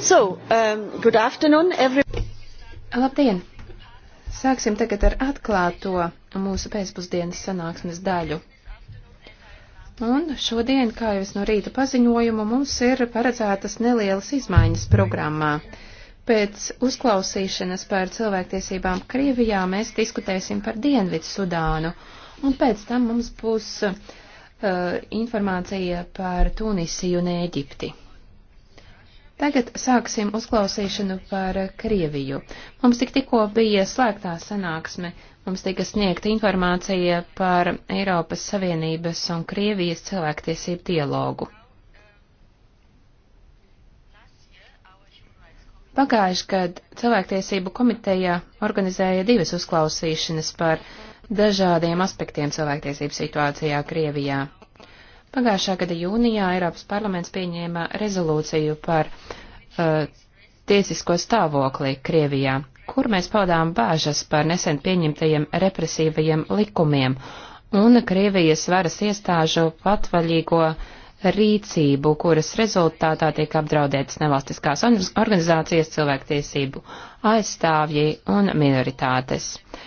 So, um, good afternoon, every... Labdien! Sāksim tagad ar atklāto mūsu pēcpusdienas sanāksmes daļu. Un šodien, kā jau es no rīta paziņojumu, mums ir paredzētas nelielas izmaiņas programmā. Pēc uzklausīšanas par cilvēktiesībām Krievijā mēs diskutēsim par Dienvidu Sudānu, un pēc tam mums būs uh, informācija par Tunisiju un Ēģipti. Tagad sāksim uzklausīšanu par Krieviju. Mums tik tikko bija slēgtā sanāksme. Mums tika sniegta informācija par Eiropas Savienības un Krievijas cilvēktiesību dialogu. Pagājuši, kad cilvēktiesību komiteja organizēja divas uzklausīšanas par dažādiem aspektiem cilvēktiesību situācijā Krievijā. Pagājušā gada jūnijā Eiropas parlaments pieņēma rezolūciju par uh, tiesisko stāvokli Krievijā, kur mēs paudām bāžas par nesen pieņemtajiem represīvajiem likumiem un Krievijas varas iestāžu patvaļīgo rīcību, kuras rezultātā tiek apdraudētas nevalstiskās organizācijas, cilvēktiesību aizstāvji un minoritātes. Uh,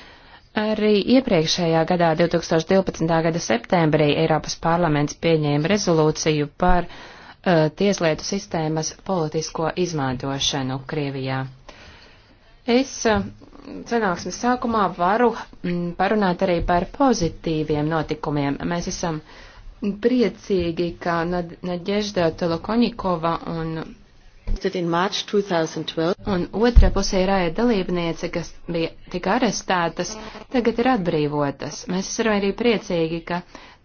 Arī iepriekšējā gadā, 2012. gada septembrī, Eiropas parlaments pieņēma rezolūciju par uh, tieslietu sistēmas politisko izmantošanu Krievijā. Es uh, sanāksmes sākumā varu mm, parunāt arī par pozitīviem notikumiem. Mēs esam priecīgi, ka Nadežda Tolokoņikova un Un otrā pusē rāja dalībniece, kas bija tik arestētas, tagad ir atbrīvotas. Mēs esam arī priecīgi, ka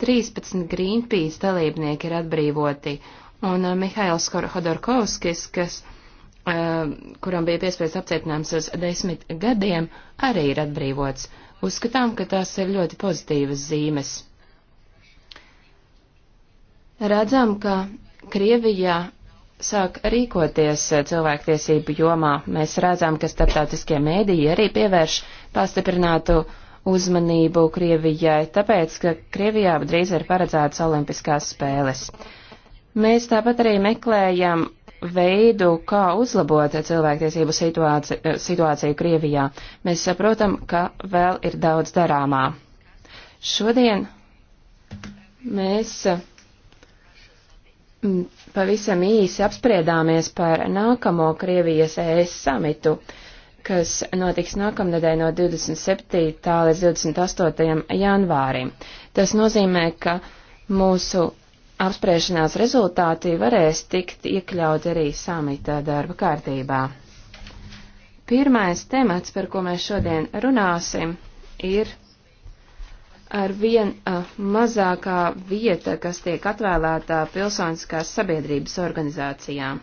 13 Greenpeace dalībnieki ir atbrīvoti, un uh, Mihails Hodorkovskis, kas, uh, kuram bija piespējas apcietinājums uz desmit gadiem, arī ir atbrīvots. Uzskatām, ka tās ir ļoti pozitīvas zīmes. Redzam, ka Krievijā sāk rīkoties eh, cilvēktiesību jomā. Mēs redzam, ka starptautiskie mēdīji arī pievērš pastiprinātu uzmanību Krievijai, tāpēc, ka Krievijā drīz ir paredzētas olimpiskās spēles. Mēs tāpat arī meklējam veidu, kā uzlabot cilvēktiesību situāciju, eh, situāciju Krievijā. Mēs saprotam, ka vēl ir daudz darāmā. Šodien mēs Mm, pavisam īsi apspriedāmies par nākamo Krievijas ES samitu, kas notiks nākamnedēļ no 27. līdz 28. janvārim. Tas nozīmē, ka mūsu apspriešanās rezultāti varēs tikt iekļauti arī samita darba kārtībā. Pirmais temats, par ko mēs šodien runāsim, ir ar vien uh, mazākā vieta, kas tiek atvēlētā pilsoniskās sabiedrības organizācijām.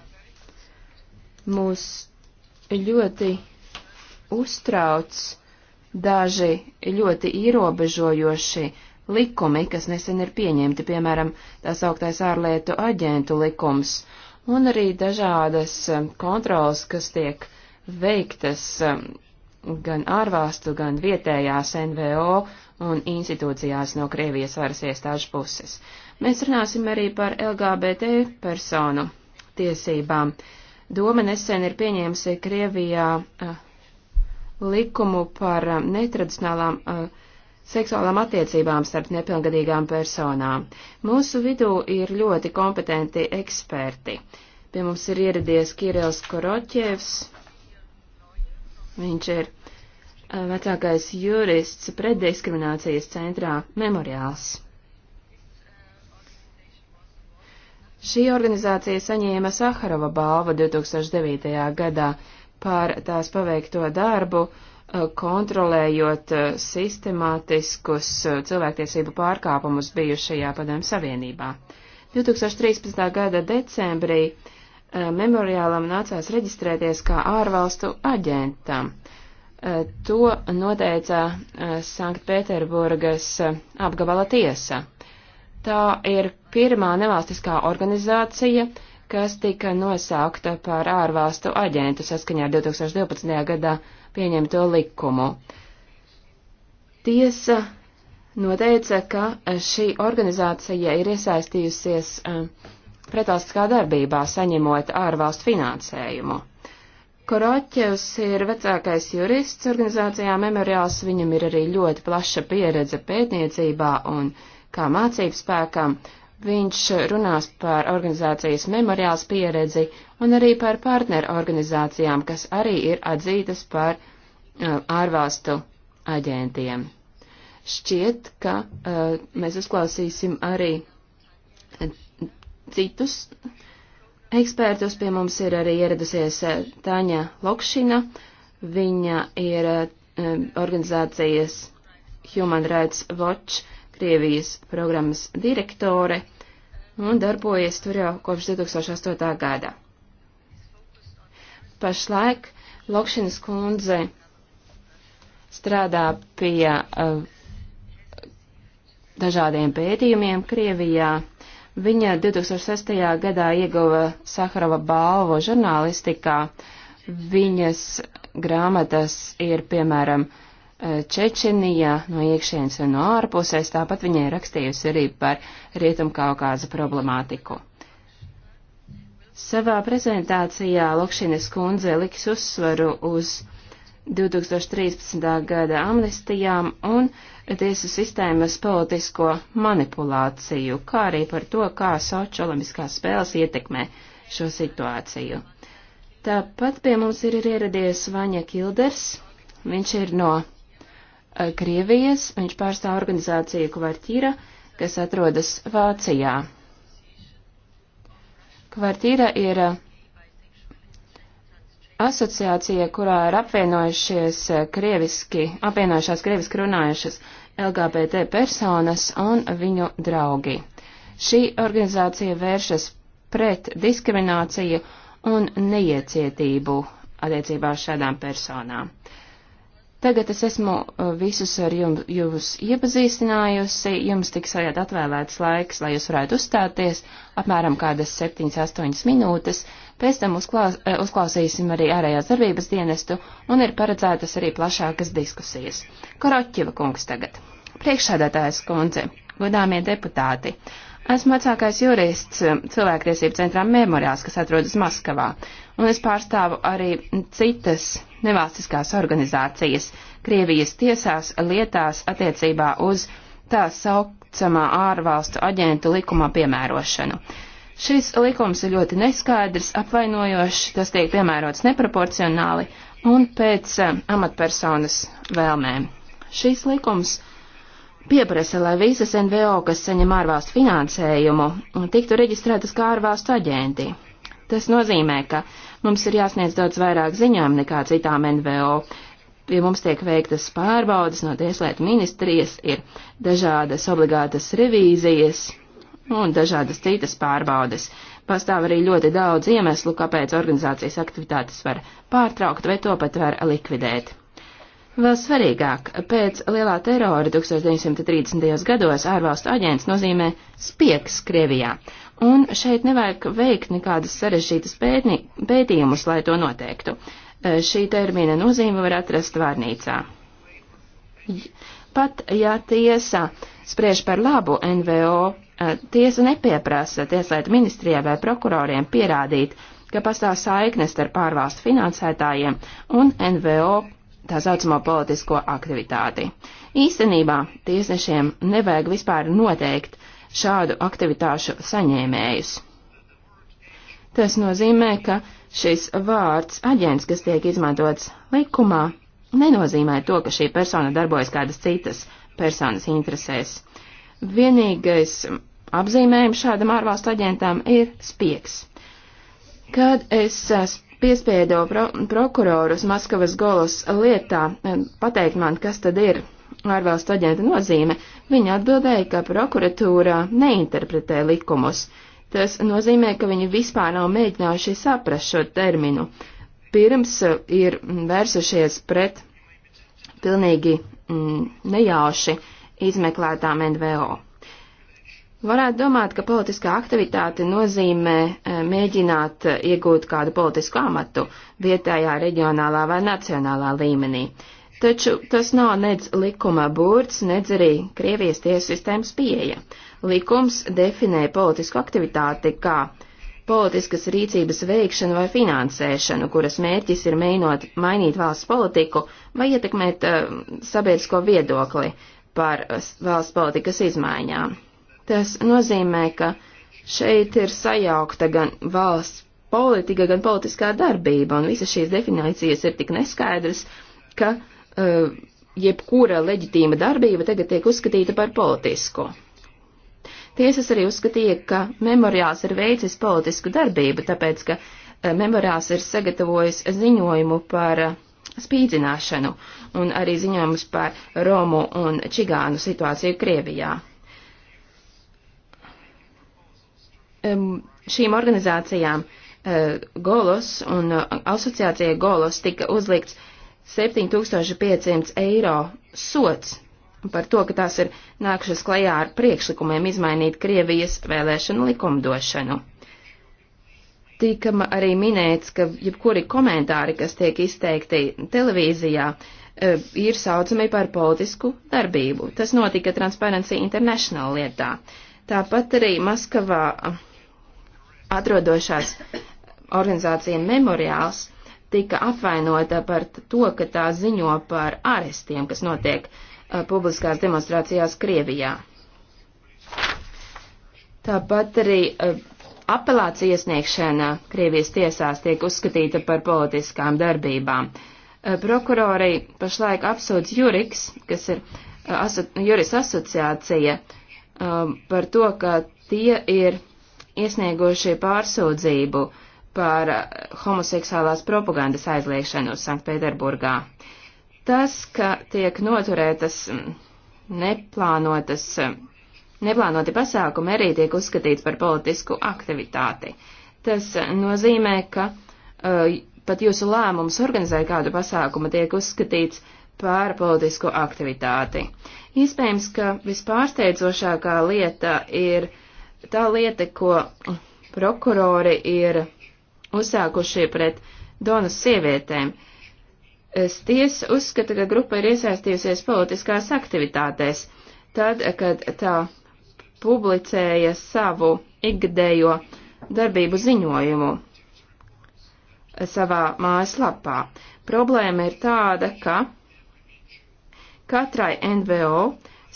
Mūs ļoti uztrauc daži ļoti ierobežojoši likumi, kas nesen ir pieņemti, piemēram, tā sauktais ārlietu aģentu likums, un arī dažādas kontrolas, kas tiek veiktas gan ārvalstu, gan vietējās NVO un institūcijās no Krievijas varas iestāžu puses. Mēs runāsim arī par LGBT personu tiesībām. Doma nesen ir pieņēmusi Krievijā uh, likumu par uh, netradicionālām uh, seksuālām attiecībām starp nepilngadīgām personām. Mūsu vidū ir ļoti kompetenti eksperti. Pie mums ir ieradies Kirils Koroķievs. Viņš ir Uh, vecākais jurists pretdiskriminācijas centrā Memoriāls. Šī organizācija saņēma Saharova balvu 2009. gadā par tās paveikto darbu, uh, kontrolējot uh, sistemātiskus cilvēktiesību pārkāpumus bijušajā padomu savienībā. 2013. gada decembrī memoriālam nācās reģistrēties kā ārvalstu aģentam. Eh, to noteica eh, Sanktpēterburgas eh, apgabala tiesa. Tā ir pirmā nevalstiskā organizācija, kas tika nosaukta par ārvalstu aģentu saskaņā ar 2012. gadā pieņemto likumu. Tiesa noteica, ka šī organizācija ir iesaistījusies pretvalstiskā darbībā, saņemot ārvalstu finansējumu. Koroķevs ir vecākais jurists organizācijā memoriāls, viņam ir arī ļoti plaša pieredze pētniecībā un kā mācības spēkam. Viņš runās par organizācijas memoriāls pieredzi un arī par partneru organizācijām, kas arī ir atzītas par uh, ārvalstu aģentiem. Šķiet, ka uh, mēs uzklausīsim arī citus uh, ekspertus. Pie mums ir arī ieradusies eh, Tāņa Lokšina. Viņa ir eh, eh, organizācijas Human Rights Watch Krievijas programmas direktore un darbojas tur jau kopš 2008. gada. Pašlaik Lokšinas kundze strādā pie uh, dažādiem pētījumiem Krievijā Viņa 2006. gadā ieguva Saharova balvu žurnālistikā. Viņas grāmatas ir, piemēram, e, Čečenijā no iekšienes un no ārpusēs, tāpat viņai rakstījusi arī par Rietumkaukāza problemātiku. Savā prezentācijā Lokšīnes kundze liks uzsvaru uz 2013. gada amnestijām un uh, tiesu sistēmas politisko manipulāciju, kā arī par to, kā Soča olimpiskās spēles ietekmē šo situāciju. Tāpat pie mums ir ieradies Vaņa Kilders. Viņš ir no eh, Krievijas, viņš pārstāv organizāciju Kvartīra, kas atrodas Vācijā. Kvartīra ir eh, Asociācija, kurā ir apvienojušies eh, krieviski, apvienojušās krieviski runājušas LGBT personas un viņu draugi. Šī organizācija vēršas pret diskrimināciju un neiecietību attiecībā uz šādām personām. Tagad es esmu eh, visus ar jums, jūs iepazīstinājusi, jums tiks vajad atvēlēts laiks, lai jūs varētu uzstāties, apmēram kādas 7-8 minūtes. Uh, pēc tam uzklās, eh, uzklausīsim arī ārējās darbības dienestu un ir paredzētas arī plašākas diskusijas. Koroķiva kungs tagad. Priekšsēdētājas kundze, godāmie deputāti. Esmu vecākais jurists eh, cilvēktiesību centrā Memoriāls, kas atrodas Maskavā, un es pārstāvu arī citas nevalstiskās organizācijas Krievijas tiesās lietās attiecībā uz tā saucamā ārvalstu aģentu likumā piemērošanu. Šis likums ir ļoti neskaidrs, apvainojošs, tas tiek piemērots neproporcionāli un pēc eh, amatpersonas vēlmēm. Šis likums pieprasa, lai visas NVO, kas saņem ārvalstu finansējumu, tiktu reģistrētas kā ārvalstu aģenti. Tas nozīmē, ka mums ir jāsniedz daudz vairāk ziņām nekā citām NVO. Pie mums tiek veiktas pārbaudas no Tieslietu ministrijas, ir dažādas obligātas revīzijas, un dažādas citas pārbaudes. Pastāv arī ļoti daudz iemeslu, kāpēc organizācijas aktivitātes var pārtraukt vai to pat var likvidēt. Vēl svarīgāk, pēc lielā terora 1930. gados ārvalstu aģents nozīmē spiegs Krievijā, un šeit nevajag veikt nekādas sarežģītas pētni, pētījumus, lai to noteiktu. E, šī termina nozīme var atrast vārnīcā. Pat ja tiesa spriež par labu NVO Eh, tiesa nepieprasa tieslietu ministrijai vai prokuroriem pierādīt, ka pastāv saiknes starp ārvalstu finansētājiem un NVO tā saucamo politisko aktivitāti. Īstenībā tiesnešiem nevajag vispār noteikt šādu aktivitāšu saņēmējus. Tas nozīmē, ka šis vārds aģents, kas tiek izmantots likumā, nenozīmē to, ka šī persona darbojas kādas citas personas interesēs. Vienīgais apzīmējums šādam ārvalstu aģentam ir spiegs. Kad es eh, piespiedu pro prokurorus Maskavas golos lietā eh, pateikt man, kas tad ir ārvalstu aģenta nozīme, viņi atbildēja, ka prokuratūra neinterpretē likumus. Tas nozīmē, ka viņi vispār nav mēģinājuši saprast šo terminu. Pirms eh, ir vērsušies pret pilnīgi mm, nejauši uh, izmeklētām NVO. Varētu domāt, ka politiskā aktivitāte nozīmē e, mēģināt iegūt kādu politisku amatu vietējā, reģionālā vai nacionālā līmenī. Taču tas nav nedz likuma būrts, nedz arī Krievijas tiesu sistēmas pieeja. Likums definē politisku aktivitāti kā politiskas rīcības veikšanu vai finansēšanu, kuras mērķis ir mainot, mainīt valsts politiku vai ietekmēt uh, sabiedrisko viedokli, par valsts politikas izmaiņām. Tas nozīmē, ka šeit ir sajaukta gan valsts politika, gan politiskā darbība, un visas šīs definīcijas ir tik neskaidras, ka uh, jebkura leģitīma darbība tagad tiek uzskatīta par politisko. Tiesas arī uzskatīja, ka memoriāls ir veicis politisku darbību, tāpēc, ka uh, memoriāls ir sagatavojis ziņojumu par uh, spīdzināšanu un arī ziņojumus par Romu un Čigānu situāciju Krievijā. Um, šīm organizācijām uh, Golos un uh, asociācijai Golos tika uzlikts 7500 eiro sots par to, ka tās ir nākušas klajā ar priekšlikumiem izmainīt Krievijas vēlēšanu likumdošanu tika arī minēts, ka jebkuri komentāri, kas tiek izteikti televīzijā, e, ir saucami par politisku darbību. Tas notika Transparency International lietā. Tāpat arī Maskavā atrodošās organizācija Memoriāls tika apvainota par to, ka tā ziņo par arestiem, kas notiek uh, publiskās demonstrācijās Krievijā. Tāpat arī uh, apelācija iesniegšana Krievijas tiesās tiek uzskatīta par politiskām darbībām. Eh, prokurori pašlaik apsūdz Juriks, kas ir eh, aso, Juris asociācija, eh, par to, ka tie ir iesnieguši pārsūdzību par homoseksuālās propagandas aizliekšanu Sanktpēterburgā. Tas, ka tiek noturētas mm, neplānotas Neplānoti pasākumi arī tiek uzskatīti par politisku aktivitāti. Tas nozīmē, ka uh, pat jūsu lēmums organizēt kādu pasākumu tiek uzskatīts par politisko aktivitāti. Iespējams, ka vispārsteidzošākā lieta ir tā lieta, ko prokurori ir uzsākušie pret Donas sievietēm. Ties uzskata, ka grupa ir iesaistījusies politiskās aktivitātēs, tad, kad tā publicēja savu ikgadējo darbību ziņojumu savā mājaslapā. Problēma ir tāda, ka katrai NVO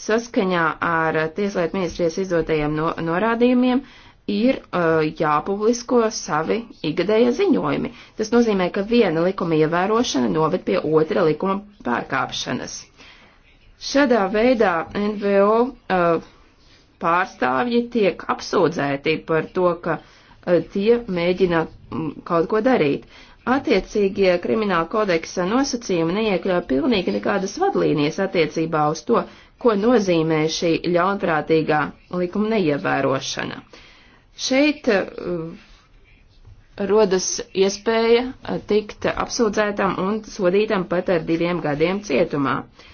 saskaņā ar Tieslietu ministrijas izdotajiem no, norādījumiem ir uh, jāpublisko savi ikgadējie ziņojumi. Tas nozīmē, ka viena likuma ievērošana noved pie otra likuma pārkāpšanas. Šādā veidā NVO uh, pārstāvji tiek apsūdzēti par to, ka eh, tie mēģina mm, kaut ko darīt. Attiecīgie krimināla kodeksa nosacījumi neiekļauj pilnīgi nekādas vadlīnijas attiecībā uz to, ko nozīmē šī ļaunprātīgā likuma neievērošana. Šeit eh, rodas iespēja eh, tikt apsūdzētam un sodītam pat ar diviem gadiem cietumā. Uh,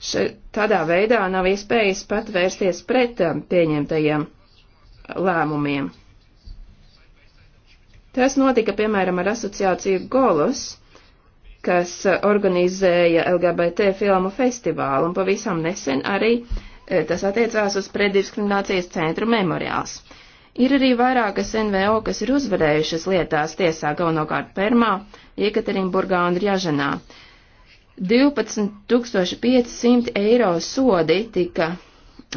še, tādā veidā nav iespējas pat vērsties pret um, pieņemtajiem lēmumiem. Tas notika, piemēram, ar asociāciju Golos, kas uh, organizēja LGBT filmu festivālu, un pavisam nesen arī uh, tas attiecās uz preddiskriminācijas centru memoriāls. Ir arī vairākas NVO, kas ir uzvarējušas lietās tiesā galvenokārt Permā, Iekaterinburgā un Rjažanā. 12500 eiro sodi tika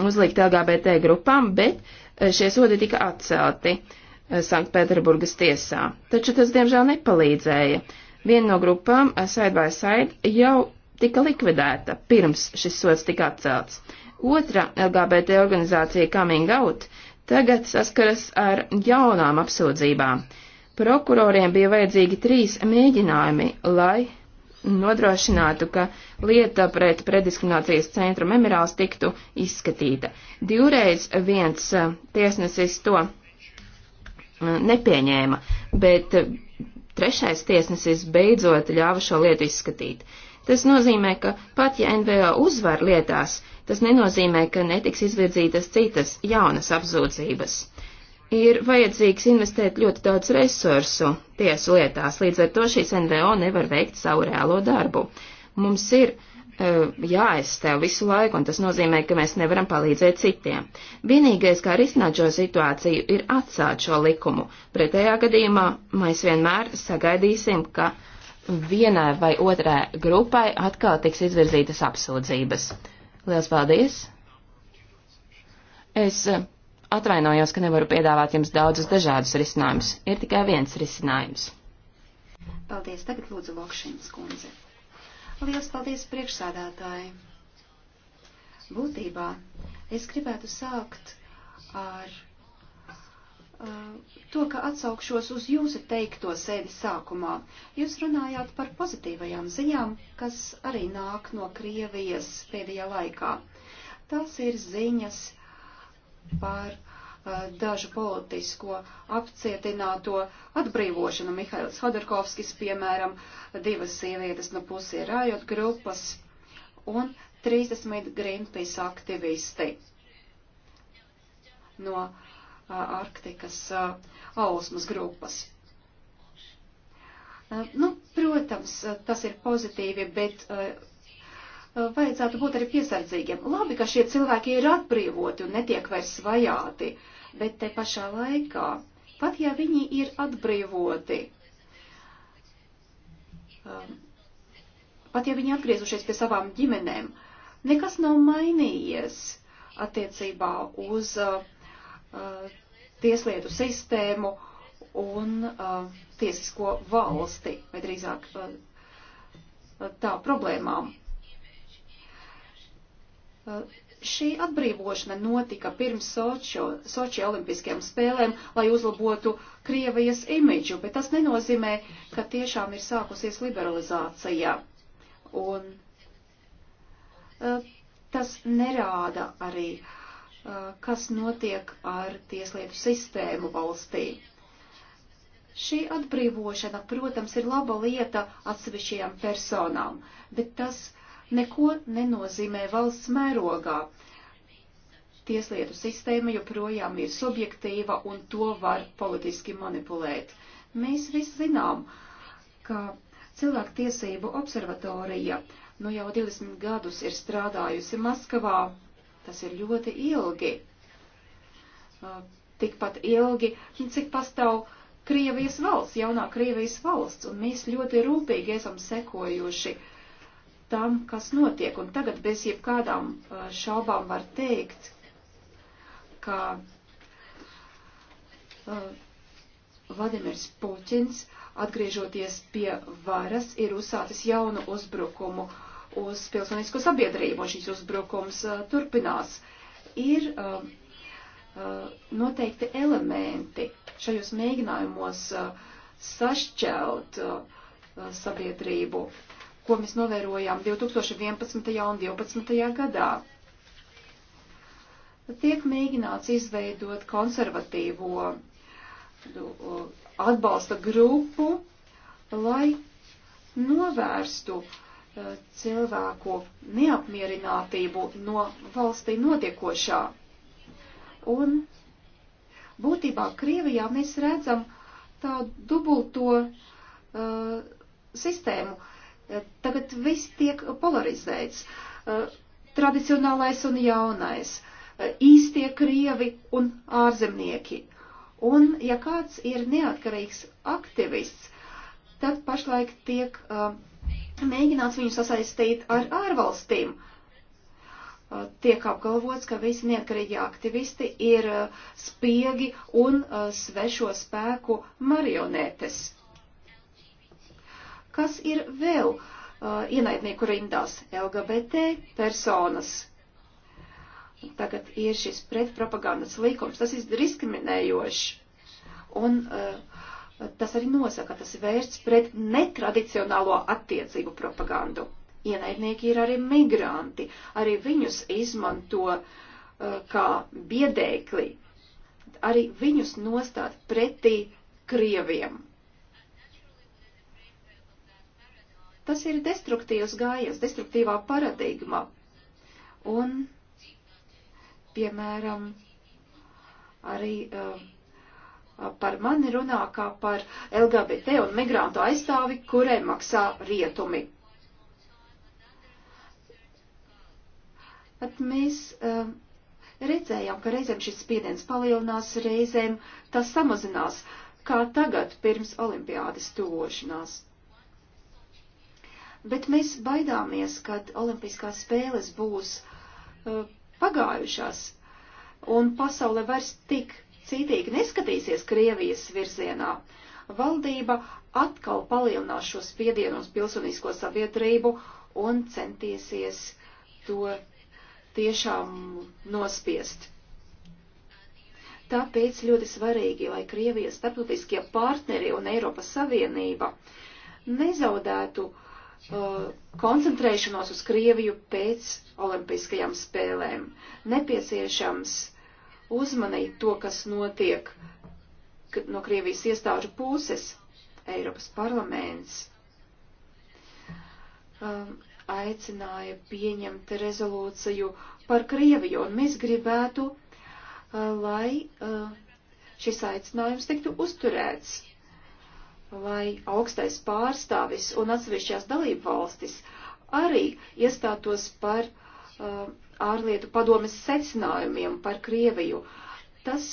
uzlikti LGBT grupām, bet eh, šie sodi tika atcelti eh, Sanktpēterburgas tiesā. Taču tas, diemžēl, nepalīdzēja. Viena no grupām, eh, Side by Side, jau tika likvidēta pirms šis sots tika atcelts. Otra LGBT organizācija Coming Out tagad saskaras ar jaunām apsūdzībām. Prokuroriem bija vajadzīgi trīs mēģinājumi, lai nodrošinātu, ka lieta pret prediskriminācijas centru memorāls tiktu izskatīta. Divreiz viens eh, tiesnesis to eh, nepieņēma, bet eh, trešais tiesnesis beidzot ļāva šo lietu izskatīt. Tas nozīmē, ka pat ja NVO uzvar lietās, tas nenozīmē, ka netiks izvirzītas citas jaunas apzūdzības ir vajadzīgs investēt ļoti daudz resursu tiesu lietās, līdz ar to šīs NVO nevar veikt savu reālo darbu. Mums ir uh, jāaizstāv visu laiku, un tas nozīmē, ka mēs nevaram palīdzēt citiem. Vienīgais, kā risināt šo situāciju, ir atstāt šo likumu. Pretējā gadījumā mēs vienmēr sagaidīsim, ka vienai vai otrai grupai atkal tiks izvirzītas apsūdzības. Lielas paldies! Es uh, atvainojos, ka nevaru piedāvāt jums daudzus dažādus risinājumus. Ir tikai viens risinājums. Paldies. Tagad lūdzu Lokšīnas kundze. Lielas paldies priekšsādātāji. Būtībā es gribētu sākt ar uh, to, ka atsaukšos uz jūsu teikto sēdi sākumā. Jūs runājāt par pozitīvajām ziņām, kas arī nāk no Krievijas pēdējā laikā. Tās ir ziņas par uh, dažu politisko apcietināto atbrīvošanu. Mihails Hodorkovskis, piemēram, divas sievietes no pusē rājot grupas un 30 Greenpeace aktivisti no uh, Arktikas uh, ausmas grupas. Nu, protams, tas ir pozitīvi, bet Eh, vajadzētu būt arī piesardzīgiem. Labi, ka šie cilvēki ir atbrīvoti un netiek vairs vajāti, bet te pašā laikā, pat ja viņi ir atbrīvoti, eh, pat ja viņi atgriezušies pie savām ģimenēm, nekas nav mainījies attiecībā uz uh, tieslietu sistēmu un uh, tiesisko valsti, vai drīzāk uh, tā problēmām Eh, šī atbrīvošana notika pirms Sočio, Soči olimpiskajām spēlēm, lai uzlabotu Krievijas imidžu, bet tas nenozīmē, ka tiešām ir sākusies liberalizācija. Un eh, tas nerāda arī, eh, kas notiek ar tieslietu sistēmu valstī. Šī atbrīvošana, protams, ir laba lieta atsevišķajām personām, bet tas neko nenozīmē valsts mērogā. Tieslietu sistēma joprojām ir subjektīva un to var politiski manipulēt. Mēs visi zinām, ka cilvēktiesību observatorija nu jau 20 gadus ir strādājusi Maskavā. Tas ir ļoti ilgi. Tikpat ilgi, nu, cik pastāv Krievijas valsts, jaunā Krievijas valsts, un mēs ļoti rūpīgi esam sekojuši uh, tam, kas notiek. Un tagad bez jebkādām uh, šaubām var teikt, ka uh, Vladimirs Puķins, atgriežoties pie varas, ir uzsācis jaunu uzbrukumu uz pilsonisko sabiedrību, un šis uzbrukums uh, turpinās. Ir uh, uh, noteikti elementi šajos mēģinājumos uh, sašķelt sabiedrību ko mēs novērojām 2011. un 2012. gadā. Tiek mēģināts izveidot konservatīvo nu, atbalsta grupu, lai novērstu eh, cilvēku neapmierinātību no valstī notiekošā. Un būtībā Krievijā mēs redzam tādu dubulto uh, sistēmu. Uh, Eh, tagad viss tiek polarizēts. Eh, tradicionālais un jaunais, eh, īstie krievi un ārzemnieki. Un, ja kāds ir neatkarīgs aktivists, tad pašlaik tiek uh, mēģināts viņu sasaistīt ar ārvalstīm. Uh, tiek apgalvots, ka visi neatkarīgi aktivisti ir uh, spiegi un svešo spēku marionetes kas ir vēl uh, ienaidnieku rindās - LGBT personas. Tagad ir šis pretpropagandas likums, tas ir diskriminējošs. Un uh, tas arī nosaka, tas vērsts pret netradicionālo attiecību propagandu. Ienaidnieki ir arī migranti, arī viņus izmanto uh, kā biedēkli, arī viņus nostāt pretī Krieviem. Tas ir destruktīvs gājies, destruktīvā paradigma. Un, piemēram, arī uh, par mani runā kā par LGBT un migrantu aizstāvi, kurai maksā rietumi. Bet mēs uh, redzējām, ka reizēm šis spiediens palielinās, reizēm tas samazinās, kā tagad pirms olimpiādes tuvošanās bet mēs baidāmies, kad olimpiskās spēles būs uh, pagājušās un pasaule vairs tik cītīgi neskatīsies Krievijas virzienā. Valdība atkal palielinās šo spiedienu uz pilsonisko sabiedrību un centiesies to tiešām nospiest. Tāpēc ļoti svarīgi, lai Krievijas starptautiskie partneri un Eiropas Savienība nezaudētu uh, uh, koncentrēšanos uz Krieviju pēc olimpiskajām spēlēm. Nepieciešams uzmanīt to, kas notiek no Krievijas iestāžu puses. Eiropas parlaments um, aicināja pieņemt rezolūciju par Krieviju, un mēs gribētu, uh, lai uh, šis aicinājums tiktu uzturēts lai augstais pārstāvis un atsevišķās dalību valstis arī iestātos par uh, ārlietu padomes secinājumiem par Krieviju. Tas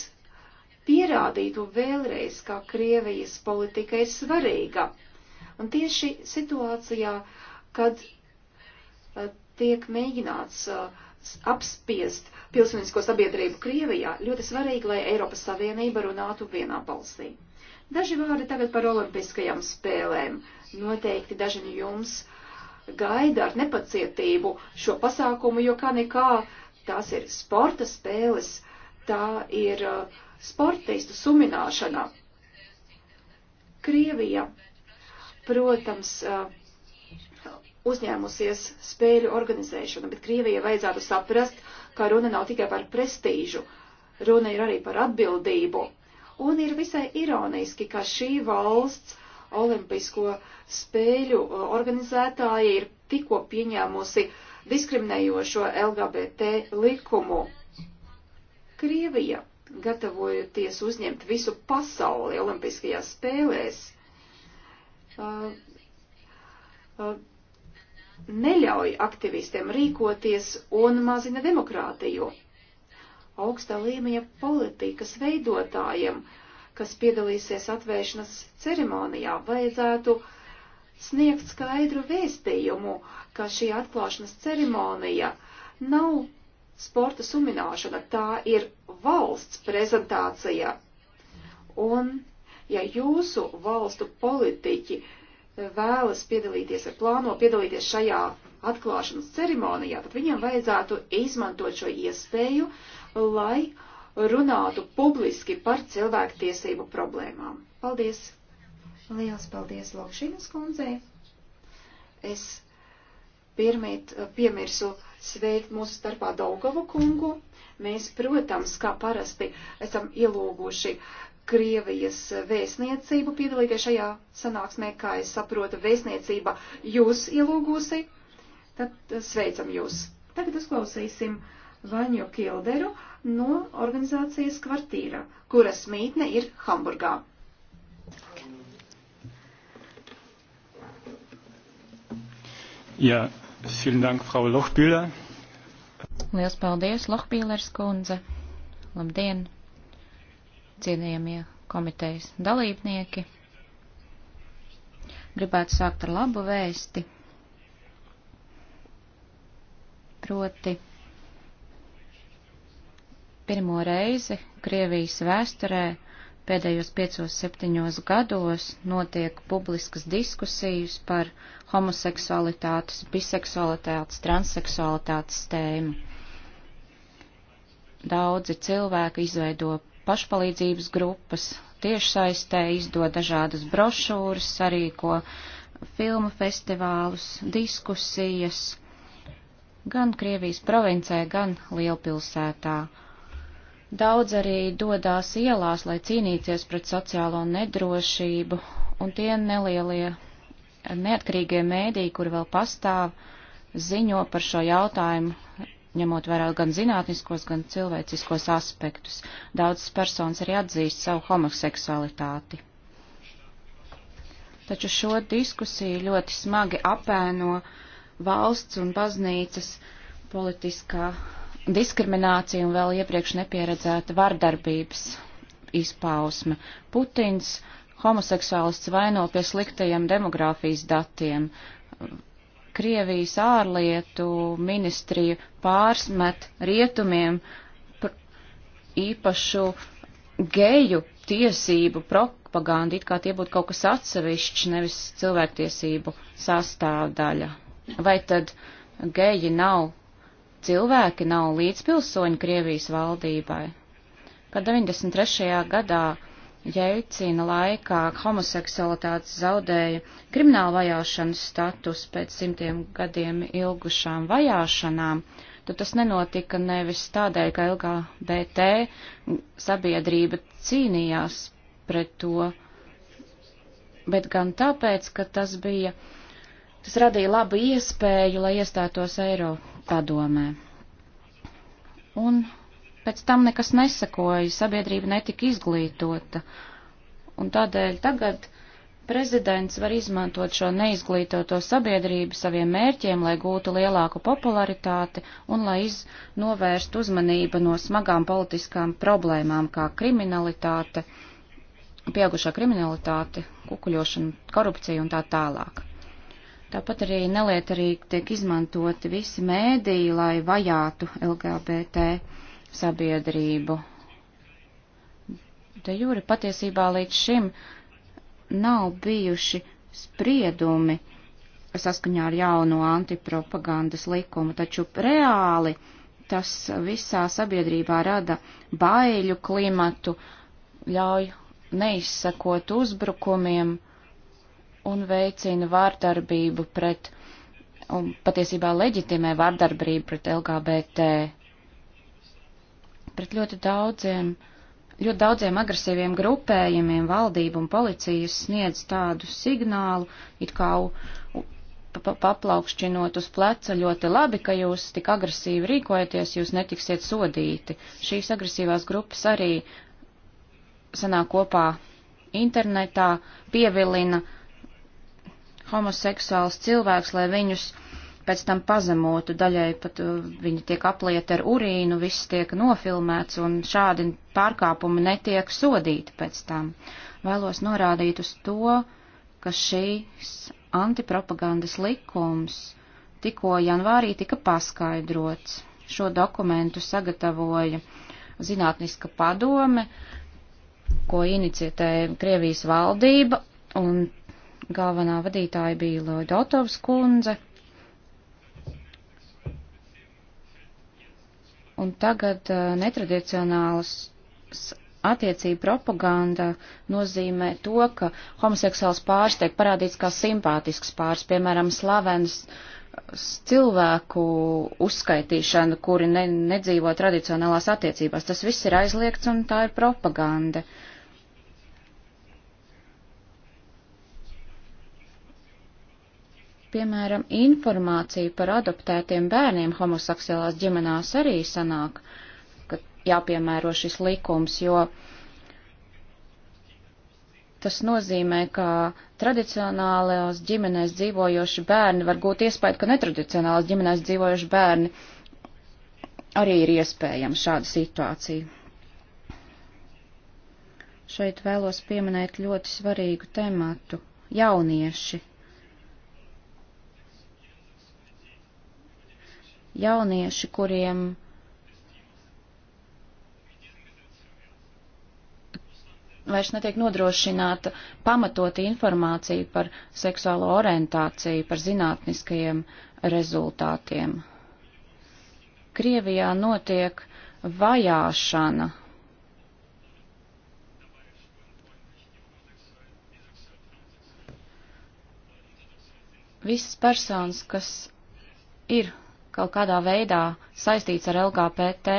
pierādītu vēlreiz, kā Krievijas politika ir svarīga. Un tieši situācijā, kad uh, tiek mēģināts uh, apspiest pilsonisko sabiedrību Krievijā, ļoti svarīgi, lai Eiropas Savienība runātu vienā balsī. Daži vārdi tagad par olimpiskajām spēlēm. Noteikti daži no jums gaida ar nepacietību šo pasākumu, jo kā nekā tās ir sporta spēles, tā ir uh, sportistu sumināšana. Krievija, protams, uh, uzņēmusies spēļu organizēšanu, bet Krievijai vajadzētu saprast, ka runa nav tikai par prestīžu, runa ir arī par atbildību Un ir visai ironiski, ka šī valsts olimpisko spēļu organizētāja ir tikko pieņēmusi diskriminējošo LGBT likumu. Krievija, gatavojoties uzņemt visu pasauli olimpiskajās spēlēs, uh, uh, neļauj aktivistiem rīkoties un mazina demokrātiju augsta līmeņa politikas veidotājiem, kas piedalīsies atvēršanas ceremonijā, vajadzētu sniegt skaidru vēstījumu, ka šī atklāšanas ceremonija nav sporta sumināšana, tā ir valsts prezentācija. Un, ja jūsu valstu politiķi vēlas piedalīties vai plāno piedalīties šajā atklāšanas ceremonijā, tad viņiem vajadzētu izmantot šo iespēju, lai runātu publiski par cilvēktiesību problēmām. Paldies! Liels paldies Lokšīnas kundzei! Es pirmīt eh, piemirsu sveikt mūsu starpā Daugavu kungu. Mēs, protams, kā parasti, esam ielūguši Krievijas vēstniecību piedalīties šajā sanāksmē, kā es saprotu, vēstniecība jūs ielūgusi. Tad eh, sveicam jūs. Tagad uzklausīsim Vaņo Kilderu no organizācijas kvartīra, kuras mītne ir Hamburgā. Jā, vielen dank, Frau Lochbühler. Liels paldies, Lochbīlers kundze. Labdien, cienījamie komitejas dalībnieki. Gribētu sākt ar labu vēsti. Proti pirmo reizi Krievijas vēsturē pēdējos 5-7 gados notiek publiskas diskusijas par homoseksualitātes, biseksualitātes, transseksualitātes tēmu. Daudzi cilvēki izveido pašpalīdzības grupas, tiešsaistē izdod dažādas brošūras, sarīko filmu festivālus, diskusijas, gan Krievijas provincē, gan lielpilsētā Daudz arī dodās ielās, lai cīnīties pret sociālo nedrošību, un tie nelielie neatkarīgie mēdīji, kuri vēl pastāv, ziņo par šo jautājumu, ņemot vērā gan zinātniskos, gan cilvēciskos aspektus. Daudzas personas arī atzīst savu homoseksualitāti. Taču šo diskusiju ļoti smagi apēno valsts un baznīcas politiskā diskriminācija un vēl iepriekš nepieredzēta vardarbības izpausme. Putins homoseksuālists vaino pie sliktajiem demogrāfijas datiem. Krievijas ārlietu ministrija pārsmet rietumiem īpašu geju tiesību propagandu, it kā tie būtu kaut kas atsevišķs, nevis cilvēktiesību sastāvdaļa. Vai tad geji nav cilvēki nav līdzpilsoņi Krievijas valdībai. Kad 93. gadā Jeicina laikā homoseksualitātes zaudēja kriminālu vajāšanas status pēc simtiem gadiem ilgušām vajāšanām, tad tas nenotika nevis tādēļ, ka LGBT sabiedrība cīnījās pret to, bet gan tāpēc, ka tas bija, tas radīja labu iespēju, lai iestātos Eiropa padomē. Un pēc tam nekas nesakoja, sabiedrība netika izglītota. Un tādēļ tagad prezidents var izmantot šo neizglītoto sabiedrību saviem mērķiem, lai gūtu lielāku popularitāti un lai iz novērstu uzmanību no smagām politiskām problēmām, kā kriminalitāte, pieaugušā kriminalitāte, kukuļošana, korupcija un tā tālāk. Tāpat arī nelietarīgi tiek izmantoti visi mēdīji, lai vajātu LGBT sabiedrību. Te jūri patiesībā līdz šim nav bijuši spriedumi saskaņā ar jauno antipropagandas likumu, taču reāli tas visā sabiedrībā rada baiļu klimatu, ļauj neizsakot uzbrukumiem un veicina vārdarbību pret, un patiesībā leģitimē vārdarbību pret LGBT, pret ļoti daudziem, ļoti daudziem agresīviem grupējumiem valdību un policijas sniedz tādu signālu, it kā paplaukšķinot uz pleca ļoti labi, ka jūs tik agresīvi rīkojaties, jūs netiksiet sodīti. Šīs agresīvās grupas arī sanāk kopā internetā, pievilina homoseksuāls cilvēks, lai viņus pēc tam pazemotu, daļai pat uh, viņi tiek aplieti ar urīnu, viss tiek nofilmēts un šādi pārkāpumi netiek sodīti pēc tam. Vēlos norādīt uz to, ka šīs antipropagandas likums tikko janvārī tika paskaidrots. Šo dokumentu sagatavoja Zinātniska padome, ko iniciatēja Krievijas valdība, un Galvenā vadītāja bija Lodotovs kundze. Un tagad uh, netradicionālas attiecība propaganda nozīmē to, ka homoseksuāls pāris tiek parādīts kā simpātisks pāris, piemēram, slavens uh, cilvēku uzskaitīšana, kuri ne, nedzīvo tradicionālās attiecībās. Tas viss ir aizliegts un tā ir propaganda. Uh, Piemēram, informācija par adoptētiem bērniem homoseksuālās ģimenās arī sanāk, ka jāpiemēro šis likums, jo tas nozīmē, ka tradicionālajās ģimenēs dzīvojoši bērni var būt iespēja, ka netradicionālās ģimenēs dzīvojoši bērni arī ir iespējama šāda situācija. Šeit vēlos pieminēt ļoti svarīgu tematu - jaunieši. jaunieši, kuriem vairs netiek nodrošināta pamatota informācija par seksuālo orientāciju, par zinātniskajiem rezultātiem. Krievijā notiek vajāšana. Visas personas, kas ir kaut kādā veidā saistīts ar LGBT,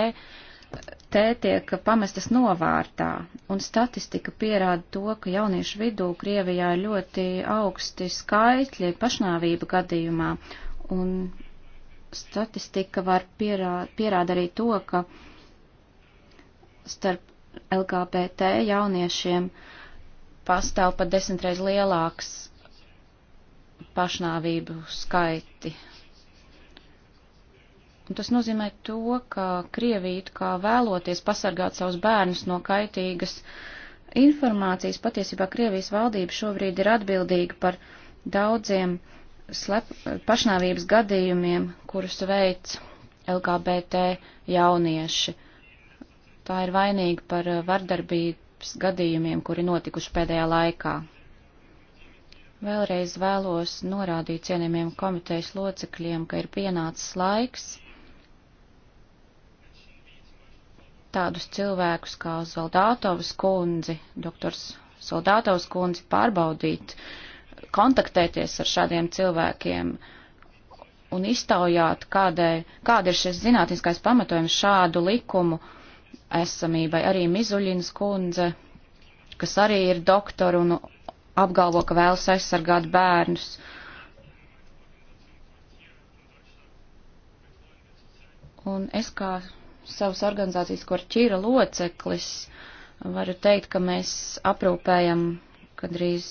te tiek pamestas novārtā, un statistika pierāda to, ka jauniešu vidū Krievijā ir ļoti augsti skaitļi pašnāvību gadījumā, un statistika var pierā, pierāda arī to, ka starp LGBT jauniešiem pastāv pat desmitreiz lielāks pašnāvību skaiti Un tas nozīmē to, ka Krievija kā vēloties pasargāt savus bērnus no kaitīgas informācijas, patiesībā Krievijas valdība šobrīd ir atbildīga par daudziem slep, pašnāvības gadījumiem, kurus veic LGBT jaunieši. Tā ir vainīga par vardarbības gadījumiem, kuri notikuši pēdējā laikā. Vēlreiz vēlos norādīt cienījumiem komitejas locekļiem, ka ir pienācis laiks tādus cilvēkus kā Zoldātovas kundzi, doktors Zoldātovas kundzi pārbaudīt, kontaktēties ar šādiem cilvēkiem un iztaujāt, kādai, kāda ir šis zinātniskais pamatojums šādu likumu esamībai. Arī Mizuļins kundze, kas arī ir doktora un apgalvo, ka vēlas aizsargāt bērnus. Un es kā savas organizācijas, kur ķīra loceklis, varu teikt, ka mēs aprūpējam kadrīz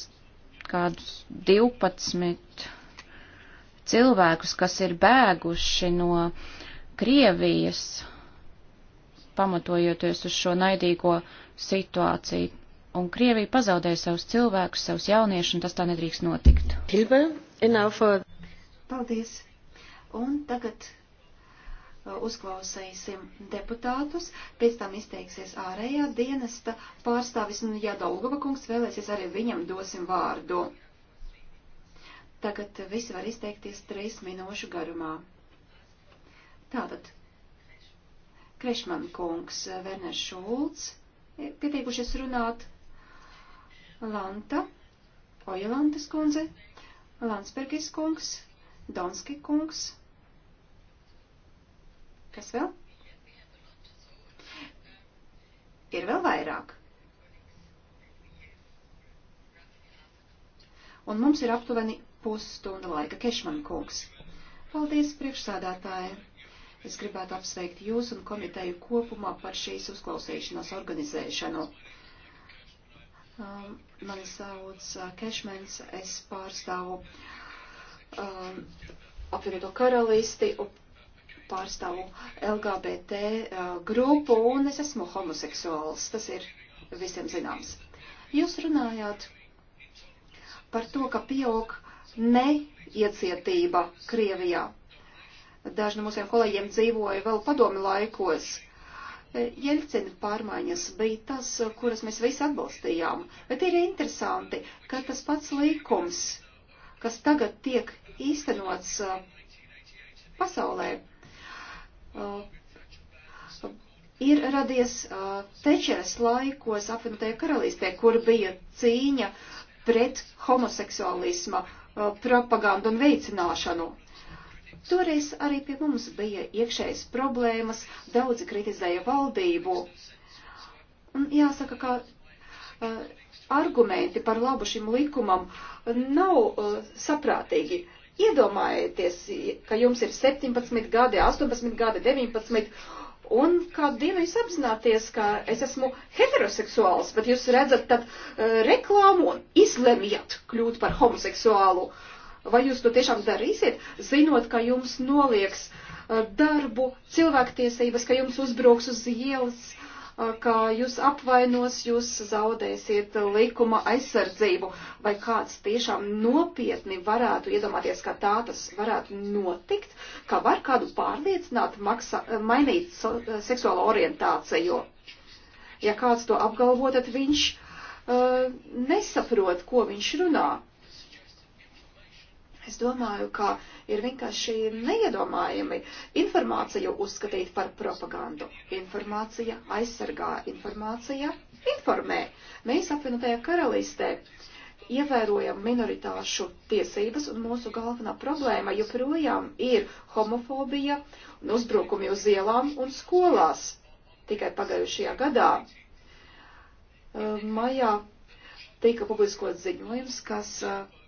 kādus 12 cilvēkus, kas ir bēguši no Krievijas, pamatojoties uz šo naidīgo situāciju. Un Krievija pazaudēja savus cilvēkus, savus jauniešus, un tas tā nedrīkst notikt. Paldies! Un tagad Uh, uzklausīsim deputātus, pēc tam izteiksies ārējā dienesta pārstāvis, un ja Daugava kungs vēlēsies, arī viņam dosim vārdu. Tagad visi var izteikties trīs minūšu garumā. Tātad, Krešman kungs, Verners Šulcs, pieteikušies runāt, Lanta, Ojelantas kundze, Landsbergis kungs, Donski kungs, Kas vēl? Ir vēl vairāk. Un mums ir aptuveni pusstunda laika. Kešman kungs. Paldies, priekšsādātāji. Es gribētu apsveikt jūs un komiteju kopumā par šīs uzklausīšanās organizēšanu. Um, mani sauc uh, Kešmens, es pārstāvu um, apvienoto karalisti pārstāvu LGBT uh, grupu un es esmu homoseksuāls. Tas ir visiem zināms. Jūs runājāt par to, ka pieaug neiecietība Krievijā. Daži no mūsiem kolēģiem dzīvoja vēl padomi laikos. Jeļcina pārmaiņas bija tas, kuras mēs visi atbalstījām, bet ir interesanti, ka tas pats likums, kas tagad tiek īstenots uh, pasaulē, Uh, ir radies uh, tečeres laikos apvienotajā karalistē, kur bija cīņa pret homoseksualisma uh, propagandu un veicināšanu. Toreiz arī pie mums bija iekšējas problēmas, daudzi kritizēja valdību. Un jāsaka, ka uh, argumenti par labu šim likumam nav uh, saprātīgi. Iedomājieties, ka jums ir 17 gadi, 18 gadi, 19, un kādu dienu jūs apzināties, ka es esmu heteroseksuāls, bet jūs redzat tad uh, reklāmu un izlemjat kļūt par homoseksuālu. Vai jūs to tiešām darīsiet, zinot, ka jums nolieks uh, e, darbu, cilvēktiesības, ka jums uzbruks uz ielas, ka jūs apvainos, jūs zaudēsiet likuma aizsardzību, vai kāds tiešām nopietni varētu iedomāties, ka tā tas varētu notikt, ka var kādu pārliecināt, maksa, mainīt so, seksuālo orientāciju. Ja kāds to apgalvo, tad viņš uh, nesaprot, ko viņš runā. Es domāju, ka ir vienkārši neiedomājami informāciju uzskatīt par propagandu. Informācija aizsargā, informācija informē. Mēs apvienotajā karalistē ievērojam minoritāšu tiesības, un mūsu galvenā problēma joprojām ir homofobija un uzbrukumi uz ielām un skolās. Tikai pagājušajā gadā uh, maijā tika publiskots ziņojums, kas uh,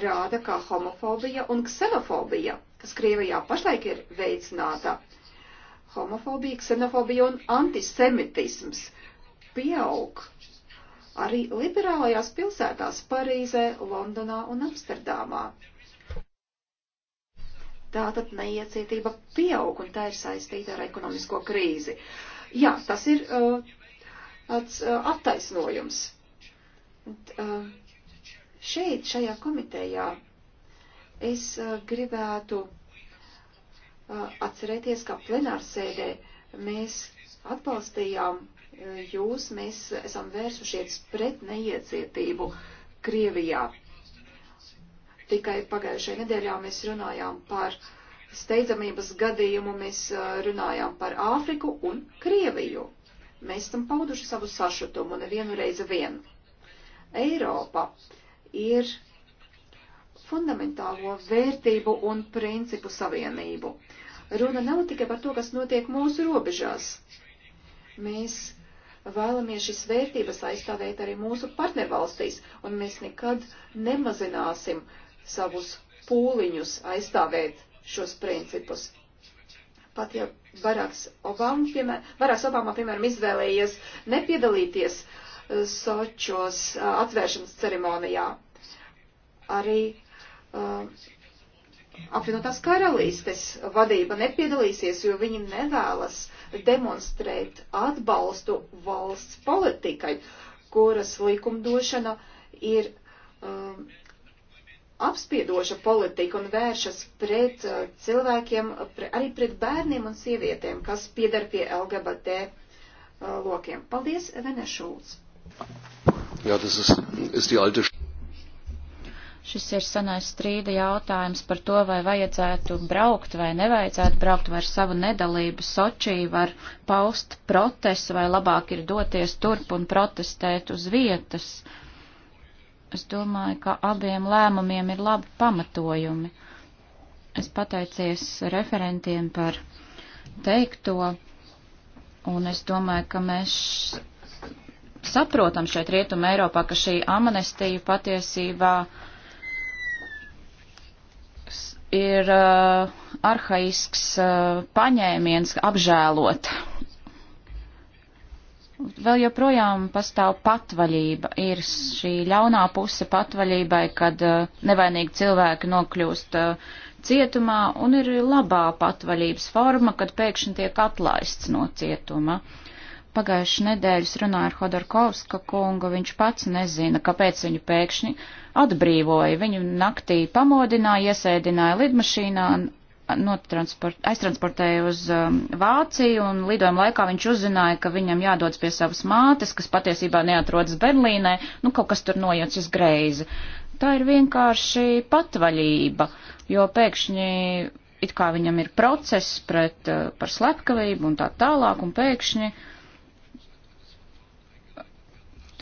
rāda, kā homofobija un ksenofobija, kas Krievijā pašlaik ir veicināta. Homofobija, ksenofobija un antisemitisms pieaug arī liberālajās pilsētās Parīzē, Londonā un Amsterdāmā. Tātad neiecietība pieaug, un tā ir saistīta ar ekonomisko krīzi. Jā, tas ir uh, tāds uh, attaisnojums. Uh, Šeit, šajā komitejā, es uh, gribētu uh, atcerēties, ka plenārsēdē mēs atbalstījām uh, jūs, mēs esam vērsušies pret neiecietību Krievijā. Tikai pagājušajā nedēļā mēs runājām par steidzamības gadījumu, mēs runājām par Āfriku un Krieviju. Mēs tam pauduši savu sašutumu nevienu reizi vien. Eiropa uh, ir fundamentālo vērtību un principu savienību. Runa nav tikai par to, kas notiek mūsu robežās. Mēs vēlamies šīs vērtības aizstāvēt arī mūsu partnervalstīs, un mēs nekad nemazināsim savus pūliņus aizstāvēt šos principus. Pat ja Baraks Obama, piemēram, Obama, piemēram izvēlējies nepiedalīties uh, Sočos atvēršanas ceremonijā. Arī uh, apvienotās karalīstes vadība nepiedalīsies, jo viņi nevēlas demonstrēt atbalstu valsts politikai, kuras likumdošana ir um, apspiedoša politika un vēršas pret uh, cilvēkiem, pre, arī pret bērniem un sievietēm, kas piedar pie LGBT uh, lokiem. Paldies, Vene Šulc! Jā, tas ir alte. Šis ir senais strīda jautājums par to, vai vajadzētu braukt vai nevajadzētu braukt, vai ar savu nedalību Sočī var paust protestu, vai labāk ir doties turp un protestēt uz vietas. Es domāju, ka abiem lēmumiem ir labi pamatojumi. Es pateicies referentiem par teikto, un es domāju, ka mēs saprotam šeit Rietuma Eiropā, ka šī amnestija patiesībā ir uh, arhaisks uh, paņēmiens apžēlot. Vēl joprojām pastāv patvaļība, ir šī ļaunā puse patvaļībai, kad uh, nevainīgi cilvēki nokļūst uh, cietumā, un ir labā patvaļības forma, kad pēkšņi tiek atlaists no cietuma. Uh, pagājuši nedēļas runāju ar Hodorkovska kungu, viņš pats nezina, kāpēc viņu pēkšņi atbrīvoja. Viņu naktī pamodināja, iesēdināja lidmašīnā, aiztransportēja uz um, Vāciju, un lidojuma laikā viņš uzzināja, ka viņam jādodas pie savas mātes, kas patiesībā neatrodas Berlīnē, nu kaut kas tur nojaucis greizi. Tā ir vienkārši patvaļība, jo pēkšņi it kā viņam ir process pret, uh, par slepkavību un tā tālāk, un pēkšņi uh,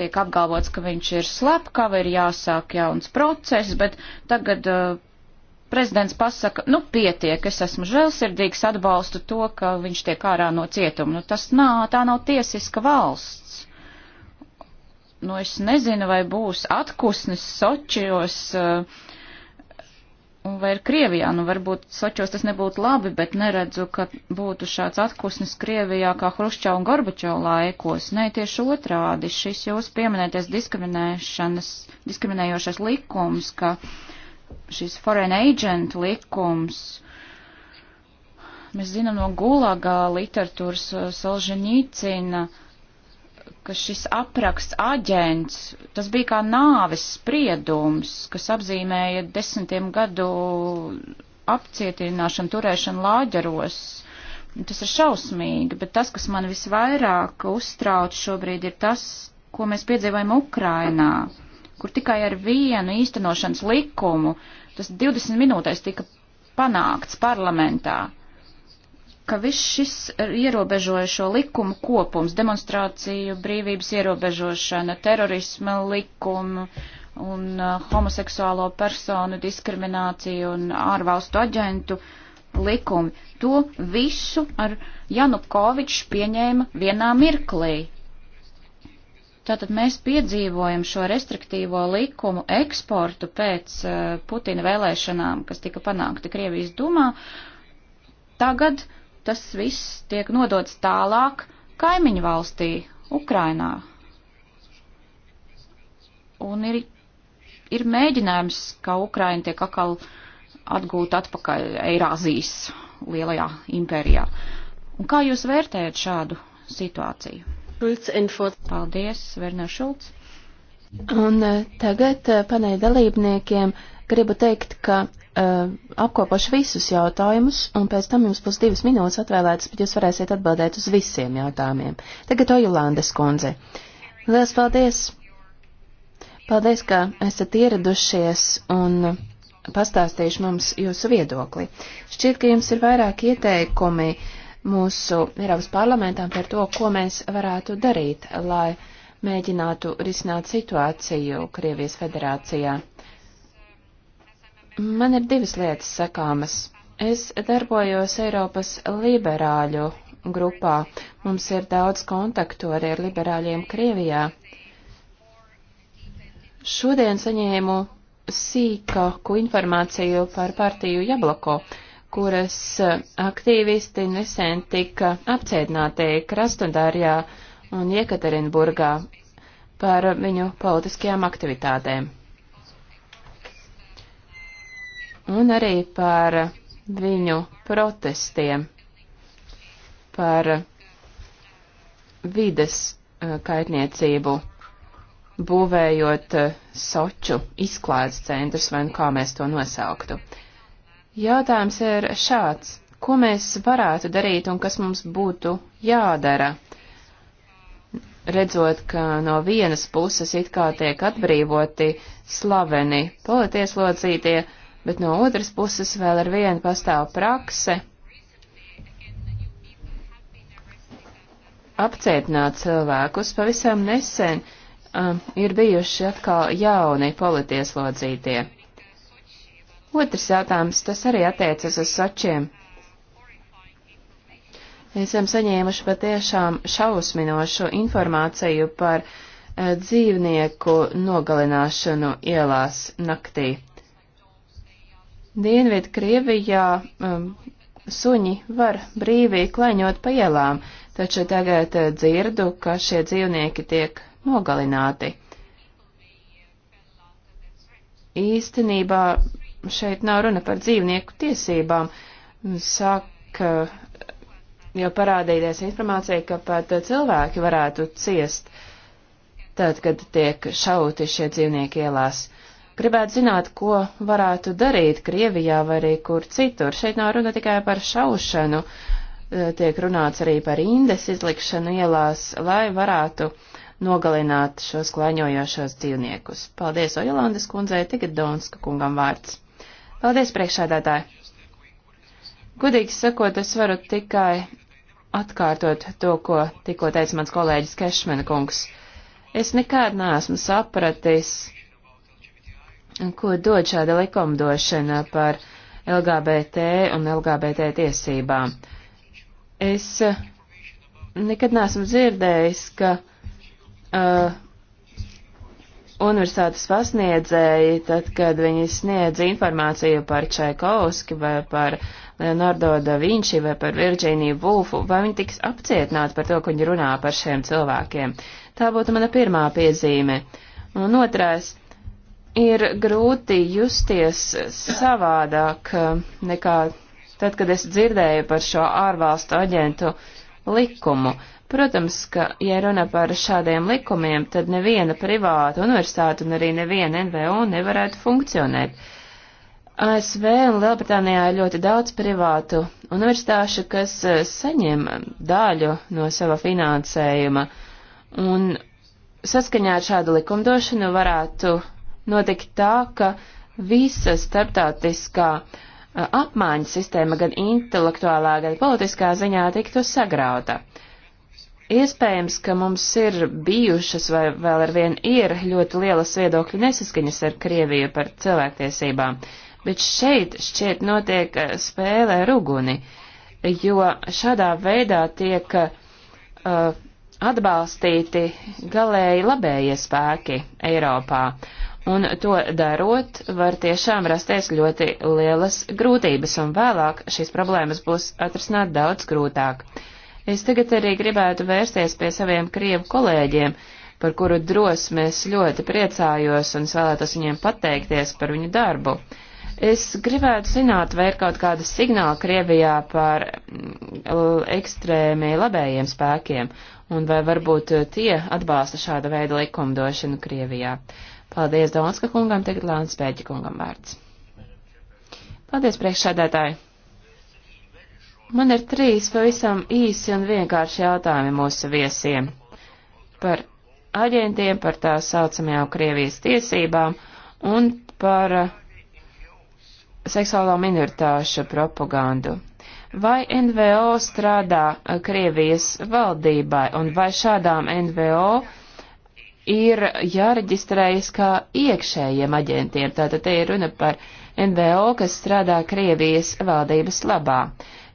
tiek apgalvots, ka viņš ir slepkava, ir jāsāk jauns process, bet tagad uh, prezidents pasaka, nu pietiek, es esmu žēlsirdīgs, atbalstu to, ka viņš tiek ārā no cietuma. Nu, tas nā, tā nav tiesiska valsts. Nu, es nezinu, vai būs atkusnis Sočijos. Uh, vai ir Krievijā. Nu, varbūt Sočos tas nebūtu labi, bet neredzu, ka būtu šāds atkusnis Krievijā kā Hruščā un Gorbačo laikos. Nē, tieši otrādi, šis jūs pieminēties diskriminēšanas, diskriminējošais likums, ka šis foreign agent likums, mēs zinām no Gulagā literatūras Solženīcina, uh, ka šis apraksts aģents, tas bija kā nāves spriedums, kas apzīmēja desmitiem gadu apcietināšanu, turēšanu lāģeros. Tas ir šausmīgi, bet tas, kas man visvairāk uztrauc šobrīd, ir tas, ko mēs piedzīvojam Ukrainā, kur tikai ar vienu īstenošanas likumu, tas 20 minūtēs tika panākts parlamentā ka viss šis ierobežojošo likumu kopums, demonstrāciju, brīvības ierobežošana, terorisma likumu un uh, homoseksuālo personu diskrimināciju un ārvalstu aģentu likumi, to visu ar Janukovičs pieņēma vienā mirklī. Tātad mēs piedzīvojam šo restriktīvo likumu eksportu pēc uh, Putina vēlēšanām, kas tika panākta Krievijas dumā. Tagad uh, tas viss tiek nodots tālāk kaimiņu valstī, Ukrainā. Un ir, ir mēģinājums, ka Ukraina tiek atkal atgūta atpakaļ Eirāzijas lielajā impērijā. Un kā jūs vērtējat šādu situāciju? Paldies, Werner Šulcs. Un eh, tagad eh, paneļa dalībniekiem gribu teikt, ka uh, apkopošu visus jautājumus, un pēc tam jums būs divas minūtes atvēlētas, bet jūs varēsiet atbildēt uz visiem jautājumiem. Tagad Ojulandes kundze. Lielas paldies! Paldies, ka esat ieradušies un pastāstījuši mums jūsu viedokli. Šķiet, ka jums ir vairāk ieteikumi mūsu Eiropas parlamentām par to, ko mēs varētu darīt, lai mēģinātu risināt situāciju Krievijas federācijā. Man ir divas lietas sakāmas. Es darbojos Eiropas liberāļu grupā. Mums ir daudz kontaktu arī ar liberāļiem Krievijā. Šodien saņēmu sīkāku informāciju par partiju Jabloko, kuras aktīvisti nesen tika apcietināti Krasnodārjā un Jekaterinburgā par viņu politiskajām aktivitātēm. un arī par viņu protestiem, par vides eh, kaitniecību, būvējot eh, soču izklādes centrus, vai nu kā mēs to nosauktu. Jautājums ir šāds. Ko mēs varētu darīt un kas mums būtu jādara? redzot, ka no vienas puses it kā tiek atbrīvoti slaveni politieslodzītie, bet no otras puses vēl ar vienu pastāv prakse apcietināt cilvēkus. Pavisam nesen um, ir bijuši atkal jauni politieslodzītie. Otrs jautājums, tas arī attiecas uz sočiem. Esam saņēmuši patiešām šausminošu informāciju par eh, dzīvnieku nogalināšanu ielās naktī. Dienvidu Krievijā um, suņi var brīvi klaiņot pa ielām, taču tagad uh, dzirdu, ka šie dzīvnieki tiek nogalināti. Īstenībā šeit nav runa par dzīvnieku tiesībām. Sāk uh, jau parādīties informācija, ka pat uh, cilvēki varētu ciest tad, kad tiek šauti šie dzīvnieki ielās. Gribētu zināt, ko varētu darīt Krievijā vai arī kur citur. Šeit nav runa tikai par šaušanu, eh, tiek runāts arī par indes izlikšanu ielās, lai varētu nogalināt šos klaņojošos dzīvniekus. Paldies Ojolandes kundzei, tagad Donska kungam vārds. Paldies priekšādātāji! Gudīgi sakot, es varu tikai atkārtot to, ko tikko teica mans kolēģis Kešmena kungs. Es nekad neesmu sapratis ko dod šāda likumdošana par LGBT un LGBT tiesībām. Es eh, nekad neesmu dzirdējis, ka uh, universitātes pasniedzēji, tad, kad viņi sniedz informāciju par Čaikovski vai par Leonardo da Vinci vai par Virģīniju Vulfu, vai viņi tiks apcietināti par to, ka viņi runā par šiem cilvēkiem. Tā būtu mana pirmā piezīme. Un otrais, ir grūti justies savādāk eh, nekā tad, kad es dzirdēju par šo ārvalstu aģentu likumu. Protams, ka, ja runa par šādiem likumiem, tad neviena privāta universitāte un arī neviena NVO nevarētu funkcionēt. ASV un Lielbritānijā ir ļoti daudz privātu universitāšu, kas eh, saņem daļu no sava finansējuma, un saskaņā ar šādu likumdošanu varētu notikt tā, ka visa starptautiskā apmaiņas sistēma gan intelektuālā, gan politiskā ziņā tiktu sagrauta. Iespējams, ka mums ir bijušas vai vēl ar vien ir ļoti lielas viedokļu nesaskaņas ar Krieviju par cilvēktiesībām, bet šeit šķiet notiek spēlē ruguni, jo šādā veidā tiek uh, atbalstīti galēji labējie spēki Eiropā. Un to darot, var tiešām rasties ļoti lielas grūtības, un vēlāk šīs problēmas būs atrasināt daudz grūtāk. Es tagad arī gribētu vērsties pie saviem krievu kolēģiem, par kuru drosmēs ļoti priecājos un es vēlētos viņiem pateikties par viņu darbu. Es gribētu zināt, vai ir kaut kāda signāla Krievijā par mm, ekstrēmi labējiem spēkiem, un vai varbūt tie atbalsta šāda veida likumdošanu Krievijā. Paldies Donska kungam, tagad Lāns Pēķa kungam vārds. Paldies priekšsēdētāji. Man ir trīs pavisam īsi un vienkārši jautājumi mūsu viesiem par aģentiem, par tā saucamajām Krievijas tiesībām un par eh, seksuālo minoritāšu propagandu. Vai NVO strādā eh, Krievijas valdībai un vai šādām NVO ir jāreģistrējas kā iekšējiem aģentiem. Tātad te ir runa par NVO, kas strādā Krievijas valdības labā.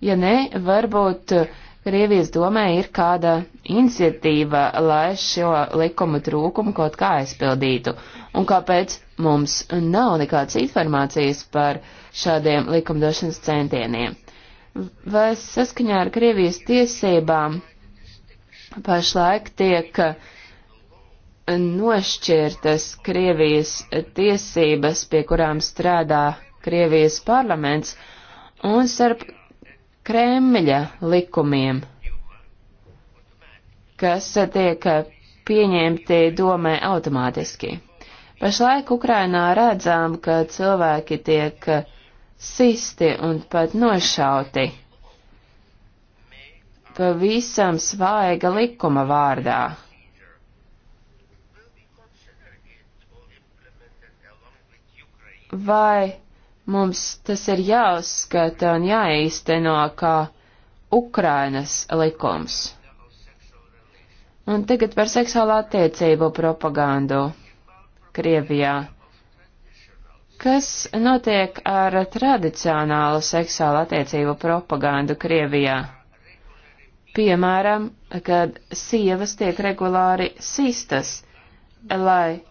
Ja ne, varbūt Krievijas domē ir kāda iniciatīva, lai šo likumu trūkumu kaut kā aizpildītu. Un kāpēc mums nav nekādas informācijas par šādiem likumdošanas centieniem? Vai saskaņā ar Krievijas tiesībām pašlaik tiek uh, nošķirtas Krievijas tiesības, pie kurām strādā Krievijas parlaments, un starp Kremļa likumiem, kas tiek pieņemti domē automātiski. Pašlaik Ukrainā redzām, ka cilvēki tiek sisti un pat nošauti pavisam svaiga likuma vārdā. vai mums tas ir jāuzskata un jāīsteno kā Ukrainas likums. Un tagad par seksuālā attiecību propagandu Krievijā. Kas notiek ar tradicionālu seksuālu attiecību propagandu Krievijā? Piemēram, kad sievas tiek regulāri sistas, lai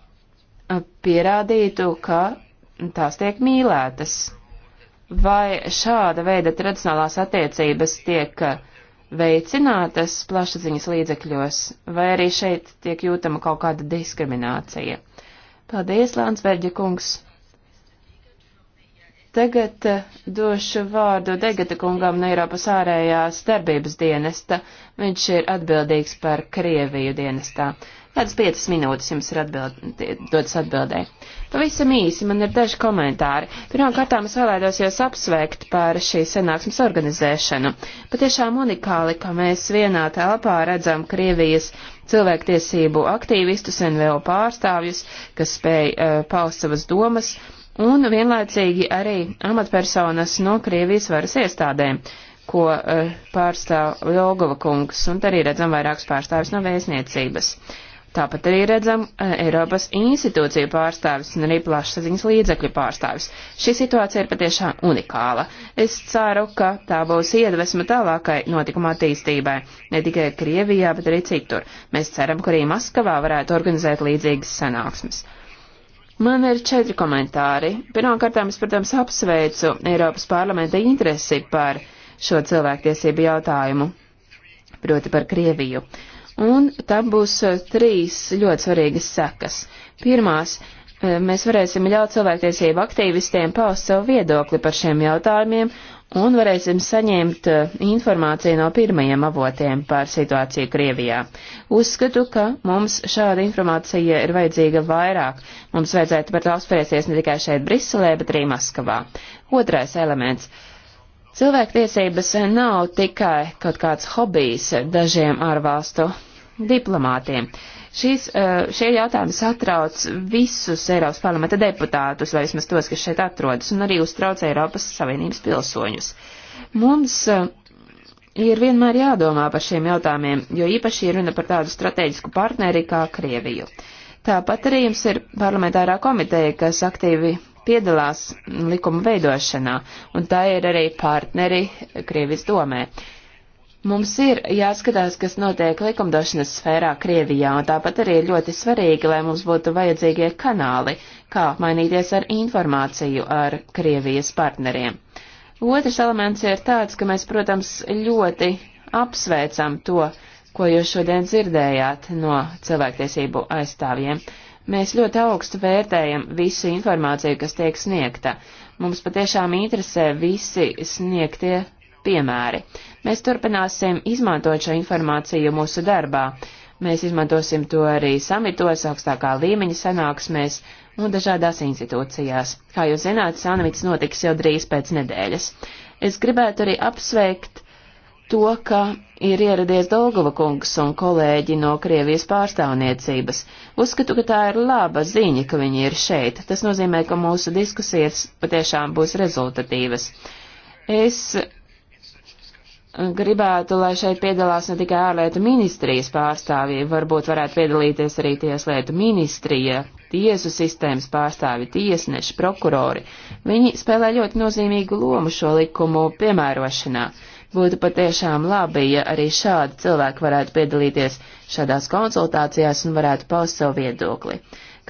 pierādītu, ka tās tiek mīlētas. Vai šāda veida tradicionālās attiecības tiek uh, veicinātas plašsaziņas līdzekļos, vai arī šeit tiek jūtama kaut kāda diskriminācija? Paldies, Lānsverģa kungs! Tagad uh, došu vārdu Degata kungam no Eiropas ārējās darbības dienesta. Viņš ir atbildīgs par Krieviju dienestā. Kādas 5 minūtes jums ir atbild, dotas atbildē? Pavisam īsi, man ir daži komentāri. Pirmkārt, es vēlētos jūs apsveikt par šīs sanāksmes organizēšanu. Patiešām unikāli, ka mēs vienā telpā redzam Krievijas cilvēktiesību aktīvistus, NVO pārstāvjus, kas spēj uh, paust savas domas, un vienlaicīgi arī amatpersonas no Krievijas varas iestādēm ko uh, pārstāv Ļogova kungs, un arī redzam vairākus pārstāvis no vēstniecības. Uh, Tāpat arī redzam eh, Eiropas institūciju pārstāvis un arī plašsaziņas līdzekļu pārstāvis. Šī situācija ir patiešām unikāla. Es ceru, ka tā būs iedvesma tālākai notikuma attīstībai, ne tikai Krievijā, bet arī citur. Mēs ceram, ka arī Maskavā varētu organizēt līdzīgas sanāksmes. Man ir četri komentāri. Pirmkārt, es, protams, apsveicu Eiropas parlamenta interesi par šo cilvēktiesību jautājumu, proti par Krieviju. Uh, un tam būs eh, trīs ļoti svarīgas sekas. Pirmās, eh, mēs varēsim ļaut cilvēktiesību aktīvistiem paust savu viedokli par šiem jautājumiem un varēsim saņemt eh, informāciju no pirmajiem avotiem par situāciju Krievijā. Uzskatu, ka mums šāda informācija ir vajadzīga vairāk. Mums vajadzētu par to apspriesties ne tikai šeit Briselē, bet arī Maskavā. Otrais elements. Uh, Cilvēktiesības nav tikai kaut kāds hobijs dažiem ārvalstu diplomātiem. Šīs, eh, šie jautājumi satrauc visus Eiropas parlamenta deputātus, vai vismaz tos, kas šeit atrodas, un arī uztrauc Eiropas Savienības pilsoņus. Mums eh, ir vienmēr jādomā par šiem jautājumiem, jo īpaši ir runa par tādu strateģisku partneri kā Krieviju. Tāpat arī jums ir parlamentārā komiteja, kas aktīvi piedalās likuma veidošanā, un tā ir arī partneri Krievijas domē. Mums ir jāskatās, kas notiek likumdošanas sfērā Krievijā, un tāpat arī ir ļoti svarīgi, lai mums būtu vajadzīgie kanāli, kā mainīties ar informāciju ar Krievijas partneriem. Otrs elements ir tāds, ka mēs, protams, ļoti apsveicam to, ko jūs šodien dzirdējāt no cilvēktiesību aizstāvjiem. Mēs ļoti augstu vērtējam visu informāciju, kas tiek sniegta. Mums patiešām interesē visi sniegtie piemēri. Mēs turpināsim izmantot šo informāciju mūsu darbā. Mēs izmantosim to arī samitos, augstākā līmeņa sanāksmēs un dažādās institūcijās. Kā jūs zināt, samits notiks jau drīz pēc nedēļas. Es gribētu arī apsveikt to, ka ir ieradies Dolgova kungs un kolēģi no Krievijas pārstāvniecības. Uzskatu, ka tā ir laba ziņa, ka viņi ir šeit. Tas nozīmē, ka mūsu diskusijas patiešām būs rezultatīvas. Es gribētu, lai šeit piedalās ne tikai ārlietu ministrijas pārstāvji, varbūt varētu piedalīties arī tieslietu ministrija, tiesu sistēmas pārstāvi, tiesneši, prokurori. Viņi spēlē ļoti nozīmīgu lomu šo likumu piemērošanā. Būtu patiešām labi, ja arī šādi cilvēki varētu piedalīties šādās konsultācijās un varētu paust savu viedokli.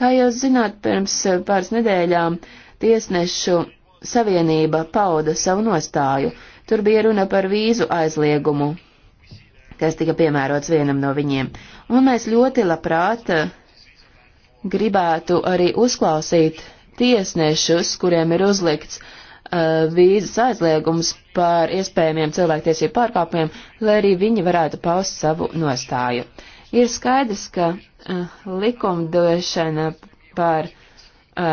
Kā jūs zināt, pirms pāris nedēļām tiesnešu savienība pauda savu nostāju. Tur bija runa par vīzu aizliegumu, kas tika piemērots vienam no viņiem. Un mēs ļoti labprāt gribētu arī uzklausīt tiesnešus, kuriem ir uzlikts Uh, vīzas aizliegums par iespējamiem cilvēktiesību pārkāpumiem, lai arī viņi varētu paust savu nostāju. Ir skaidrs, ka uh, likumdošana par uh,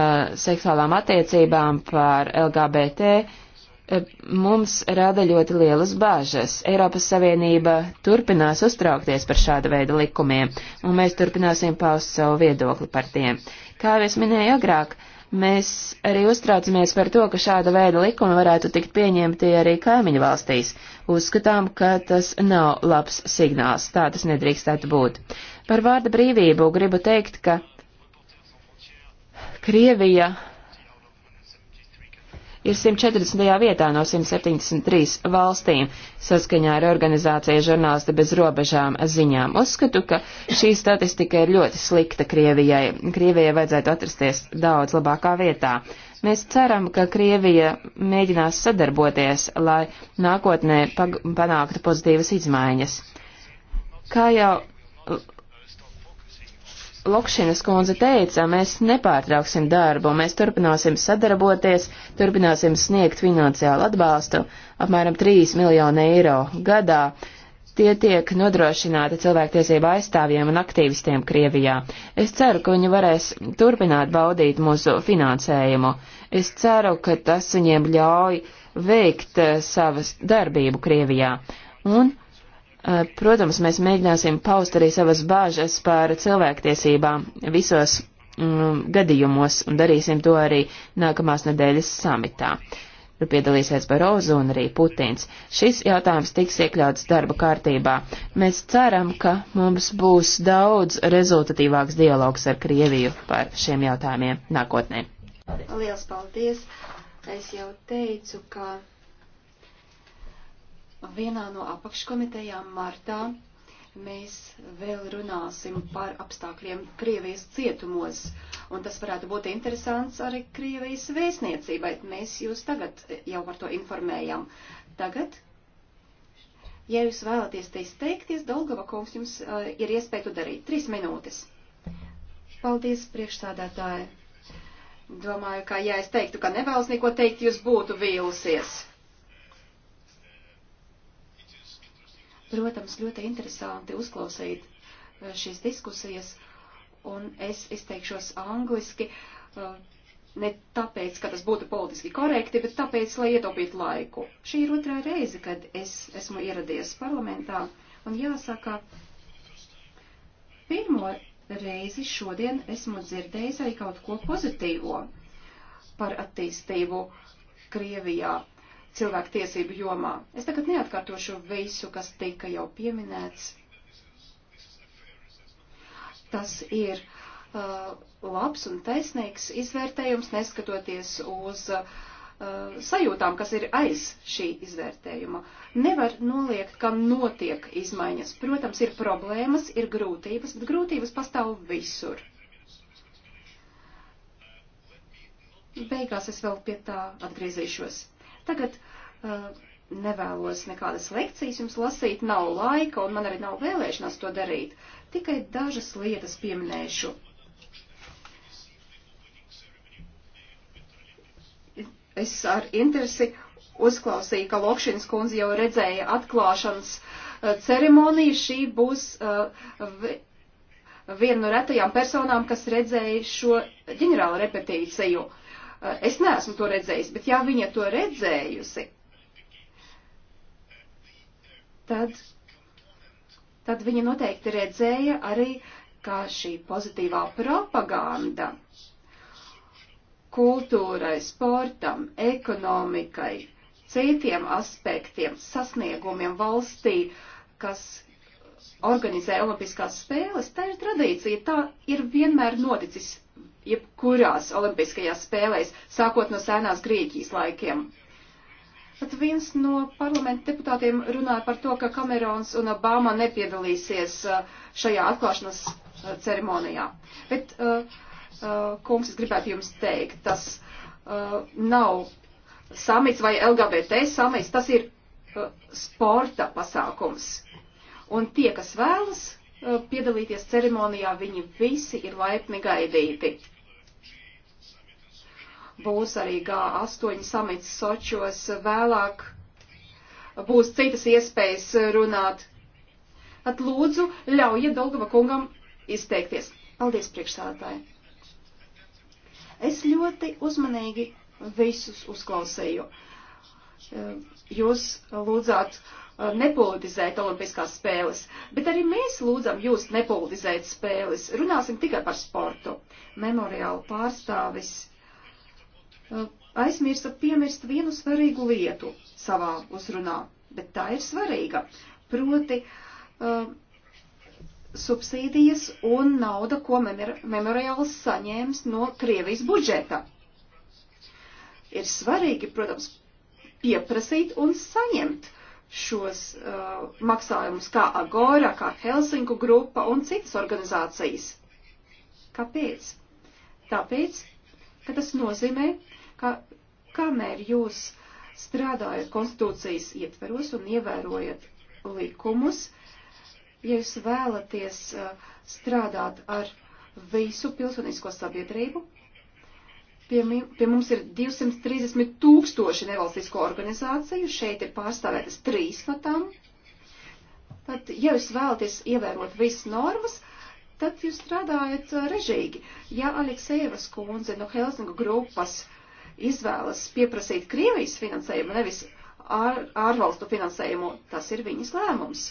seksuālām attiecībām, par LGBT uh, mums rada ļoti lielas bāžas. Eiropas Savienība turpinās uztraukties par šāda veida likumiem, un mēs turpināsim paust savu viedokli par tiem. Kā jau es minēju agrāk, uh, Mēs arī uztraucamies par to, ka šāda veida likumi varētu tikt pieņemti arī kaimiņu valstīs. Uzskatām, ka tas nav labs signāls, tā tas nedrīkstētu būt. Par vārda brīvību gribu teikt, ka Krievija ir 140. vietā no 173 valstīm, saskaņā ar organizācijas žurnālisti bez robežām ziņām. Uzskatu, ka šī statistika ir ļoti slikta Krievijai. Krievijai vajadzētu atrasties daudz labākā vietā. Mēs ceram, ka Krievija mēģinās sadarboties, lai nākotnē panāktu pozitīvas izmaiņas. Kā jau Lokšinas kundze teica, mēs nepārtrauksim darbu, mēs turpināsim sadarboties, turpināsim sniegt finansiālu atbalstu, apmēram 3 miljonu eiro gadā. Tie tiek nodrošināti cilvēktiesību aizstāvjiem un aktīvistiem Krievijā. Es ceru, ka viņi varēs turpināt baudīt mūsu finansējumu. Es ceru, ka tas viņiem ļauj veikt eh, savas darbību Krievijā. Un Eh, protams, mēs mēģināsim paust arī savas bāžas par cilvēktiesībām visos mm, gadījumos un darīsim to arī nākamās nedēļas samitā. Tur nu, piedalīsies Barozu un arī Putins. Šis jautājums tiks iekļauts darba kārtībā. Mēs ceram, ka mums būs daudz rezultatīvāks dialogs ar Krieviju par šiem jautājumiem nākotnē. Paldies. Liels paldies! Es jau teicu, ka vienā no apakškomitejām martā mēs vēl runāsim par apstākļiem Krievijas cietumos, un tas varētu būt interesants arī Krievijas vēstniecībai. Mēs jūs tagad jau par to informējam. Tagad, ja jūs vēlaties te izteikties, Dolgava kungs jums uh, ir iespēja to darīt. Trīs minūtes. Paldies, priekšsādātāji. Domāju, ka ja es teiktu, ka nevēlas neko teikt, jūs būtu vīlusies. Protams, ļoti interesanti uzklausīt eh, šīs diskusijas, un es izteikšos angliski, eh, ne tāpēc, ka tas būtu politiski korekti, bet tāpēc, lai ietaupītu laiku. Šī ir otrā reize, kad es esmu ieradies parlamentā, un jāsaka, pirmo reizi šodien esmu dzirdējis arī kaut ko pozitīvo par attīstību Krievijā cilvēku tiesību jomā. Es tagad neatkārtošu visu, kas tika jau pieminēts. Tas ir uh, labs un taisnīgs izvērtējums, neskatoties uz uh, sajūtām, kas ir aiz šī izvērtējuma. Nevar noliegt, ka notiek izmaiņas. Protams, ir problēmas, ir grūtības, bet grūtības pastāv visur. Beigās es vēl pie tā atgriezīšos. Tagad uh, nevēlos nekādas lekcijas jums lasīt, nav laika un man arī nav vēlēšanās to darīt. Tikai dažas lietas pieminēšu. Es ar interesi uzklausīju, ka Lokšins kundze jau redzēja atklāšanas uh, ceremoniju. Šī būs uh, viena no retajām personām, kas redzēja šo ģenerālu repetīciju. Uh, Eh, es neesmu to redzējis, bet ja viņa to redzējusi, tad, tad viņa noteikti redzēja arī, kā šī pozitīvā propaganda kultūrai, sportam, ekonomikai, citiem aspektiem, sasniegumiem valstī, kas organizē Olimpiskās spēles, tā ir tradīcija, tā ir vienmēr noticis jebkurās olimpiskajās spēlēs, sākot no sēnās Grieķijas laikiem. Pat viens no parlamenta deputātiem runāja par to, ka Kamerons un Obama nepiedalīsies uh, šajā atklāšanas uh, ceremonijā. Bet, uh, kungs, es gribētu jums teikt, tas nav samits vai LGBT samits, tas ir sporta pasākums. Un tie, kas vēlas, Uh, piedalīties ceremonijā. Viņi visi ir laipni gaidīti. Būs arī G8 samits Sočos vēlāk. Būs citas iespējas runāt. At lūdzu, ļaujiet Dolgava kungam izteikties. Paldies, priekšsādātāji. Es ļoti uzmanīgi visus uzklausēju. Uh, jūs lūdzāt Uh, nepolitizēt olimpiskās spēles, bet arī mēs lūdzam jūs nepolitizēt spēles. Runāsim tikai par sportu. Memoriāla pārstāvis uh, aizmirsa piemirst vienu svarīgu lietu savā uzrunā, bet tā ir svarīga. Proti uh, subsīdijas un nauda, ko memoriāls saņēmis no Krievijas budžeta. Ir svarīgi, protams, pieprasīt un saņemt uh, šos uh, maksājumus kā Agora, kā Helsinku grupa un citas organizācijas. Kāpēc? Tāpēc, ka tas nozīmē, ka kamēr jūs strādājat konstitūcijas ietveros un ievērojat likumus, ja jūs vēlaties uh, strādāt ar visu pilsonisko sabiedrību, Pie, pie mums ir 230 tūkstoši nevalstisko organizāciju, šeit ir pārstāvētas trīs no tām. Tad, ja jūs vēlaties ievērot visas normas, tad jūs strādājat režīgi. Ja Aleksejevas kundze no Helsingu grupas izvēlas pieprasīt Krievijas finansējumu, nevis ār, ārvalstu finansējumu, tas ir viņas lēmums.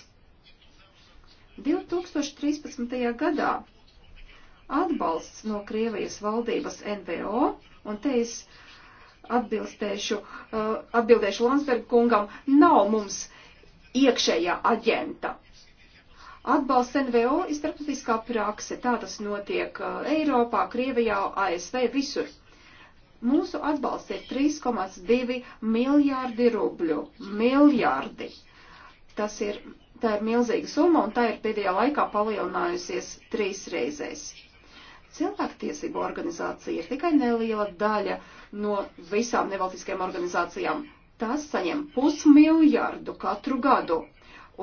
2013. gadā atbalsts no Krievijas valdības NVO, un te es atbildēšu, uh, atbildēšu Landsbergu kungam, nav mums iekšējā aģenta. Atbalsts NVO ir starptautiskā prakse, tā tas notiek uh, Eiropā, Krievijā, ASV, visur. Mūsu atbalsts ir 3,2 miljārdi rubļu. Miljārdi. Tas ir, tā ir milzīga summa un tā ir pēdējā laikā palielinājusies trīs reizēs. Cilvēktiesību organizācija ir tikai neliela daļa no visām nevalstiskajām organizācijām. Tās saņem pusmiljārdu katru gadu,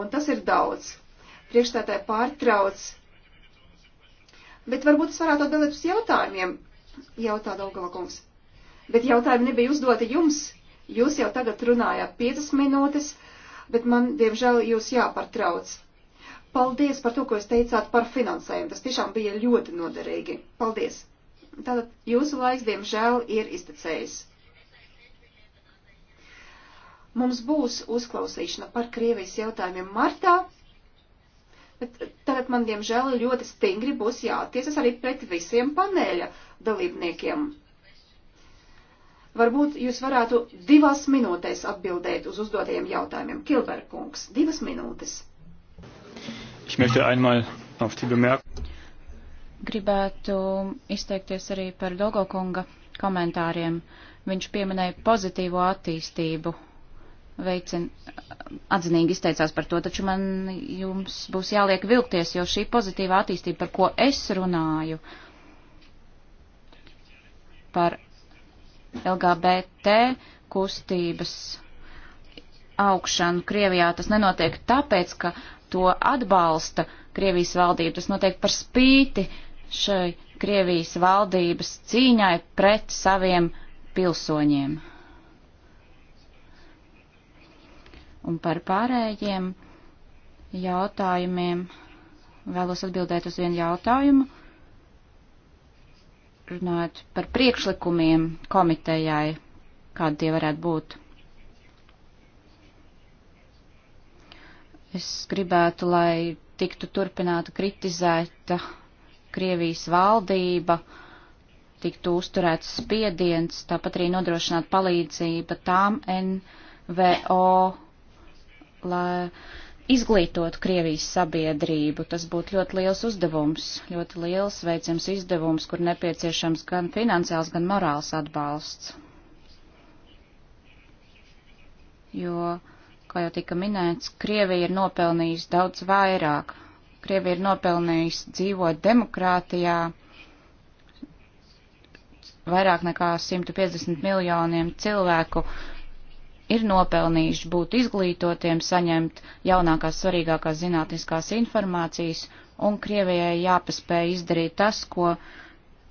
un tas ir daudz. Priekšstādē pārtrauc. Bet varbūt es varētu atbildēt uz jautājumiem, jautā Daugava kungs. Bet jautājumi nebija uzdoti jums. Jūs jau tagad runājāt 5 minūtes, bet man, diemžēl, jūs jāpārtrauc. Paldies par to, ko jūs teicāt par finansējumu. Tas tiešām bija ļoti noderīgi. Paldies. Tātad jūsu laiks, diemžēl, ir iztecējis. Mums būs uzklausīšana par Krievijas jautājumiem martā, bet tagad man, diemžēl, ļoti stingri būs jātiesas arī pret visiem paneļa dalībniekiem. Varbūt jūs varētu divās minūtēs atbildēt uz uzdotajiem jautājumiem. Kilberkungs, divas minūtes. Ich möchte einmal auf die Bemerkung. Gribētu izteikties arī par Dogokunga komentāriem. Viņš pieminēja pozitīvo attīstību, veicin, atzinīgi izteicās par to, taču man jums būs jāliek vilkties, jo šī pozitīvā attīstība, par ko es runāju, par LGBT kustības augšanu Krievijā, tas nenotiek tāpēc, ka to atbalsta Krievijas valdība. Tas notiek par spīti šai Krievijas valdības cīņai pret saviem pilsoņiem. Un par pārējiem jautājumiem vēlos atbildēt uz vienu jautājumu. Runājot par priekšlikumiem komitejai, kādi tie varētu būt. Es gribētu, lai tiktu turpināta kritizēta Krievijas valdība, tiktu uzturēts spiediens, tāpat arī nodrošināt palīdzība tām NVO, lai izglītot Krievijas sabiedrību. Tas būtu ļoti liels uzdevums, ļoti liels veicams izdevums, kur nepieciešams gan finansiāls, gan morāls atbalsts. Jo Kā jau tika minēts, Krievija ir nopelnījusi daudz vairāk. Krievija ir nopelnījusi dzīvot demokrātijā vairāk nekā 150 miljoniem cilvēku ir nopelnījuši būt izglītotiem, saņemt jaunākās svarīgākās zinātniskās informācijas, un Krievijai jāpaspēja izdarīt tas, ko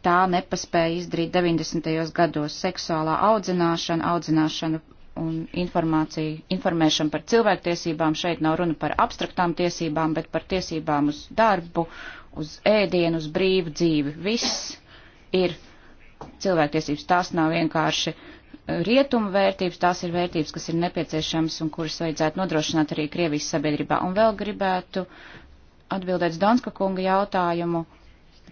tā nepaspēja izdarīt 90. gados - seksuālā audzināšana, audzināšana un informāciju, informēšanu par cilvēktiesībām. Šeit nav runa par abstraktām tiesībām, bet par tiesībām uz darbu, uz ēdienu, uz brīvu dzīvi. Viss ir cilvēktiesības. Tās nav vienkārši rietumu vērtības, tās ir vērtības, kas ir nepieciešamas un kuras vajadzētu nodrošināt arī Krievijas sabiedrībā. Un vēl gribētu atbildēt Donska kunga jautājumu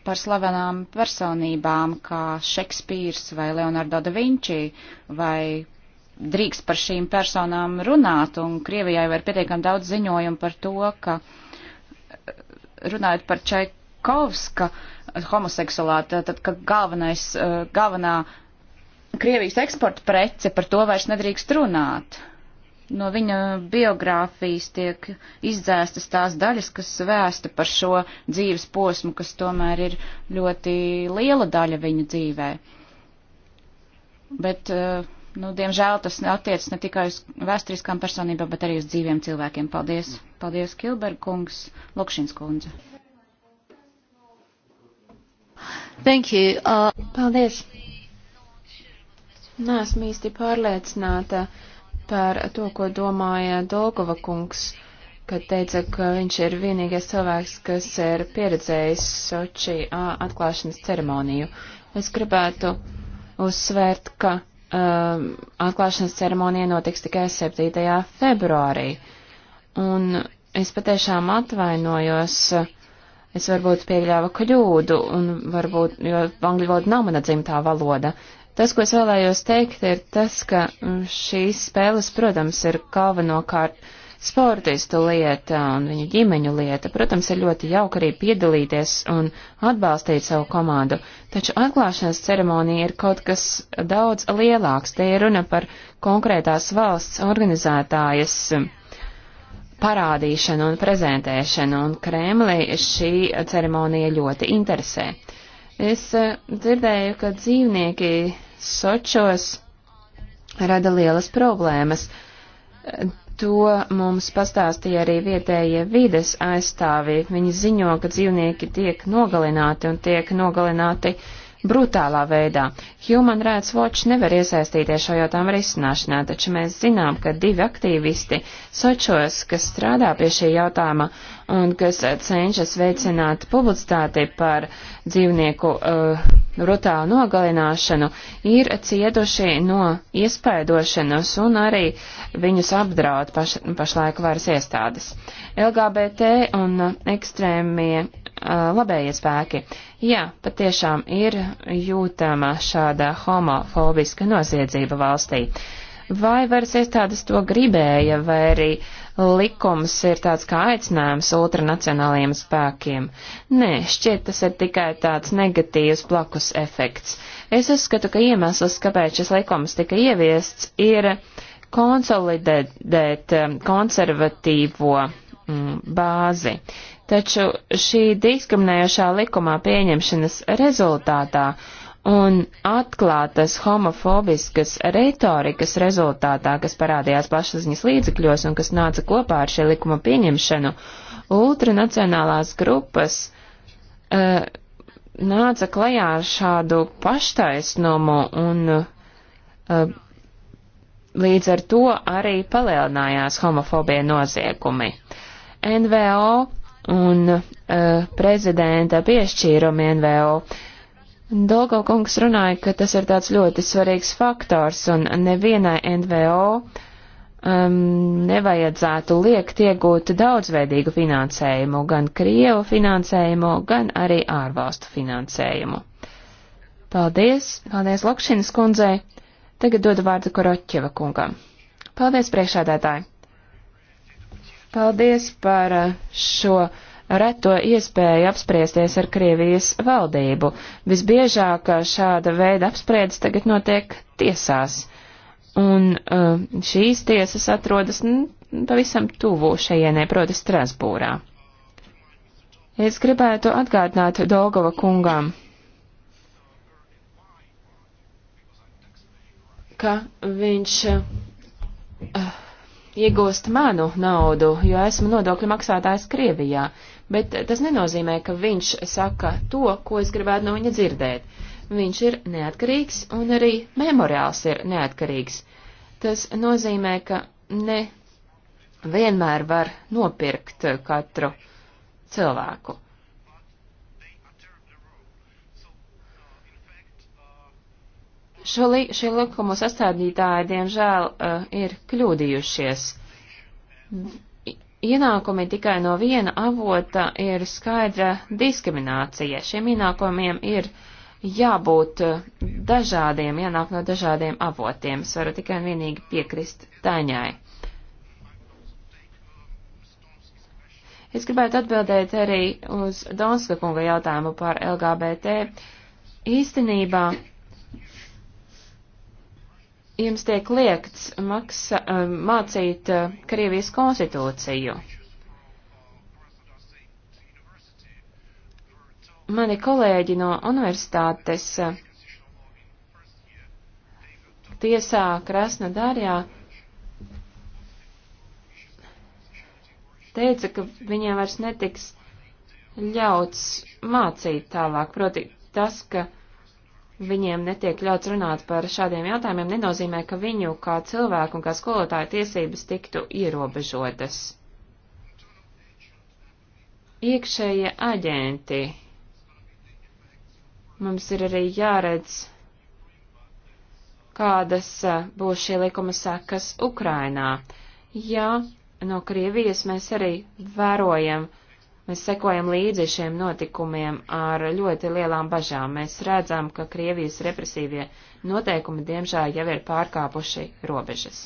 par slavenām personībām kā Šekspīrs vai Leonardo da Vinci vai drīkst par šīm personām runāt, un Krievijai var pietiekami daudz ziņojumu par to, ka eh, runājot par Čaikovska homoseksualitāti, tad, ka galvenais, eh, galvenā Krievijas eksporta prece par to vairs nedrīkst runāt. No viņa biogrāfijas tiek izdzēstas tās daļas, kas vēsta par šo dzīves posmu, kas tomēr ir ļoti liela daļa viņa dzīvē. Bet uh, nu, diemžēl tas attiecas ne tikai uz vēsturiskām personībām, bet arī uz dzīviem cilvēkiem. Paldies! Paldies, Kilberg kungs, Lokšins kundze. Thank you. Uh, paldies. Nēsmu īsti pārliecināta par to, ko domāja Dolgova kungs, kad teica, ka viņš ir vienīgais cilvēks, kas ir pieredzējis Soči uh, atklāšanas ceremoniju. Es gribētu uzsvērt, ka um, atklāšanas ceremonija notiks tikai 7. februārī. Un es patiešām atvainojos, es varbūt pieļāvu kļūdu, un varbūt, jo angļu valoda nav mana dzimtā valoda. Tas, ko es vēlējos teikt, ir tas, ka mm, šīs spēles, protams, ir galvenokārt. Uh, sportistu lieta un viņu ģimeņu lieta. Protams, ir ļoti jauki arī piedalīties un atbalstīt savu komandu, taču atklāšanas ceremonija ir kaut kas daudz lielāks. Te ir runa par konkrētās valsts organizētājas parādīšanu un prezentēšanu, un Kremlī šī ceremonija ļoti interesē. Es eh, dzirdēju, ka dzīvnieki Sočos rada lielas problēmas To mums pastāstīja arī vietējie vides aizstāvji. Viņi ziņo, ka dzīvnieki tiek nogalināti un tiek nogalināti uh, brutālā veidā. Human Rights Watch nevar iesaistīties šo jautājumu risināšanā, taču mēs zinām, ka divi aktīvisti Sočos, kas strādā pie šī jautājuma un kas cenšas veicināt publicitāti par dzīvnieku uh, brutālu nogalināšanu, ir cietuši no iespaidošanas un arī viņus apdraud paš, pašlaik varas iestādes. LGBT un ekstrēmie uh, labējie spēki Jā, patiešām ir jūtama šāda homofobiska noziedzība valstī. Vai varas iestādes to gribēja, vai arī likums ir tāds kā aicinājums ultranacionālajiem spēkiem? Nē, šķiet tas ir tikai tāds negatīvs plakus efekts. Es uzskatu, ka iemesls, kāpēc šis likums tika ieviests, ir konsolidēt konservatīvo mm, bāzi taču šī diskriminējošā likumā pieņemšanas rezultātā un atklātas homofobiskas retorikas rezultātā, kas parādījās plašsaziņas līdzekļos un kas nāca kopā ar šī likuma pieņemšanu, ultranacionālās grupas uh, nāca klajā ar šādu paštaisnumu un uh, līdz ar to arī palielinājās homofobija noziegumi. NVO un uh, prezidenta piešķīrumu NVO. Dolgo kungs runāja, ka tas ir tāds ļoti svarīgs faktors, un nevienai NVO um, nevajadzētu liekt iegūt daudzveidīgu finansējumu, gan Krievu finansējumu, gan arī ārvalstu finansējumu. Paldies, paldies Lokšinas kundzei. Tagad dodu vārdu Koroķeva kungam. Paldies, priekšādētāji! Paldies par eh, šo reto iespēju apspriesties ar Krievijas valdību. Visbiežāk eh, šāda veida apspriedes tagad notiek tiesās, un eh, šīs tiesas atrodas pavisam tuvu šajienē, proti Strasbūrā. Es gribētu atgādināt Dolgova kungām, ka viņš. Uh, iegūst manu naudu, jo esmu nodokļu maksātājs Krievijā, bet tas nenozīmē, ka viņš saka to, ko es gribētu no viņa dzirdēt. Viņš ir neatkarīgs un arī memoriāls ir neatkarīgs. Tas nozīmē, ka ne vienmēr var nopirkt katru cilvēku. Šo li, šie likumu sastādītāji, diemžēl, uh, ir kļūdījušies. Ienākumi tikai no viena avota ir skaidra diskriminācija. Šiem ienākumiem ir jābūt eh, dažādiem, ienāk no dažādiem avotiem. Es varu tikai un vienīgi piekrist Taņai. Es gribētu atbildēt arī uz Donska kunga jautājumu par LGBT. Īstenībā jums tiek liekts maksa, um, mācīt uh, Krievijas konstitūciju. Mani kolēģi no universitātes uh, tiesā Krasna Darjā teica, ka viņiem vairs netiks ļauts mācīt tālāk. Proti, tas, ka uh, viņiem netiek ļauts runāt par šādiem jautājumiem, nenozīmē, ka viņu kā cilvēku un kā skolotāju tiesības tiktu ierobežotas. Iekšējie aģenti. Mums ir arī jāredz, kādas būs šie likuma sekas Ukrainā. Ja no Krievijas mēs arī vērojam, uh, Mēs sekojam līdzi šiem notikumiem ar ļoti lielām bažām. Mēs redzam, ka Krievijas represīvie noteikumi diemžēl jau ir pārkāpuši robežas.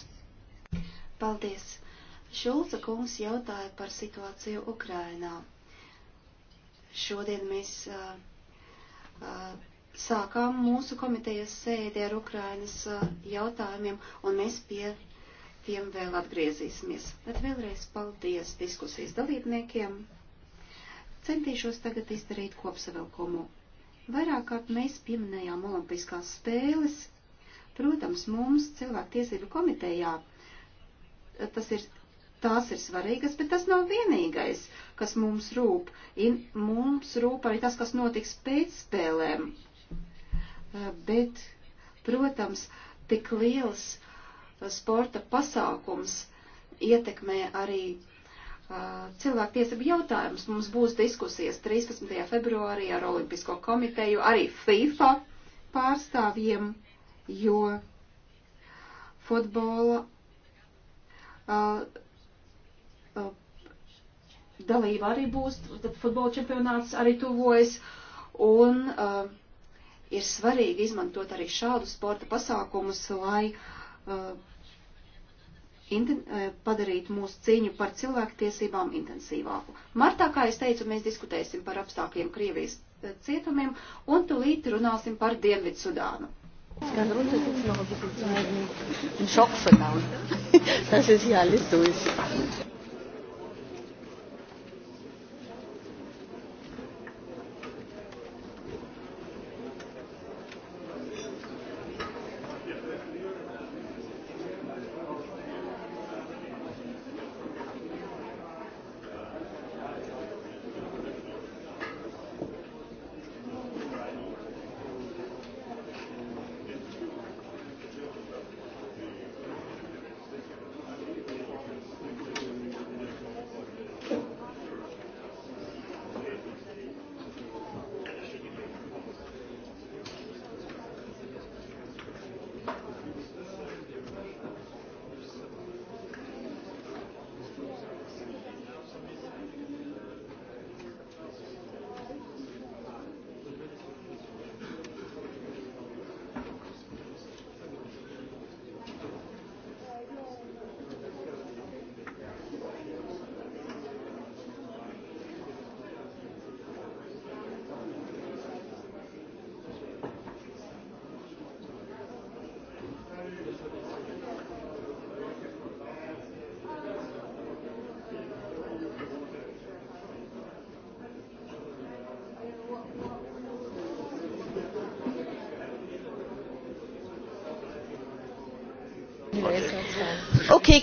Paldies! Šulca kungs jautāja par situāciju Ukrainā. Šodien mēs uh, uh, sākām mūsu komitejas sēdi ar Ukrainas uh, jautājumiem, un mēs pie tiem vēl atgriezīsimies. Bet vēlreiz paldies diskusijas dalībniekiem! Centīšos tagad izdarīt kopsavilkumu. Vairāk kārt mēs pieminējām olimpiskās spēles. Protams, mums cilvēktiesību komitejā eh, tas ir, tās ir svarīgas, bet tas nav vienīgais, kas mums rūp. In, mums rūp arī tas, kas notiks pēc spēlēm. Eh, bet, protams, tik liels eh, sporta pasākums ietekmē arī uh, cilvēktiesību jautājumus. Mums būs diskusijas 13. februārī ar Olimpisko komiteju, arī FIFA pārstāvjiem, jo futbola uh, uh, dalība arī būs, tad futbola čempionāts arī tuvojas, un uh, ir svarīgi izmantot arī šādu sporta pasākumus, lai uh, padarīt mūsu cīņu par cilvēktiesībām intensīvāku. Martā, kā es teicu, mēs diskutēsim par apstākļiem Krievijas cietumiem un tulīt runāsim par Dienvidu Sudānu. Ein Schock für Das ist ja alles durch.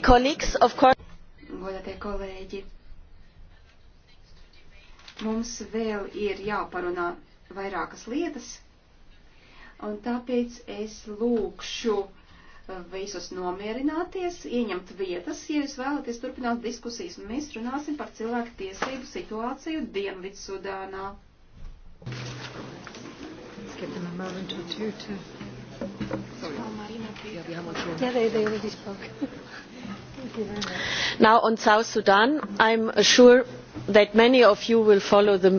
Godātie kolēģi, mums vēl ir jāparunā vairākas lietas, un tāpēc es lūkšu uh, visus nomierināties, ieņemt vietas, ja jūs vēlaties turpināt diskusijas. Mēs runāsim par cilvēku tiesību situāciju Dienvidsudānā. Give them a moment or two to... Sorry. Oh, Marina, please. Yeah, we have one. Yeah, they, they already spoke. Now on South Sudan, I'm sure that many of you will follow the.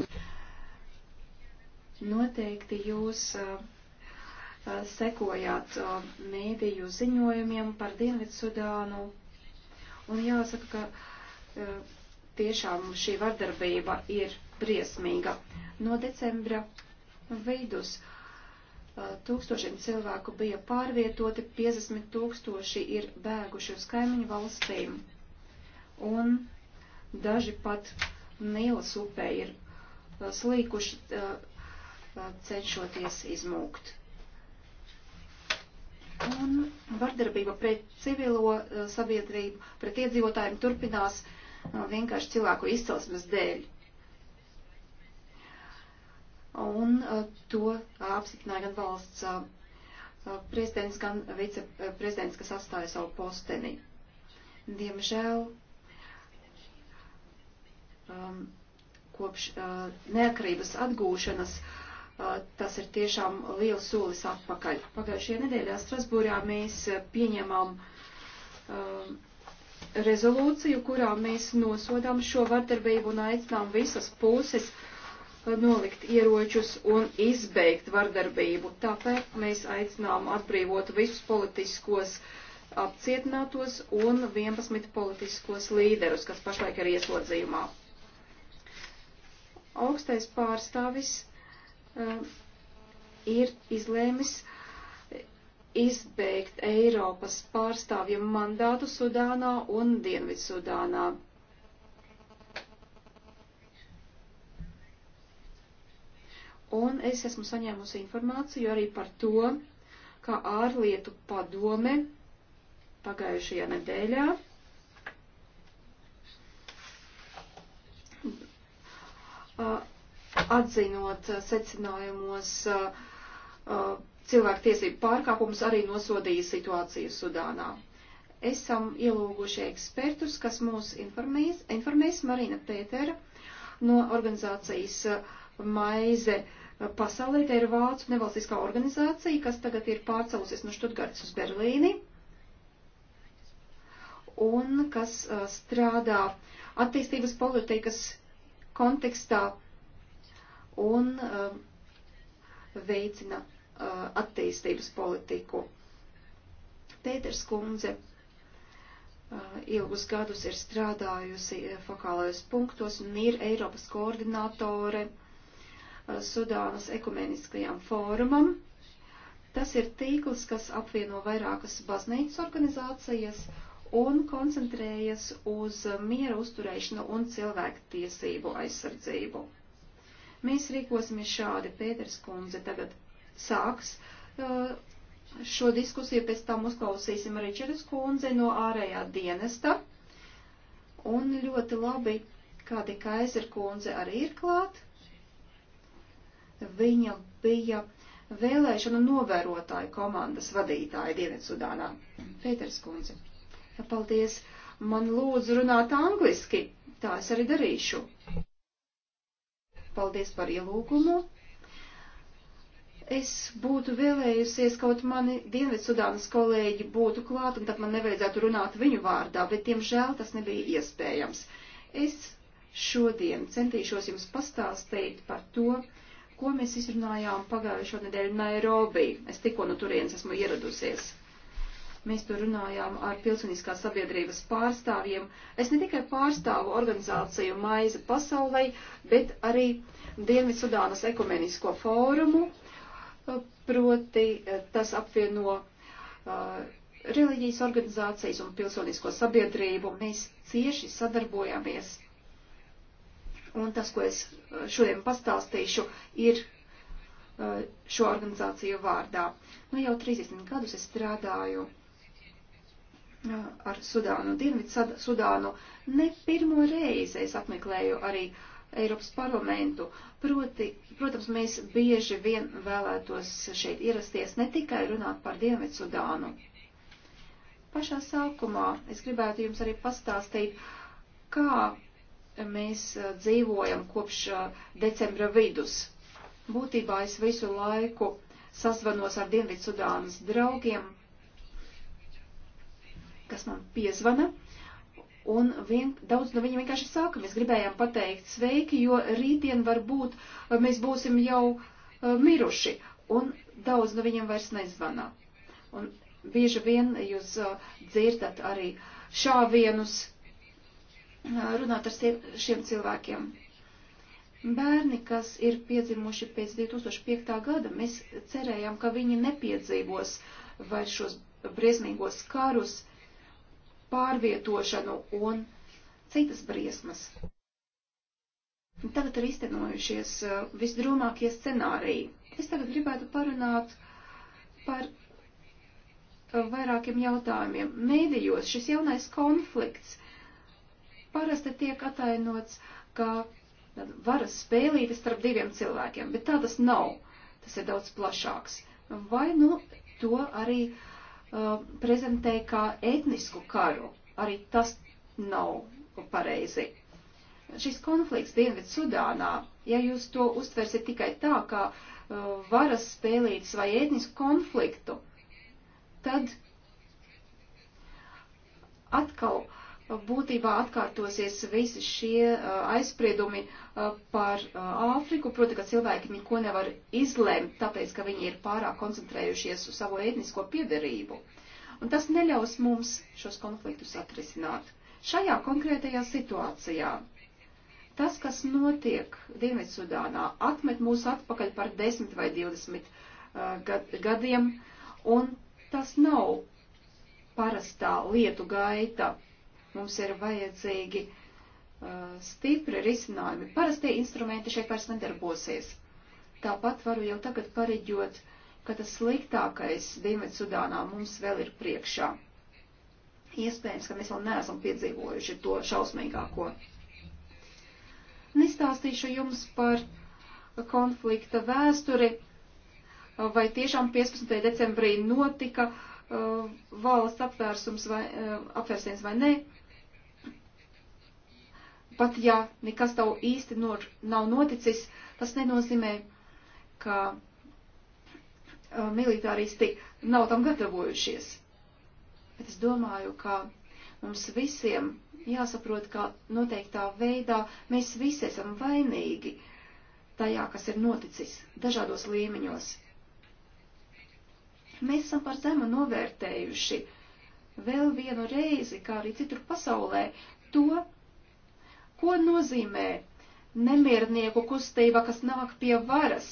Noteikti jūs uh, uh, sekojāt uh, mēdīju ziņojumiem par Dienvidsudānu. Un jāsaka, ka uh, tiešām šī vardarbība ir briesmīga. No decembra vidus uh, tūkstošiem cilvēku bija pārvietoti, 50 tūkstoši ir bēguši uz kaimiņu valstīm, un daži pat Nīlas upē ir uh, slīkuši, uh, uh, cenšoties izmūkt. Un vardarbība pret civilo sabiedrību, pret iedzīvotājiem turpinās vienkārši cilvēku izcelsmes dēļ un uh, to uh, apstiprināja gan valsts uh, prezidents, gan viceprezidents, kas atstāja savu posteni. Diemžēl um, kopš uh, neatkarības atgūšanas uh, tas ir tiešām liels solis atpakaļ. Pagājušajā nedēļā Strasbūrā mēs pieņemam uh, rezolūciju, kurā mēs nosodām šo vardarbību un aicinām visas puses uh, nolikt ieročus un izbeigt vardarbību. Tāpēc mēs aicinām atbrīvot visus politiskos apcietinātos un 11 politiskos līderus, kas pašlaik ir ieslodzījumā. Augstais pārstāvis uh, ir izlēmis izbeigt Eiropas pārstāvja mandātu Sudānā un Dienvidsudānā. un es esmu saņēmusi informāciju arī par to, ka ārlietu padome pagājušajā nedēļā atzinot secinājumos cilvēktiesību pārkāpumus arī nosodīja situāciju Sudānā. Esam ielūguši ekspertus, kas mūs informēs, informēs Marina Pētera no organizācijas Maize uh, pasaulē. Te ir Vācu nevalstiskā organizācija, kas tagad ir pārcelusies no Štutgartes uz Berlīni un kas uh, strādā attīstības politikas kontekstā un uh, veicina uh, attīstības politiku. Pēters Kundze ilgus gadus ir strādājusi fokālajos punktos un ir Eiropas koordinātore. Eh, Sudānas ekumeniskajam fórumam. Tas ir tīkls, kas apvieno vairākas baznīcas organizācijas un koncentrējas uz miera uzturēšanu un cilvēku tiesību aizsardzību. Mēs rīkosimies šādi. Pēters kundze tagad sāks eh, šo diskusiju, pēc tam uzklausīsim Ričardas kundze no ārējā dienesta. Un ļoti labi, kādi Kaiser kundze arī ir klāt. Viņa bija vēlēšana novērotāja komandas vadītāja Dienvidsudānā. Pēters kundze. Paldies. Man lūdzu runāt angliski. Tā es arī darīšu. Paldies par ielūgumu. Es būtu vēlējusies, kaut mani Dienvidsudānas kolēģi būtu klāt, un tad man nevajadzētu runāt viņu vārdā, bet, diemžēl, tas nebija iespējams. Es šodien centīšos jums pastāstīt par to, uh, ko mēs izrunājām pagājušo nedēļu Nairobi. Es tikko no turienes esmu ieradusies. Mēs tur runājām ar pilsoniskās sabiedrības pārstāvjiem. Es ne tikai pārstāvu organizāciju Maize pasaulē, bet arī Dienvidsudānas ekumenisko fórumu, proti eh, tas apvieno uh, reliģijas organizācijas un pilsonisko sabiedrību. Mēs cieši sadarbojamies un tas, ko es uh, šodien pastāstīšu, ir uh, šo organizāciju vārdā. Nu, jau 30 gadus es strādāju uh, ar Sudānu, Dienvidu Sudānu. Ne pirmo reizi es apmeklēju arī Eiropas parlamentu. Proti, protams, mēs bieži vien vēlētos šeit ierasties ne tikai runāt par Dienvidu Sudānu. Pašā sākumā es gribētu jums arī pastāstīt, kā mēs dzīvojam kopš decembra vidus. Būtībā es visu laiku sazvanos ar Dienvidsudānas draugiem, kas man piezvana, un vien, daudz no viņiem vienkārši saka, mēs gribējām pateikt sveiki, jo rītdien varbūt mēs būsim jau uh, miruši, un daudz no viņiem vairs nezvanā. Un bieži vien jūs uh, dzirdat arī šāvienus, runāt ar šiem cilvēkiem. Bērni, kas ir piedzimuši pēc 2005. gada, mēs cerējām, ka viņi nepiedzīvos vairs šos briesmīgos karus, pārvietošanu un citas briesmas. Tagad ir iztenojušies visdrūmākie scenāriji. Es tagad gribētu parunāt par vairākiem jautājumiem. Mēdījos šis jaunais konflikts parasti tiek atainots kā varas spēlīte starp diviem cilvēkiem, bet tā tas nav. Tas ir daudz plašāks. Vai nu to arī uh, prezentē kā etnisku karu, arī tas nav pareizi. Šis konflikts Dienvidu Sudānā, ja jūs to uztversiet tikai tā, kā uh, varas spēlītas vai etnisku konfliktu, tad atkal būtībā atkārtosies visi šie uh, aizspriedumi uh, par uh, Āfriku, proti, ka cilvēki neko nevar izlemt, tāpēc, ka viņi ir pārāk koncentrējušies uz savu etnisko piedarību. Un tas neļaus mums šos konfliktus atrisināt. Šajā konkrētajā situācijā tas, kas notiek Dienvidsudānā, atmet mūs atpakaļ par 10 vai 20 gad, gadiem, un tas nav parastā lietu gaita Mums ir vajadzīgi uh, stipri risinājumi. Parastie instrumenti šeit vairs nedarbosies. Tāpat varu jau tagad pareģot, ka tas sliktākais Dienvidsudānā mums vēl ir priekšā. Iespējams, ka mēs vēl neesam piedzīvojuši to šausmīgāko. Nestāstīšu jums par konflikta vēsturi, vai tiešām 15. decembrī notika uh, valsts apvērsums vai uh, apvērsiens vai nē pat ja nekas tev īsti nor, nav noticis, tas nenozīmē, ka uh, militāristi nav tam gatavojušies. Bet es domāju, ka mums visiem jāsaprot, ka noteiktā veidā mēs visi esam vainīgi tajā, kas ir noticis dažādos līmeņos. Mēs esam par zemu novērtējuši vēl vienu reizi, kā arī citur pasaulē, to, Ko nozīmē nemiernieku kustība, kas nāk pie varas,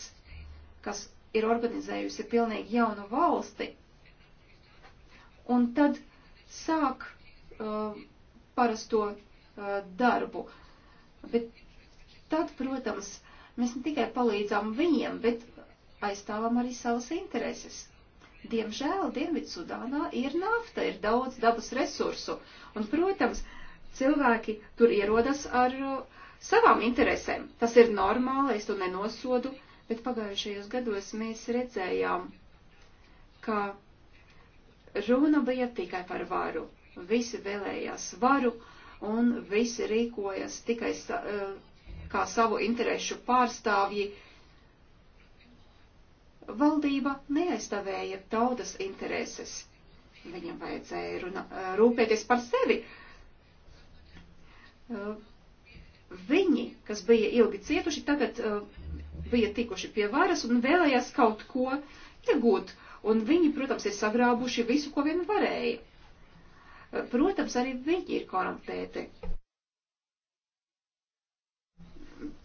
kas ir organizējusi pilnīgi jaunu valsti, un tad sāk uh, parasto uh, darbu. Bet tad, protams, mēs ne tikai palīdzām viņiem, bet aizstāvam arī savas intereses. Diemžēl Dienvidsudānā ir nafta, ir daudz dabas resursu, un, protams, uh, cilvēki tur ierodas ar uh, savām interesēm. Tas ir normāli, es to nenosodu, bet pagājušajos gados mēs redzējām, ka runa bija tikai par varu. Visi vēlējās varu un visi rīkojas tikai sa, uh, kā savu interesu pārstāvji. Valdība neaizstāvēja tautas intereses. Viņam vajadzēja runa, uh, rūpēties par sevi, uh, Eh, viņi, kas bija ilgi cietuši, tagad eh, bija tikuši pie varas un vēlējās kaut ko iegūt. Un viņi, protams, ir sagrābuši visu, ko vien varēja. Eh, protams, arī viņi ir korumpēti.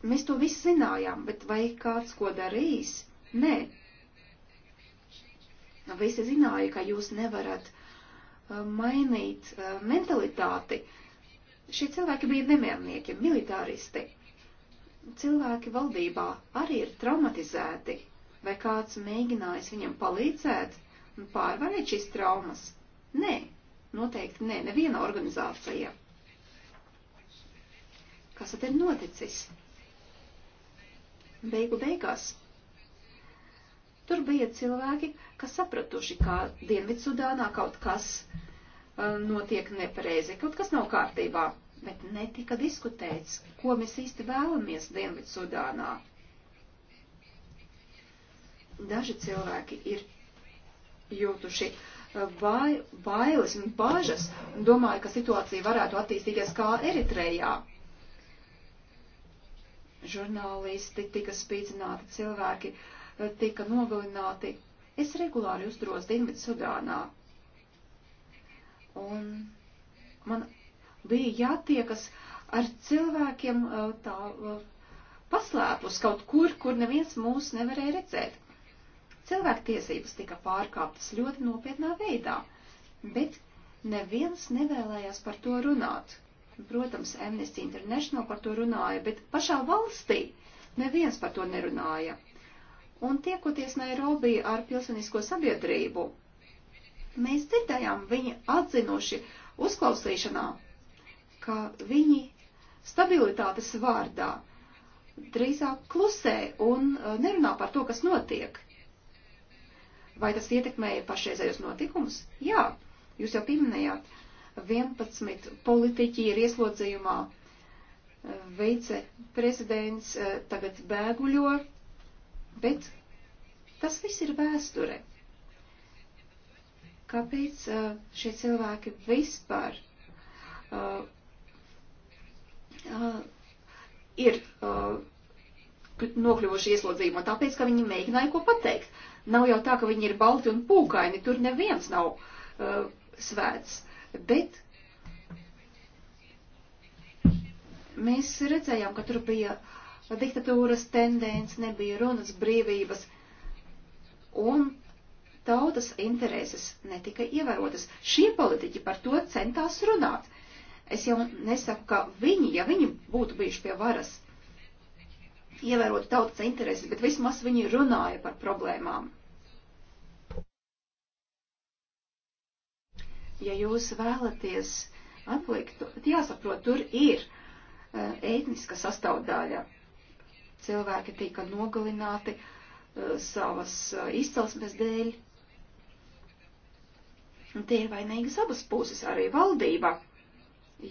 Mēs to visu zinājām, bet vai kāds ko darīs? Nē. Visi zināja, ka jūs nevarat mainīt mentalitāti. Uh, Šie cilvēki bija nemielnieki, militāristi. Cilvēki valdībā arī ir traumatizēti, vai kāds mēģinājis viņam palīdzēt un pārvarēt šīs traumas? Nē, noteikti nē, neviena organizācija. Kas tad ir noticis? Beigu beigās Tur bija cilvēki, kas sapratuši, ka Dienvidsudānā kaut kas Eh, notiek nepareizi, kaut kas nav kārtībā, bet netika diskutēts, ko mēs īsti vēlamies Dienvidu Sudānā. Daži cilvēki ir jūtuši vai, eh, bailes un bažas un domāju, ka situācija varētu attīstīties kā Eritrejā. Žurnālisti tika spīdzināti, cilvēki eh, tika nogalināti. Es regulāri uzturos Dienvidu Sudānā Un man bija jātiekas ar cilvēkiem tā paslēpus kaut kur, kur neviens mūs nevarēja redzēt. Cilvēktiesības tika pārkāptas ļoti nopietnā veidā, bet neviens nevēlējās par to runāt. Protams, Amnesty International par to runāja, bet pašā valstī neviens par to nerunāja. Un tiekoties Nairobi ar pilsonisko sabiedrību, Mēs dzirdējām viņu atzinuši uzklausīšanā, ka viņi stabilitātes vārdā drīzāk klusē un uh, nerunā par to, kas notiek. Vai tas ietekmēja pašreizējos notikumus? Jā, jūs jau pieminējāt, 11 politiķi ir ieslodzījumā, viceprezidents uh, tagad bēguļo, bet tas viss ir vēsture. Kāpēc uh, šie cilvēki vispār uh, uh, ir uh, nokļuvuši ieslodzījumā? Tāpēc, ka viņi mēģināja ko pateikt. Nav jau tā, ka viņi ir balti un pūkaini, tur neviens nav uh, svēts. Bet mēs redzējām, ka tur bija diktatūras tendence, nebija runas brīvības. Un tautas intereses netika ievērotas. Šie politiķi par to centās runāt. Es jau nesaku, ka viņi, ja viņi būtu bijuši pie varas, ievērotu tautas intereses, bet vismaz viņi runāja par problēmām. Ja jūs vēlaties atlikt, tad jāsaprot, tur ir ētniska e, sastāvdaļa. Cilvēki tika nogalināti e, savas e, izcelsmes dēļ, Un te ir vainīgas abas puses, arī valdība,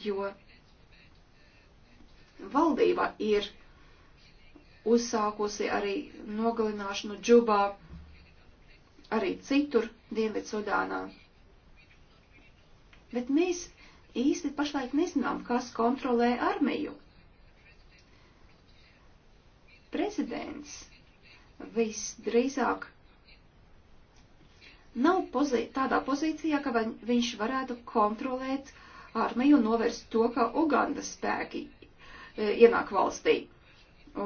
jo valdība ir uzsākusi arī nogalināšanu Džubā, arī citur Dienvidsudānā. Bet mēs īsti pašlaik nezinām, kas kontrolē armiju. Prezidents visdrīzāk nav pozī tādā pozīcijā, ka viņš varētu kontrolēt armiju un novērst to, ka Ugandas spēki e, ienāk valstī.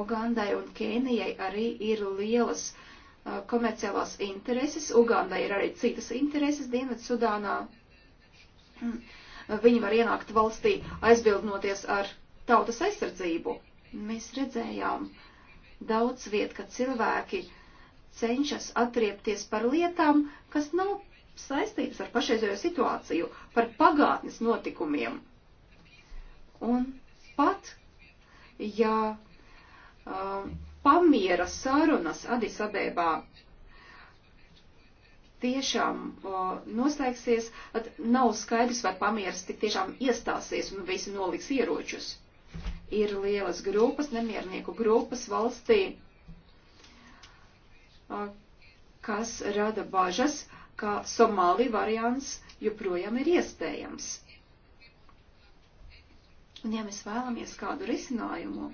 Ugandai un Kēnijai arī ir lielas uh, komerciālās intereses. Ugandai ir arī citas intereses Dienvidsudānā. Mm. Viņi var ienākt valstī aizbildnoties ar tautas aizsardzību. Mēs redzējām daudz viet, ka cilvēki uh, cenšas atriepties par lietām, kas nav saistības ar pašreizējo situāciju, par pagātnes notikumiem. Un pat, ja uh, pamiera sarunas Adisabēbā tiešām uh, noslēgsies, tad nav skaidrs, vai pamieras tik tiešām iestāsies un visi noliks ieročus. Ir lielas grupas, nemiernieku grupas valstī kas rada bažas, ka Somāli variants joprojām ir iespējams. Un ja mēs vēlamies kādu risinājumu,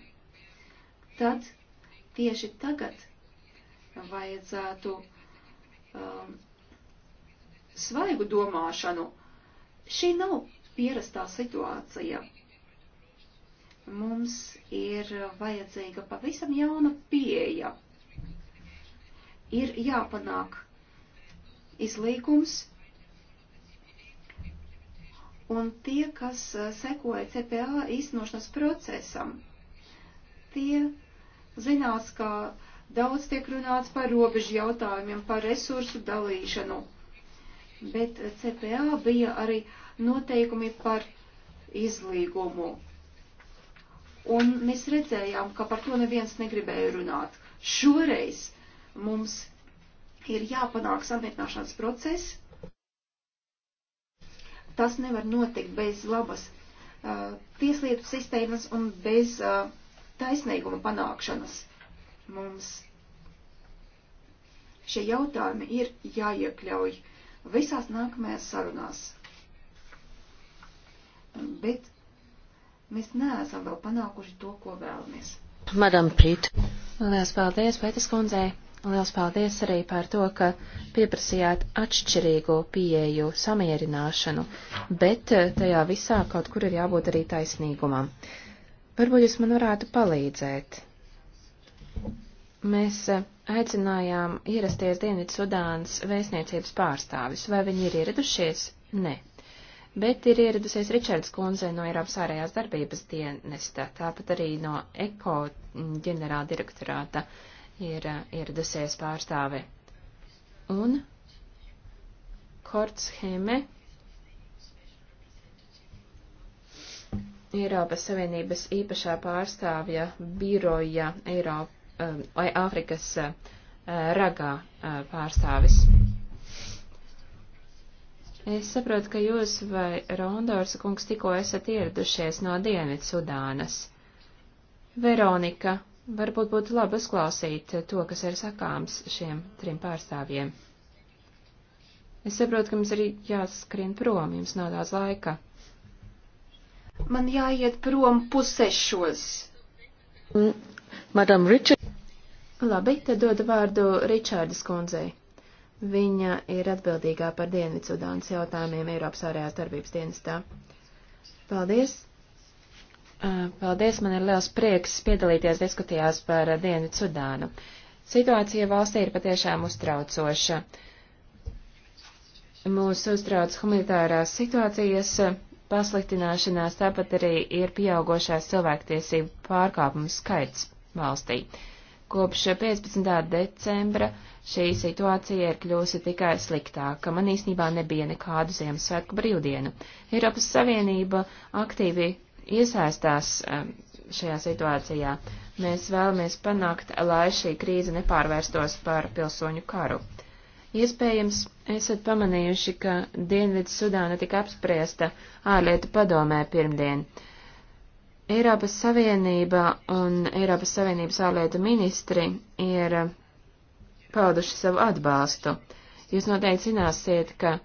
tad tieši tagad vajadzētu um, svaigu domāšanu. Šī nav pierastā situācija. Mums ir vajadzīga pavisam jauna pieeja ir jāpanāk izlīgums, un tie, kas eh, sekoja CPA īstenošanas procesam, tie zinās, ka daudz tiek runāts par robežu jautājumiem, par resursu dalīšanu, bet CPA bija arī noteikumi par izlīgumu. Un mēs redzējām, ka par to neviens negribēja runāt. Šoreiz mums ir jāpanāk samierināšanās process. Tas nevar notikt bez labas uh, tieslietu sistēmas un bez uh, taisnīguma panākšanas. Mums šie jautājumi ir jāiekļauj visās nākamajās sarunās. Bet mēs neesam vēl panākuši to, ko vēlamies. Madam Prīt. Lielas paldies, Pētis kundzei. Liels paldies arī par to, ka pieprasījāt atšķirīgo pieeju samierināšanu, bet eh, tajā visā kaut kur ir jābūt arī taisnīgumam. Varbūt jūs man varētu palīdzēt. Mēs eh, aicinājām ierasties Dienvidu Sudānas vēstniecības pārstāvis. Vai viņi ir ieradušies? Nē. Bet ir ieradusies Ričards Kunze no Eiropas ārējās darbības dienesta, tāpat arī no ECO ģenerāldirektorāta. direktorāta ir eh, ieradusies pārstāve. Un Korts Heme, Eiropas Savienības īpašā pārstāvja biroja Eiropa, eh, vai Āfrikas eh, ragā pārstāvis. Es saprotu, ka jūs vai Rondors kungs tikko esat ieradušies no Dienvidsudānas. Veronika Varbūt būtu labi uzklausīt to, kas ir sakāms šiem trim pārstāvjiem. Es saprotu, ka mums ir jāskrien prom, jums nav daudz laika. Man jāiet prom pusešos. Madam Richard. Labi, tad dodu vārdu Ričārdas kundzei. Viņa ir atbildīgā par Dienvidsudānas jautājumiem Eiropas ārējās darbības dienestā. Paldies! Eh, paldies, man ir liels prieks piedalīties diskutējās par eh, Dienvidu Sudānu. Situācija valstī ir patiešām uztraucoša. Mūs uztrauc humanitārās situācijas eh, pasliktināšanās, tāpat arī ir pieaugošās cilvēktiesību pārkāpumu skaits valstī. Kopš 15. decembra šī situācija ir kļūsi tikai sliktāka. Man īstenībā nebija nekādu Ziemassvētku brīvdienu. Eiropas Savienība aktīvi iesaistās um, šajā situācijā. Mēs vēlamies panākt, lai šī krīze nepārvērstos par pilsoņu karu. Iespējams, esat pamanījuši, ka Dienvidu Sudāna tika apspriesta ārlietu padomē pirmdien. Eiropas Savienība un Eiropas Savienības ārlietu ministri ir uh, pauduši savu atbalstu. Jūs noteikti zināsiet, ka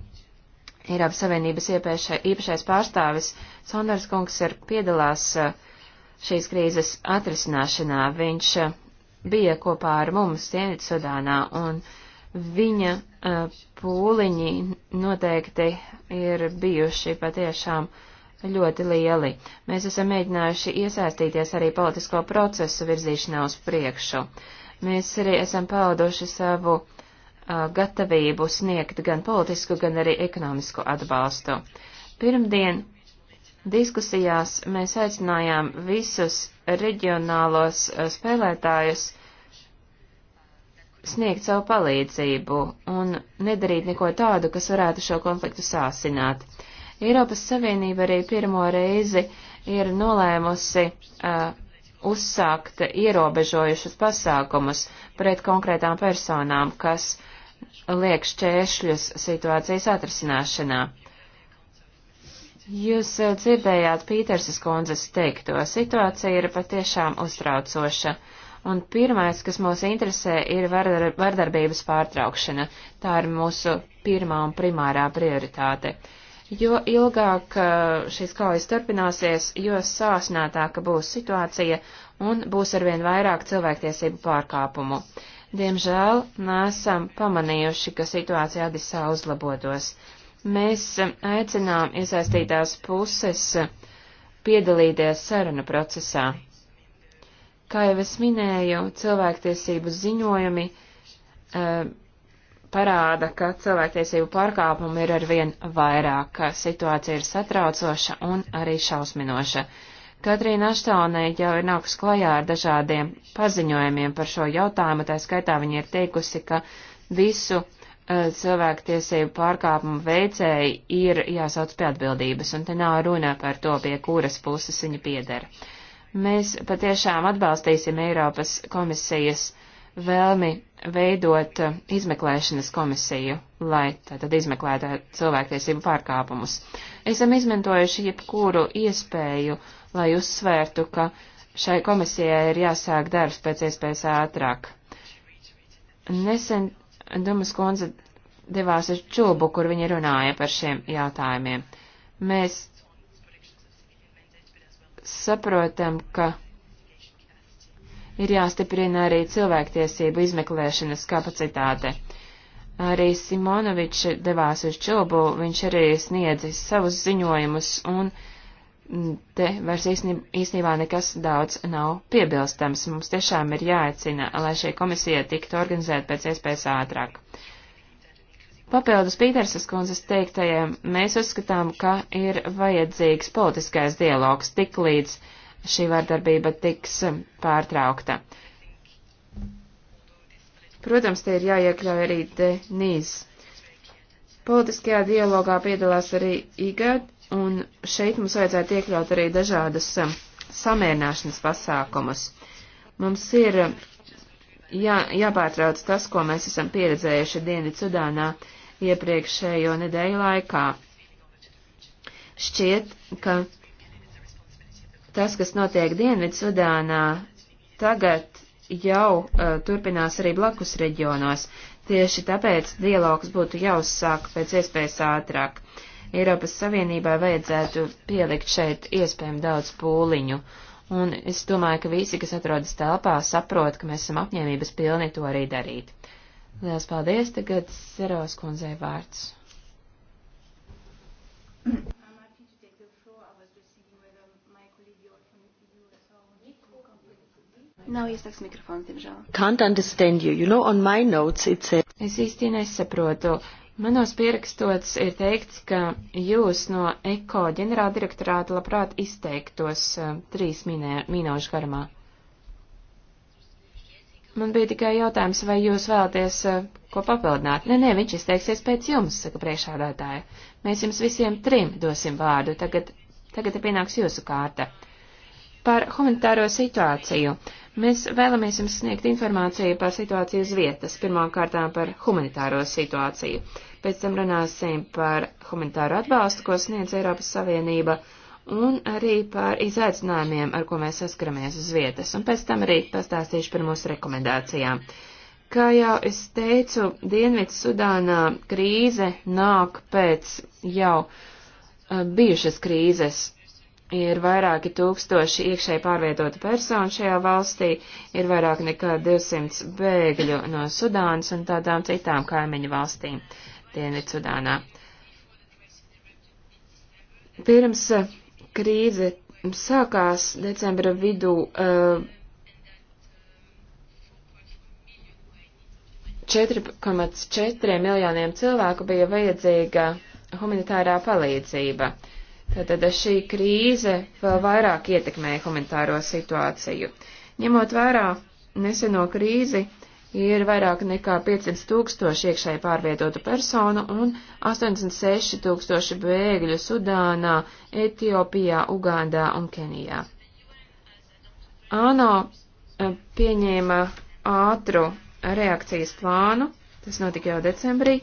Eiropas Savienības iepēšai, īpašais pārstāvis Sondars Kungs ir piedalās uh, šīs krīzes atrisināšanā. Viņš uh, bija kopā ar mums Dienvidsudānā un viņa uh, pūliņi noteikti ir bijuši patiešām ļoti lieli. Mēs esam mēģinājuši iesaistīties arī politisko procesu virzīšanā uz priekšu. Mēs arī esam pauduši savu gatavību sniegt gan politisku, gan arī ekonomisku atbalstu. Pirmdien diskusijās mēs aicinājām visus reģionālos spēlētājus sniegt savu palīdzību un nedarīt neko tādu, kas varētu šo konfliktu sāsināt. Eiropas Savienība arī pirmo reizi ir nolēmusi uh, uzsākt ierobežojušas pasākumus pret konkrētām personām, kas uh, liek šķēršļus situācijas atrasināšanā. Jūs eh, dzirdējāt Pītersas kundzes teikto, situācija ir patiešām uztraucoša, un pirmais, kas mūs interesē, ir vardar vardarbības pārtraukšana. Tā ir mūsu pirmā un primārā prioritāte. Jo ilgāk eh, šīs kaujas turpināsies, jo sāsnētāka būs situācija un būs arvien vairāk cilvēktiesību pārkāpumu. Diemžēl nesam pamanījuši, ka situācija Adisā uzlabotos. Mēs eh, aicinām iesaistītās puses eh, piedalīties sarunu procesā. Kā jau es minēju, cilvēktiesību ziņojumi uh, parāda, ka cilvēktiesību pārkāpumi ir arvien vairāk, ka situācija ir satraucoša un arī šausminoša. Katrīna Aštaunē jau ir nākus klajā ar dažādiem paziņojumiem par šo jautājumu, tā skaitā viņa ir teikusi, ka visu uh, cilvēktiesību pārkāpumu veicēji ir jāsauc pie atbildības, un te nav runa par to, pie kuras puses viņa piedara. Mēs patiešām atbalstīsim Eiropas komisijas vēlmi veidot uh, izmeklēšanas komisiju, lai tātad izmeklētu cilvēktiesību pārkāpumus. Esam izmantojuši jebkuru iespēju uh, lai uzsvērtu, ka šai komisijai ir jāsāk darbs pēc iespējas ātrāk. Nesen Dumas kundze devās uz čulbu, kur viņa runāja par šiem jautājumiem. Mēs saprotam, ka ir jāstiprina arī cilvēktiesību izmeklēšanas kapacitāte. Arī Simonovičs devās uz čulbu, viņš arī sniedzis savus ziņojumus un uh, te vairs īstenībā nekas daudz nav piebilstams. Mums tiešām ir jāaicina, lai šī komisija tiktu organizēta pēc iespējas ātrāk. Papildus Pītersas kundzes teiktajiem, mēs uzskatām, ka ir vajadzīgs politiskais dialogs tik līdz šī vardarbība tiks pārtraukta. Protams, te ir jāiekļauj arī te nīz. Politiskajā dialogā piedalās arī IGAD, Un šeit mums vajadzētu iekļaut arī dažādas um, samērināšanas pasākumus. Mums ir um, jā, jāpārtrauc tas, ko mēs esam pieredzējuši Dienvidu Sudānā iepriekšējo nedēļu laikā. Šķiet, ka tas, kas notiek Dienvidu Sudānā, tagad jau uh, turpinās arī blakus reģionos. Tieši tāpēc dialogs būtu jāuzsāk pēc iespējas ātrāk. Uh, Eiropas Savienībai vajadzētu pielikt šeit iespējami daudz pūliņu. Un es domāju, ka visi, kas atrodas telpā, saprot, ka mēs esam apņēmības pilni to arī darīt. Lielas paldies, tagad Seros kundzei vārds. Nav ieslēgts mikrofons, diemžēl. Can't understand you. You know, on my notes it says. Es īsti nesaprotu. Manos pierakstos ir teikts, ka jūs no Eko ģenerāldirektorāta labprāt izteiktos uh, trīs minē, minūšu garumā. Man bija tikai jautājums, vai jūs vēlaties uh, ko papildināt. Nē, nē, viņš izteiksies pēc jums, saka priekšādātāja. Mēs jums visiem trim dosim vārdu. Tagad, tagad pienāks jūsu kārta. Par humanitāro situāciju. Uh, Mēs vēlamies jums sniegt informāciju par situāciju uz vietas, pirmkārt par humanitāro situāciju. Pēc tam runāsim par humanitāro atbalstu, ko sniedz Eiropas Savienība, un arī par izaicinājumiem, ar ko mēs saskaramies uz vietas. Un pēc tam arī pastāstīšu par mūsu rekomendācijām. Kā jau es teicu, Dienvids Sudānā krīze nāk pēc jau eh, bijušas krīzes, ir vairāki tūkstoši iekšēji pārvietotu personu šajā valstī, ir vairāk nekā 200 bēgļu no Sudānas un tādām citām kaimiņu valstīm Dienvidsudānā. Pirms eh, krīze sākās decembra vidū. Uh, eh, 4,4 miljoniem cilvēku bija vajadzīga humanitārā palīdzība. Uh, Tātad šī krīze vēl vairāk ietekmē humanitāro situāciju. Ņemot vērā neseno krīzi, ir vairāk nekā 500 tūkstoši iekšēji pārvietotu personu un 86 tūkstoši bēgļu Sudānā, Etiopijā, Ugandā un Kenijā. ANO eh, pieņēma ātru reakcijas plānu, tas notika jau decembrī,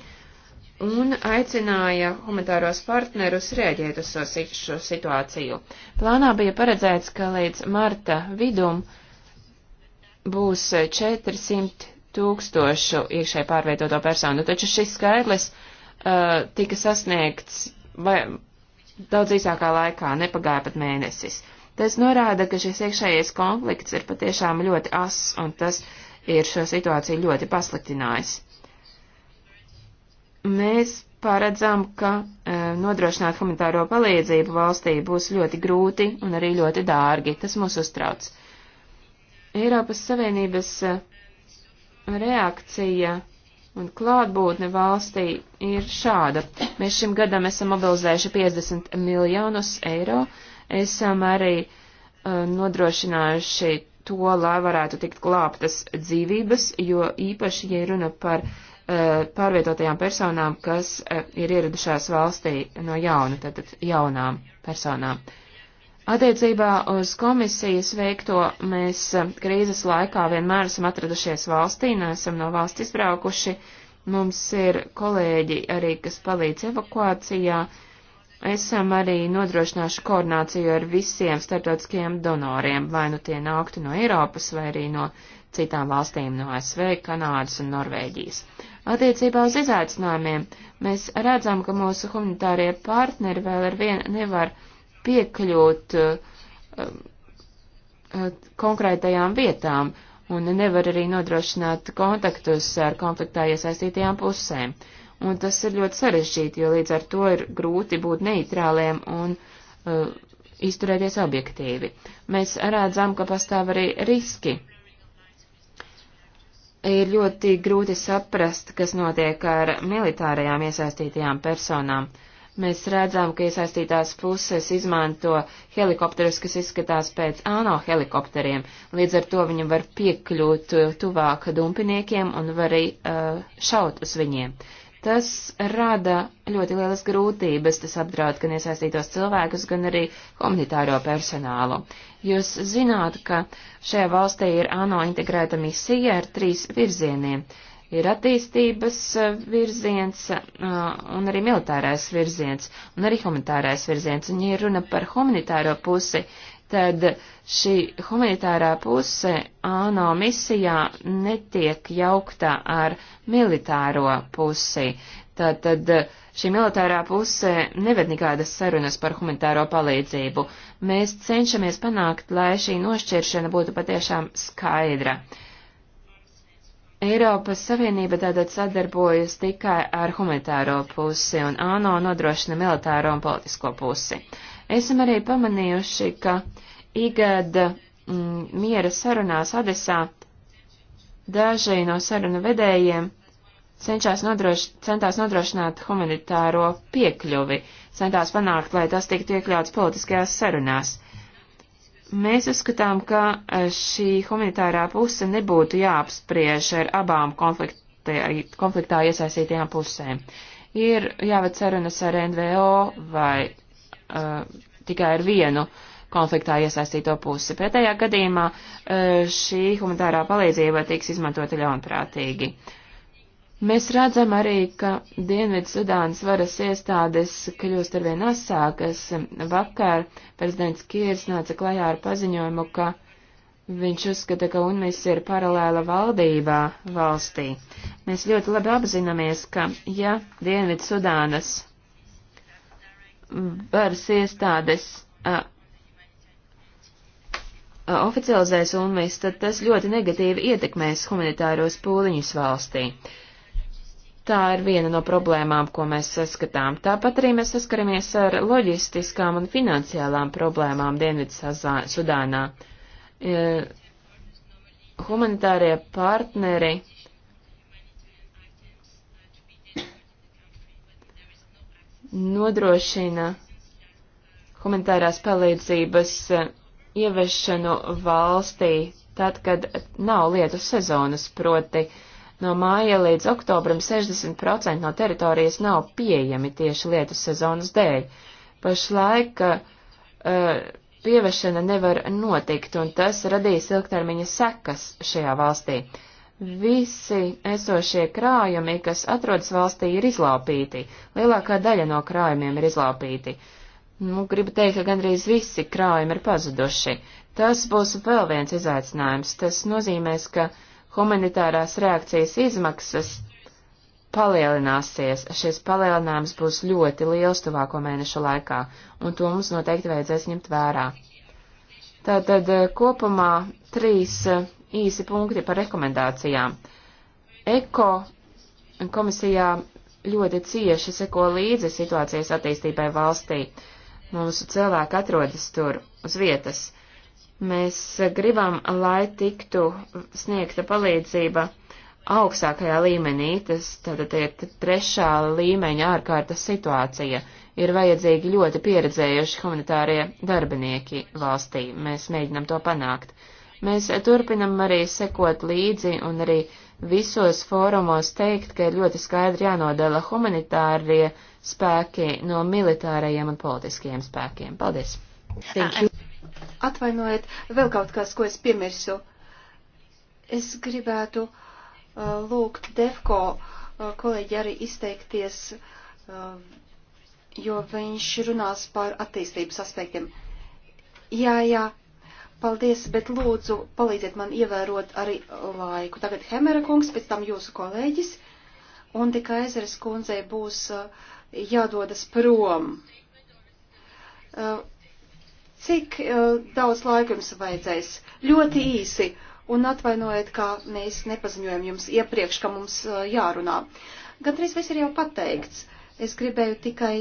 un aicināja humanitāros partnerus rēģēt uz šo, so, šo situāciju. Plānā bija paredzēts, ka līdz marta vidum būs 400 tūkstošu iekšēji pārvietoto personu, taču šis skaitlis uh, tika sasniegts vai, daudz īsākā laikā, nepagāja pat mēnesis. Tas norāda, ka šis iekšējais konflikts ir patiešām ļoti ass, un tas ir šo situāciju ļoti pasliktinājis. Mēs paredzam, ka e, nodrošināt humanitāro palīdzību valstī būs ļoti grūti un arī ļoti dārgi. Tas mūs uztrauc. Eiropas Savienības e, reakcija un klātbūtne valstī ir šāda. Mēs šim gadam esam mobilizējuši 50 miljonus eiro. Esam arī uh, nodrošinājuši to, lai varētu tikt glābtas dzīvības, jo īpaši, ja runa par uh, Eh, pārvietotajām personām, kas eh, ir ieradušās valstī no jauna, tātad jaunām personām. Attiecībā uz komisijas veikto mēs eh, krīzes laikā vienmēr esam atradušies valstī, neesam no valsts izbraukuši. Mums ir kolēģi arī, kas palīdz evakuācijā. Esam arī nodrošinājuši koordināciju ar visiem starptautiskajiem donoriem, vai nu tie nāktu no Eiropas, vai arī no citām valstīm, no ASV, Kanādas un Norvēģijas. Uh, Attiecībā uz izaicinājumiem mēs redzam, ka mūsu humanitārie partneri vēl ar vienu nevar piekļūt uh, uh, konkrētajām vietām un nevar arī nodrošināt kontaktus ar konfliktā iesaistītajām pusēm. Un tas ir ļoti sarežģīti, jo līdz ar to ir grūti būt neitrāliem un uh, izturēties objektīvi. Mēs redzam, ka pastāv arī riski ir ļoti grūti saprast, kas notiek ar militārajām iesaistītajām personām. Mēs redzam, ka iesaistītās puses izmanto helikopterus, kas izskatās pēc ANO helikopteriem, līdz ar to viņi var piekļūt tuvāk dumpiniekiem un var arī uh, šaut uz viņiem. Tas rada ļoti lielas grūtības, tas apdraud gan iesaistītos cilvēkus, gan arī komunitāro personālu. Jūs zināt, ka šajā valstī ir ANO integrēta misija ar trīs virzieniem. Ir attīstības eh, virziens eh, un arī militārais virziens un arī humanitārais virziens. Un, ja runa par humanitāro pusi, tad šī humanitārā puse ANO misijā netiek jaukta ar militāro pusi. Tātad šī militārā puse neved nekādas sarunas par humanitāro palīdzību. Mēs cenšamies panākt, lai šī nošķiršana būtu patiešām skaidra. Eiropas Savienība tātad sadarbojas tikai ar humanitāro pusi un ANO nodrošina militāro un politisko pusi. Uh, Esam arī pamanījuši, ka IGAD mm, miera sarunās Adesā daži no sarunu vedējiem cenšas nodroš, centās nodrošināt humanitāro piekļuvi, centās panākt, lai tas tiktu iekļauts politiskajās sarunās. Mēs uzskatām, ka eh, šī humanitārā puse nebūtu jāapspriež ar abām konfliktā iesaistītajām pusēm. Ir jāved sarunas ar NVO vai uh, tikai ar vienu konfliktā iesaistīto pusi. Pēdējā gadījumā uh, šī humanitārā palīdzība tiks izmantota ļaunprātīgi. Mēs redzam arī, ka Dienvidu Sudānas varas iestādes kļūst arvien asākas. Vakar prezidents Kīrs nāca klajā ar paziņojumu, ka Viņš uzskata, ka UNMIS ir paralēla valdībā valstī. Mēs ļoti labi apzināmies, ka, ja Dienvidsudānas varas iestādes a, a, oficializēs UNVIS, tad tas ļoti negatīvi ietekmēs humanitāros pūliņus valstī. Tā ir viena no problēmām, ko mēs saskatām. Tāpat arī mēs saskaramies ar loģistiskām un finansiālām problēmām Dienvidu Sudānā. E, humanitārie partneri nodrošina humanitārās palīdzības eh, ieviešanu valstī tad, kad nav lietu sezonas, proti no māja līdz oktobram 60% no teritorijas nav pieejami tieši lietu sezonas dēļ. Pašlaik uh, pievešana nevar notikt, un tas radīs ilgtermiņa sekas šajā valstī. Uh, Visi esošie krājumi, kas atrodas valstī, ir izlaupīti. Lielākā daļa no krājumiem ir izlaupīti. Nu, gribu teikt, ka gandrīz visi krājumi ir pazuduši. Tas būs vēl viens izaicinājums. Tas nozīmēs, ka humanitārās reakcijas izmaksas palielināsies. Šis palielinājums būs ļoti liels tuvāko mēnešu laikā, un to mums noteikti vajadzēs ņemt vērā. Tātad eh, kopumā trīs eh, īsi punkti par rekomendācijām. Eko komisijā ļoti cieši seko līdzi situācijas attīstībai valstī. Mūsu cilvēki atrodas tur uz vietas. Mēs gribam, lai tiktu sniegta palīdzība augstākajā līmenī, tas tātad ir trešā līmeņa ārkārtas situācija. Ir vajadzīgi ļoti pieredzējuši humanitārie darbinieki valstī. Mēs mēģinam to panākt. Uh, Mēs turpinam arī sekot līdzi un arī visos fórumos teikt, ka ir ļoti skaidri jānodala humanitārie spēki no militārajiem un politiskajiem spēkiem. Paldies! Atvainojiet, vēl kaut kas, ko es piemirsu. Es gribētu uh, lūgt Defko uh, kolēģi arī izteikties, uh, jo viņš runās par attīstības aspektiem. Jā, jā, Paldies, bet lūdzu palīdziet man ievērot arī laiku. Tagad Hemera kungs, pēc tam jūsu kolēģis, un tikai Ezeres kundzei būs uh, jādodas prom. Uh, cik uh, daudz laika jums vajadzēs? Ļoti īsi, un atvainojiet, ka mēs nepaziņojam jums iepriekš, ka mums jārunā. Gandrīz viss ir jau pateikts. Es gribēju tikai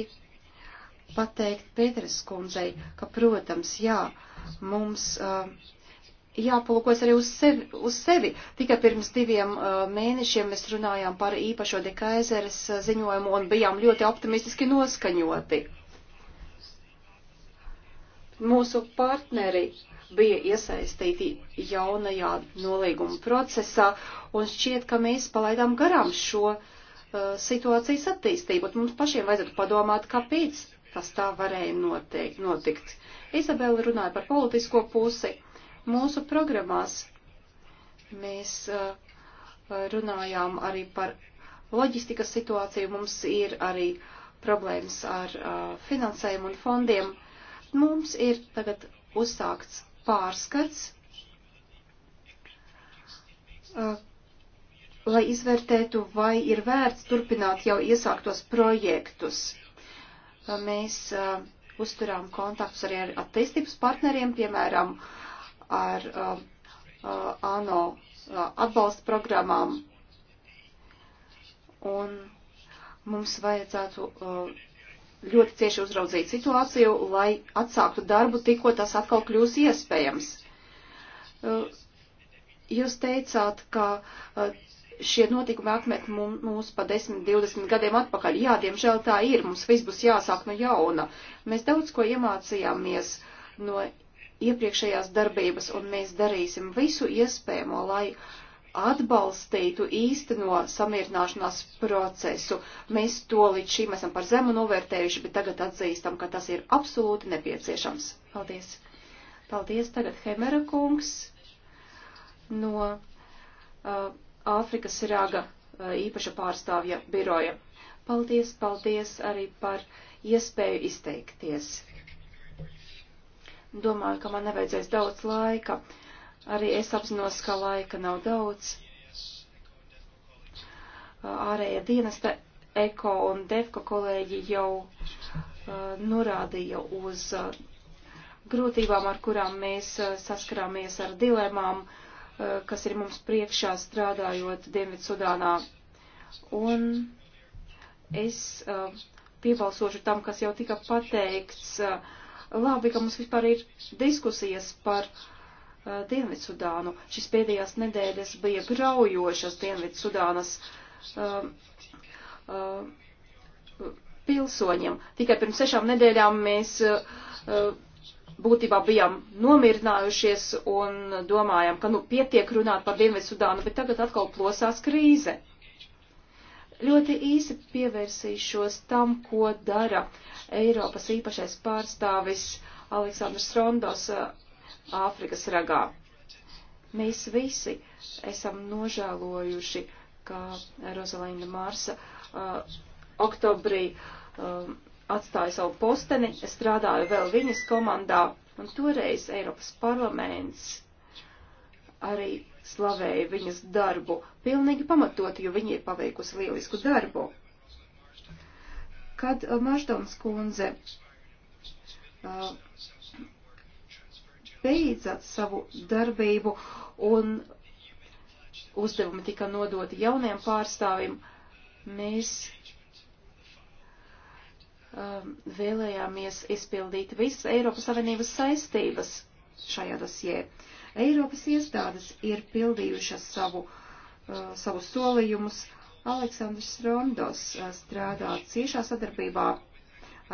pateikt Pēteres kundzei, ka, protams, jā, uh, Mums uh, jāpalūkojas arī uz sevi, uz sevi. Tikai pirms diviem uh, mēnešiem mēs runājām par īpašo dekaizeres eh, ziņojumu un bijām ļoti optimistiski noskaņoti. Mūsu partneri bija iesaistīti jaunajā nolīguma procesā un šķiet, ka mēs palaidām garām šo uh, situācijas attīstību. Un mums pašiem vajadzētu padomāt, kāpēc tas tā varēja noteikt, notikt. Izabela runāja par politisko pusi. Mūsu programmās mēs uh, runājām arī par loģistikas situāciju. Mums ir arī problēmas ar uh, finansējumu un fondiem. Mums ir tagad uzsākts pārskats, uh, lai izvērtētu, vai ir vērts turpināt jau iesāktos projektus. Uh, mēs uh, uzturām kontaktus arī ar attīstības partneriem, piemēram, ar uh, uh, ANO uh, atbalsta programmām. Un mums vajadzētu uh, ļoti cieši uzraudzīt situāciju, lai atsāktu darbu, tikko tas atkal kļūs iespējams. Uh, jūs teicāt, ka uh, šie notikumi atmet mūs pa 10, 20 gadiem atpakaļ. Jā, diemžēl tā ir, mums viss būs jāsāk no jauna. Mēs daudz ko iemācījāmies no iepriekšējās darbības, un mēs darīsim visu iespējamo, lai atbalstītu īsteno samierināšanās procesu. Mēs to līdz šim esam par zemu novērtējuši, bet tagad atzīstam, ka tas ir absolūti nepieciešams. Paldies! Paldies tagad Hemera kungs no uh, Āfrikas raga īpaša pārstāvja biroja. Paldies, paldies arī par iespēju izteikties. Domāju, ka man nevajadzēs daudz laika. Arī es apzinos, ka laika nav daudz. Ārējā dienesta Eko un Devko kolēģi jau uh, norādīja uz uh, grūtībām, ar kurām mēs uh, saskarāmies ar dilemām. Uh, Eh, kas ir mums priekšā strādājot Dienvidsudānā. Un es eh, piebalsošu tam, kas jau tika pateikts. Eh, labi, ka mums vispār ir diskusijas par Dienvidsudānu. Šis pēdējās nedēļas bija graujošas Dienvidsudānas pilsoņiem. Tikai pirms sešām nedēļām mēs uh, būtībā bijām nomirinājušies un domājām, ka nu pietiek runāt par Dienvidsudānu, bet tagad atkal plosās krīze. Ļoti īsi pievērsīšos tam, ko dara Eiropas īpašais pārstāvis Aleksandrs Rondos uh, Āfrikas ragā. Mēs visi esam nožēlojuši, ka Rozalīna Marsa uh, oktobrī um, atstāju savu posteni, es strādāju vēl viņas komandā, un toreiz Eiropas parlaments arī slavēja viņas darbu, pilnīgi pamatot, jo viņa ir paveikusi lielisku darbu. Kad uh, Maždons kundze uh, beidza savu darbību un uzdevumi tika nodoti jauniem pārstāvim, mēs Um, vēlējāmies izpildīt visas Eiropas Savienības saistības šajā dosjē. Eiropas iestādes ir pildījušas savu, uh, savus solījumus. Aleksandrs Rondos uh, strādā ciešā sadarbībā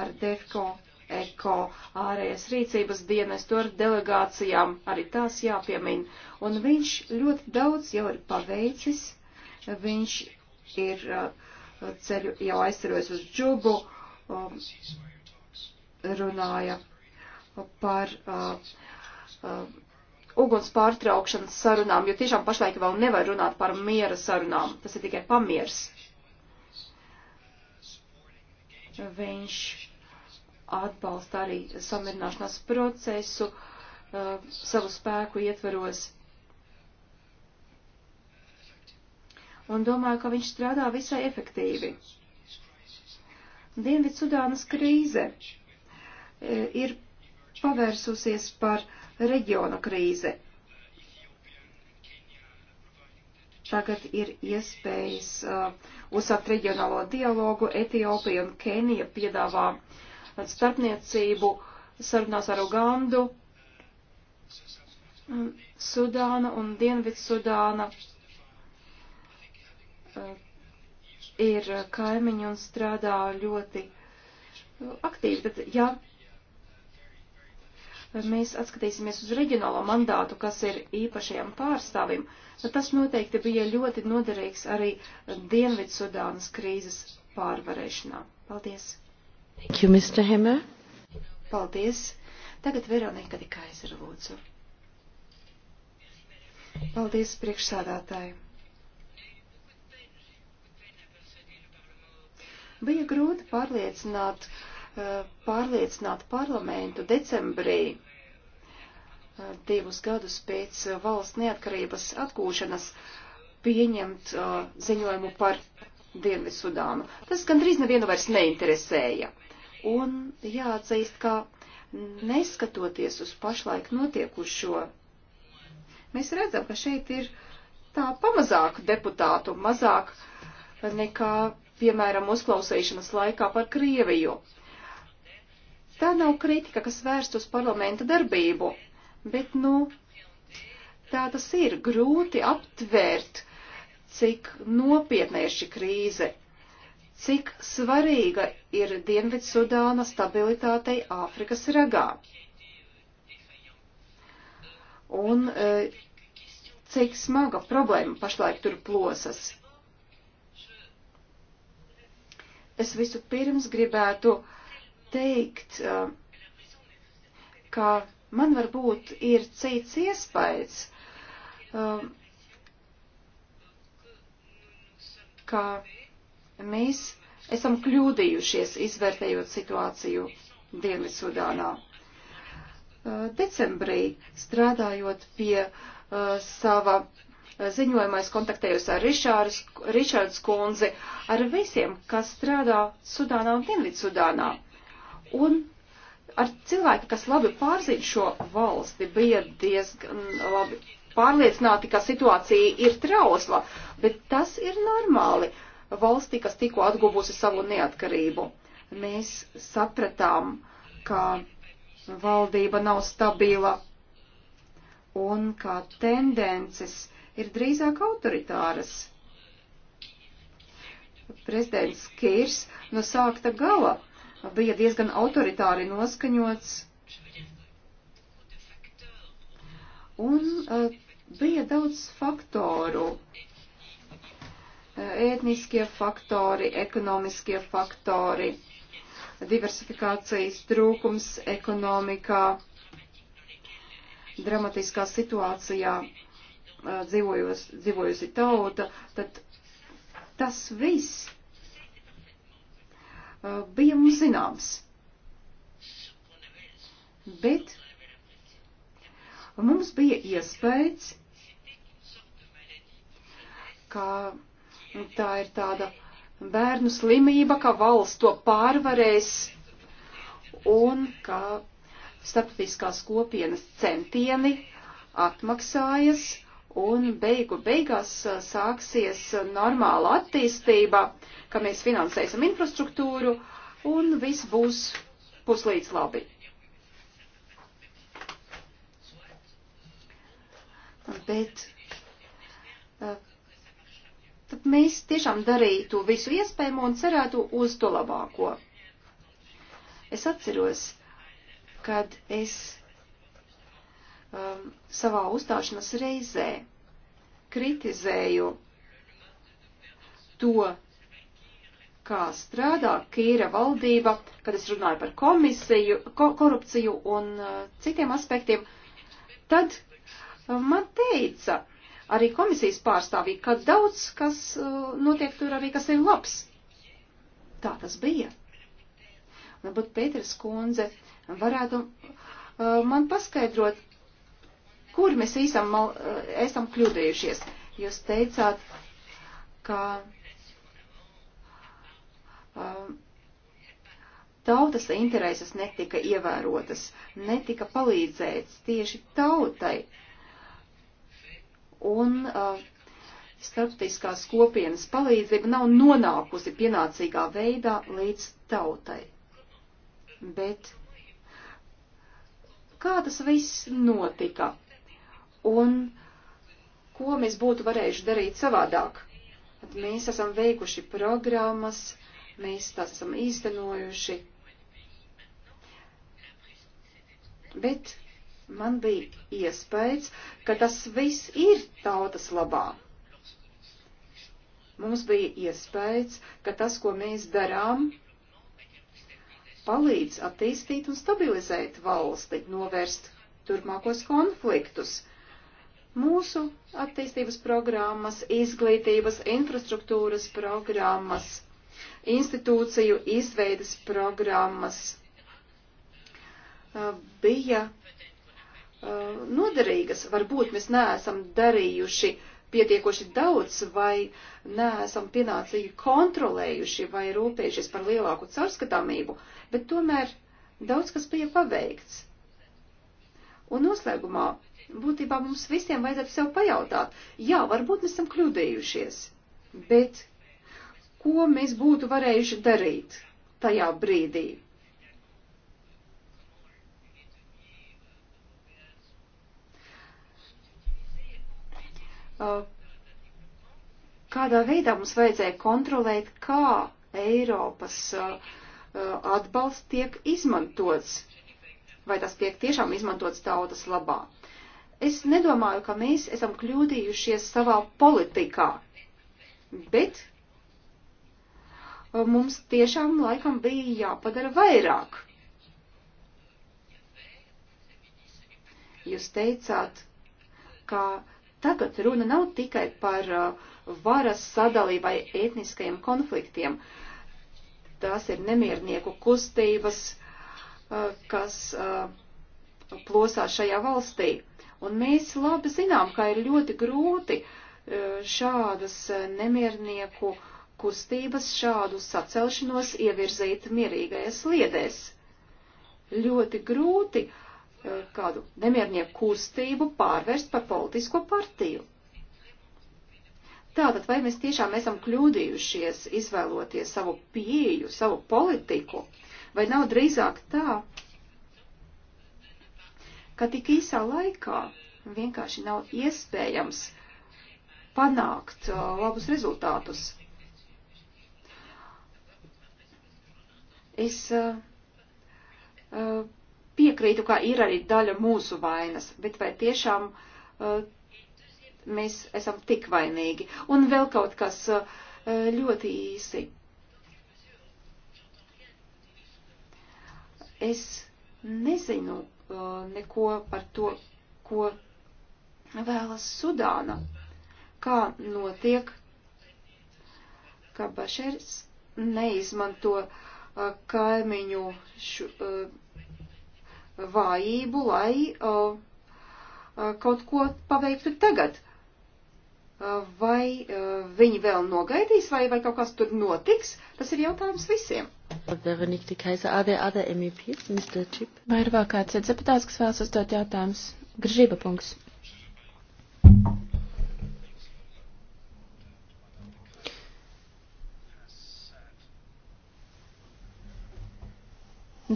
ar DEFCO, ECO, ārējas rīcības dienestu ar delegācijām, arī tās jāpiemin. Un viņš ļoti daudz jau ir paveicis. Viņš ir uh, ceļu jau aizceļojis uz džubu Um, runāja par uh, uh, uguns pārtraukšanas sarunām, jo tiešām pašlaik vēl nevar runāt par miera sarunām. Tas ir tikai pamiers. Viņš atbalsta arī samierināšanās procesu uh, savu spēku ietvaros. Un domāju, ka viņš strādā visai efektīvi. Uh, Dienvidsudānas krīze e, ir pavērsusies par reģiona krīze. Tagad ir iespējas uh, uzsākt reģionālo dialogu. Etiopija un Kenija piedāvā starpniecību sarunās ar Ugandu, Sudāna un Dienvidsudāna uh, e, ir eh, kaimiņi un strādā ļoti eh, aktīvi, bet ja mēs atskatīsimies uz reģionālo mandātu, kas ir īpašajam pārstāvim, tad tas noteikti bija ļoti noderīgs arī Dienvidsudānas krīzes pārvarēšanā. Paldies! Thank you, Mr. Hemmer. Paldies! Tagad Veronika Dikaizer lūdzu. Paldies priekšsādātāji! Bija grūti pārliecināt, eh, pārliecināt parlamentu decembrī, eh, divus gadus pēc eh, valsts neatkarības atgūšanas, pieņemt ziņojumu par Dienvidsudānu. Tas gandrīz nevienu vairs neinteresēja. Un jāatzīst, ka neskatoties uz pašlaik notiekušo, mēs redzam, ka šeit ir tā pamazāk deputātu, mazāk nekā piemēram, uzklausīšanas laikā par Krieviju. Tā nav kritika, kas vērst uz parlamenta darbību, bet, nu, tā tas ir grūti aptvērt, cik nopietna ir šī krīze, cik svarīga ir Dienvidsudāna stabilitātei Āfrikas ragā. Un eh, cik smaga problēma pašlaik tur plosas. Es visu pirms gribētu teikt, ka man varbūt ir cits iespējas, ka mēs esam kļūdījušies izvērtējot situāciju Dienvidsudānā. Decembrī strādājot pie uh, sava ziņojumā es kontaktējos ar Rišārs, Rišārds kundzi, ar visiem, kas strādā Sudānā un Dienvidsudānā. Un ar cilvēki, kas labi pārzina šo valsti, bija diezgan labi pārliecināti, ka situācija ir trausla, bet tas ir normāli valstī, kas tikko atguvusi savu neatkarību. Mēs sapratām, ka valdība nav stabila un ka tendences ir drīzāk autoritāras. Prezidents Kīrs no sākta gala bija diezgan autoritāri noskaņots un uh, bija daudz faktoru. Ētniskie eh, faktori, ekonomiskie faktori, diversifikācijas trūkums ekonomikā, dramatiskā situācijā dzīvojos, dzīvojusi tauta, tad tas viss bija mums zināms. Bet mums bija iespējas, ka tā ir tāda bērnu slimība, ka valsts to pārvarēs un ka starptautiskās kopienas centieni atmaksājas un beigu beigās sāksies normāla attīstība, ka mēs finansēsim infrastruktūru un viss būs puslīdz labi. Bet tad mēs tiešām darītu visu iespējamo un cerētu uz to labāko. Es atceros, kad es um, savā uzstāšanās reizē kritizēju to, kā strādā Kīra valdība, kad es runāju par komisiju, ko, korupciju un uh, citiem aspektiem, tad uh, man teica arī komisijas pārstāvī, ka daudz, kas uh, notiek tur arī, kas ir labs. Tā tas bija. Varbūt Pēters kundze varētu uh, man paskaidrot, kur mēs esam, mal, eh, esam kļūdījušies. Jūs teicāt, ka um, tautas intereses netika ievērotas, netika palīdzēts tieši tautai. Un uh, starptautiskās kopienas palīdzība nav nonākusi pienācīgā veidā līdz tautai. Bet kā tas viss notika? un ko mēs būtu varējuši darīt savādāk. Tad mēs esam veikuši programmas, mēs tās esam īstenojuši. Bet man bija iespējas, ka tas viss ir tautas labā. Mums bija iespējas, ka tas, ko mēs darām, palīdz attīstīt un stabilizēt valsti, novērst turpmākos konfliktus Mūsu attīstības programmas, izglītības, infrastruktūras programmas, institūciju izveidas programmas uh, bija uh, noderīgas. Varbūt mēs neesam darījuši pietiekoši daudz vai neesam pienācīgi kontrolējuši vai rūpējušies par lielāku caurskatāmību, bet tomēr daudz kas bija paveikts. Un noslēgumā būtībā mums visiem vajadzētu sev pajautāt, jā, varbūt mēs esam kļūdījušies, bet ko mēs būtu varējuši darīt tajā brīdī? Uh, kādā veidā mums vajadzēja kontrolēt, kā Eiropas uh, uh, atbalsts tiek izmantots, vai tas tiek tiešām izmantots tautas labā. Es nedomāju, ka mēs esam kļūdījušies savā politikā, bet uh, mums tiešām laikam bija jāpadara vairāk. Jūs teicāt, ka tagad runa nav tikai par uh, varas sadalību vai etniskajiem konfliktiem. Tās ir nemiernieku kustības, uh, kas plosā šajā valstī. Un mēs labi zinām, ka ir ļoti grūti e, šādas e, nemiernieku kustības, šādu sacelšanos ievirzīt mierīgajās liedēs. Ļoti grūti e, kādu nemiernieku kustību pārvērst par politisko partiju. Tātad, vai mēs tiešām esam kļūdījušies izvēloties savu pieju, savu politiku, vai nav drīzāk tā, ka tik īsā laikā vienkārši nav iespējams panākt uh, labus rezultātus. Es uh, uh, piekrītu, ka ir arī daļa mūsu vainas, bet vai tiešām uh, mēs esam tik vainīgi? Un vēl kaut kas uh, ļoti īsi. Es nezinu, Uh, neko par to, ko vēlas Sudāna, kā notiek, ka Bašers neizmanto uh, kaimiņu šu, uh, vājību, lai kaut ko paveiktu tagad. Vai viņi vēl nogaidīs, vai, vai kaut kas tur notiks, tas ir jautājums visiem. E Vai ir vēl kāds deputāts, kas vēlas uzdot jautājumus? Gržība punkts.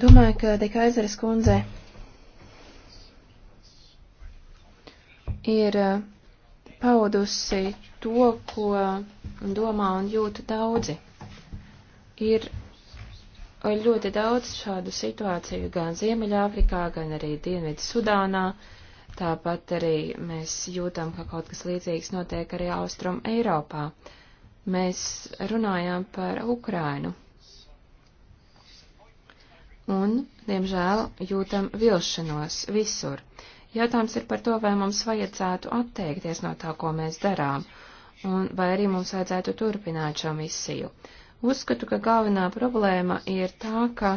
Domāju, ka Dekaizeres kundze ir uh, paudusi to, ko domā un jūt daudzi. Ir ļoti daudz šādu situāciju gan Ziemeļāfrikā, gan arī Dienvidu Sudānā. Tāpat arī mēs jūtam, ka kaut kas līdzīgs notiek arī Austrum Eiropā. Mēs runājām par Ukrainu. Un, diemžēl, jūtam vilšanos visur. Jautājums ir par to, vai mums vajadzētu atteikties no tā, ko mēs darām, un vai arī mums vajadzētu turpināt šo misiju. Uh, Uzskatu, ka galvenā problēma ir tā, ka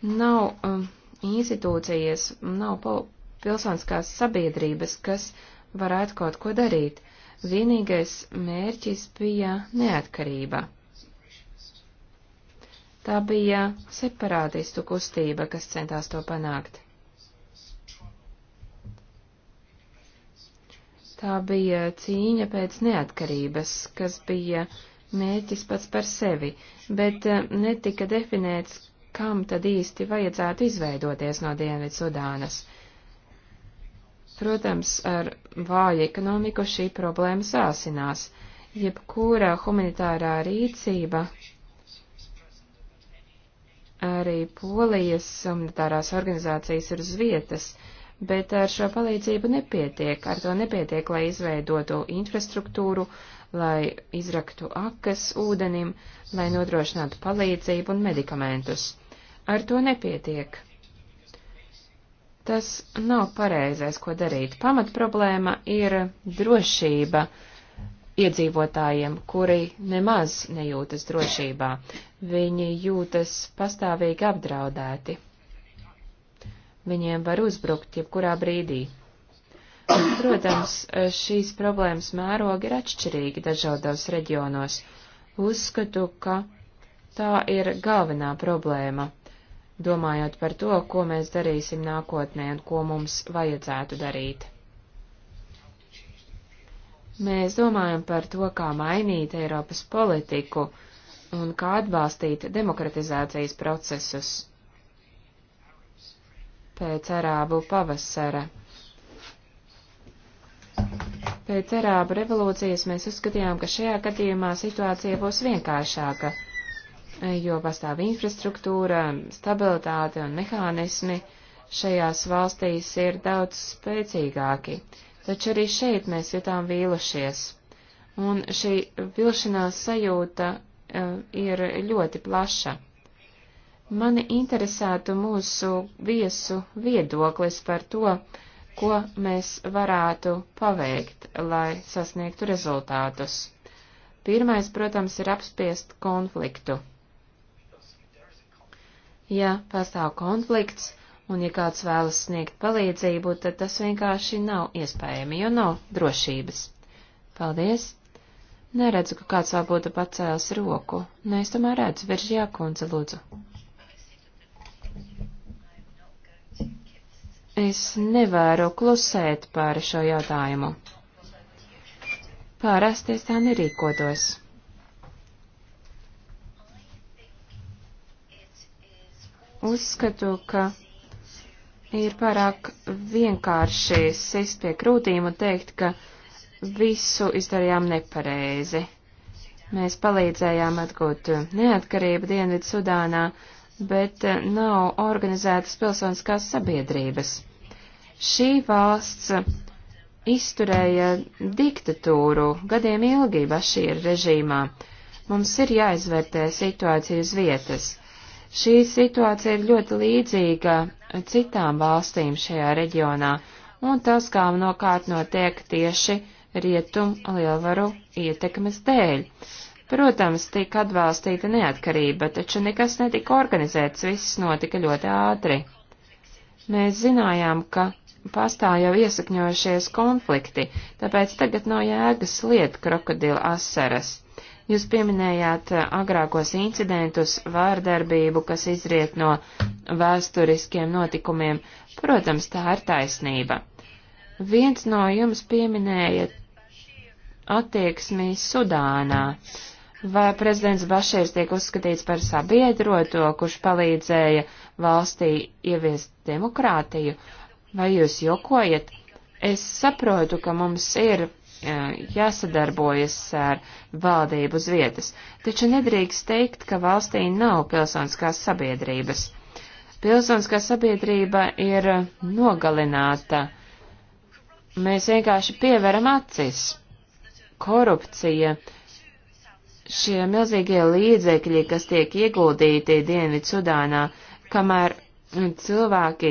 nav um, institūcijas, nav pilsoniskās sabiedrības, kas varētu kaut ko darīt. Vienīgais mērķis bija neatkarība. Tā bija separātistu kustība, kas centās to panākt. Tā bija cīņa pēc neatkarības, kas bija uh, mērķis pats par sevi, bet eh, netika definēts, kam tad īsti vajadzētu izveidoties no Dienvidu Sudānas. Protams, ar vāju ekonomiku šī problēma sāsinās. Jebkura humanitārā rīcība, arī polijas humanitārās organizācijas ir uz vietas, bet ar šo palīdzību nepietiek, ar to nepietiek, lai izveidotu infrastruktūru, uh, lai izraktu akas ūdenim, lai nodrošinātu palīdzību un medikamentus. Ar to nepietiek. Tas nav pareizais, ko darīt. Pamat problēma ir drošība iedzīvotājiem, kuri nemaz nejūtas drošībā. Viņi jūtas pastāvīgi apdraudēti. Viņiem var uzbrukt jebkurā brīdī. Protams, šīs problēmas mērogi ir atšķirīgi dažādos reģionos. Uzskatu, ka tā ir galvenā problēma, domājot par to, ko mēs darīsim nākotnē un ko mums vajadzētu darīt. Mēs domājam par to, kā mainīt Eiropas politiku un kā atbalstīt demokratizācijas procesus pēc arābu pavasara Pēc arābu revolūcijas mēs uzskatījām, ka šajā gadījumā situācija būs vienkāršāka, jo pastāv infrastruktūra, stabilitāte un mehānismi šajās valstīs ir daudz spēcīgāki, taču arī šeit mēs jutām vīlušies. Un šī vilšanās sajūta uh, ir ļoti plaša. Mani interesētu mūsu viesu viedoklis par to, uh, ko mēs varētu paveikt, lai sasniegtu rezultātus. Pirmais, protams, ir apspiest konfliktu. Ja pastāv konflikts, un ja kāds vēlas sniegt palīdzību, tad tas vienkārši nav iespējami, jo nav drošības. Paldies! Neredzu, ka kāds vēl būtu pacēlis roku. Nē, es tomēr redzu, Viržjā kundze, lūdzu. Es nevaru klusēt par šo jautājumu. Parasti es tā nerīkotos. Uzskatu, ka ir pārāk vienkārši sist pie krūtīm un teikt, ka visu izdarījām nepareizi. Mēs palīdzējām atgūt neatkarību Dienvidu Sudānā, uh, bet eh, nav organizētas pilsoniskās sabiedrības. Šī valsts izturēja diktatūru gadiem ilgi Bašīra režīmā. Mums ir jāizvērtē situācija uz vietas. Šī situācija ir ļoti līdzīga citām valstīm šajā reģionā, un tas galvenokārt notiek tieši rietum lielvaru ietekmes dēļ. Protams, tika atbalstīta neatkarība, taču nekas netika organizēts, viss notika ļoti ātri. Mēs zinājām, ka pastāv jau iesakņojušies konflikti, tāpēc tagad nav jēgas liet krokodila asaras. Jūs pieminējāt eh, agrākos incidentus, vārdarbību, kas izriet no vēsturiskiem notikumiem. Protams, tā ir taisnība. Viens no jums pieminēja attieksmi Sudānā. Vai prezidents Bašīrs tiek uzskatīts par sabiedroto, kurš palīdzēja valstī ieviest demokrātiju? Vai jūs jokojat? Es saprotu, ka mums ir e, jāsadarbojas ar valdību uz vietas, taču nedrīkst teikt, ka valstī nav pilsoniskās sabiedrības. Pilsoniskā sabiedrība ir nogalināta. Mēs vienkārši pieveram acis. Korupcija Šie milzīgie līdzekļi, kas tiek ieguldīti Dienvidsudānā, kamēr mm, cilvēki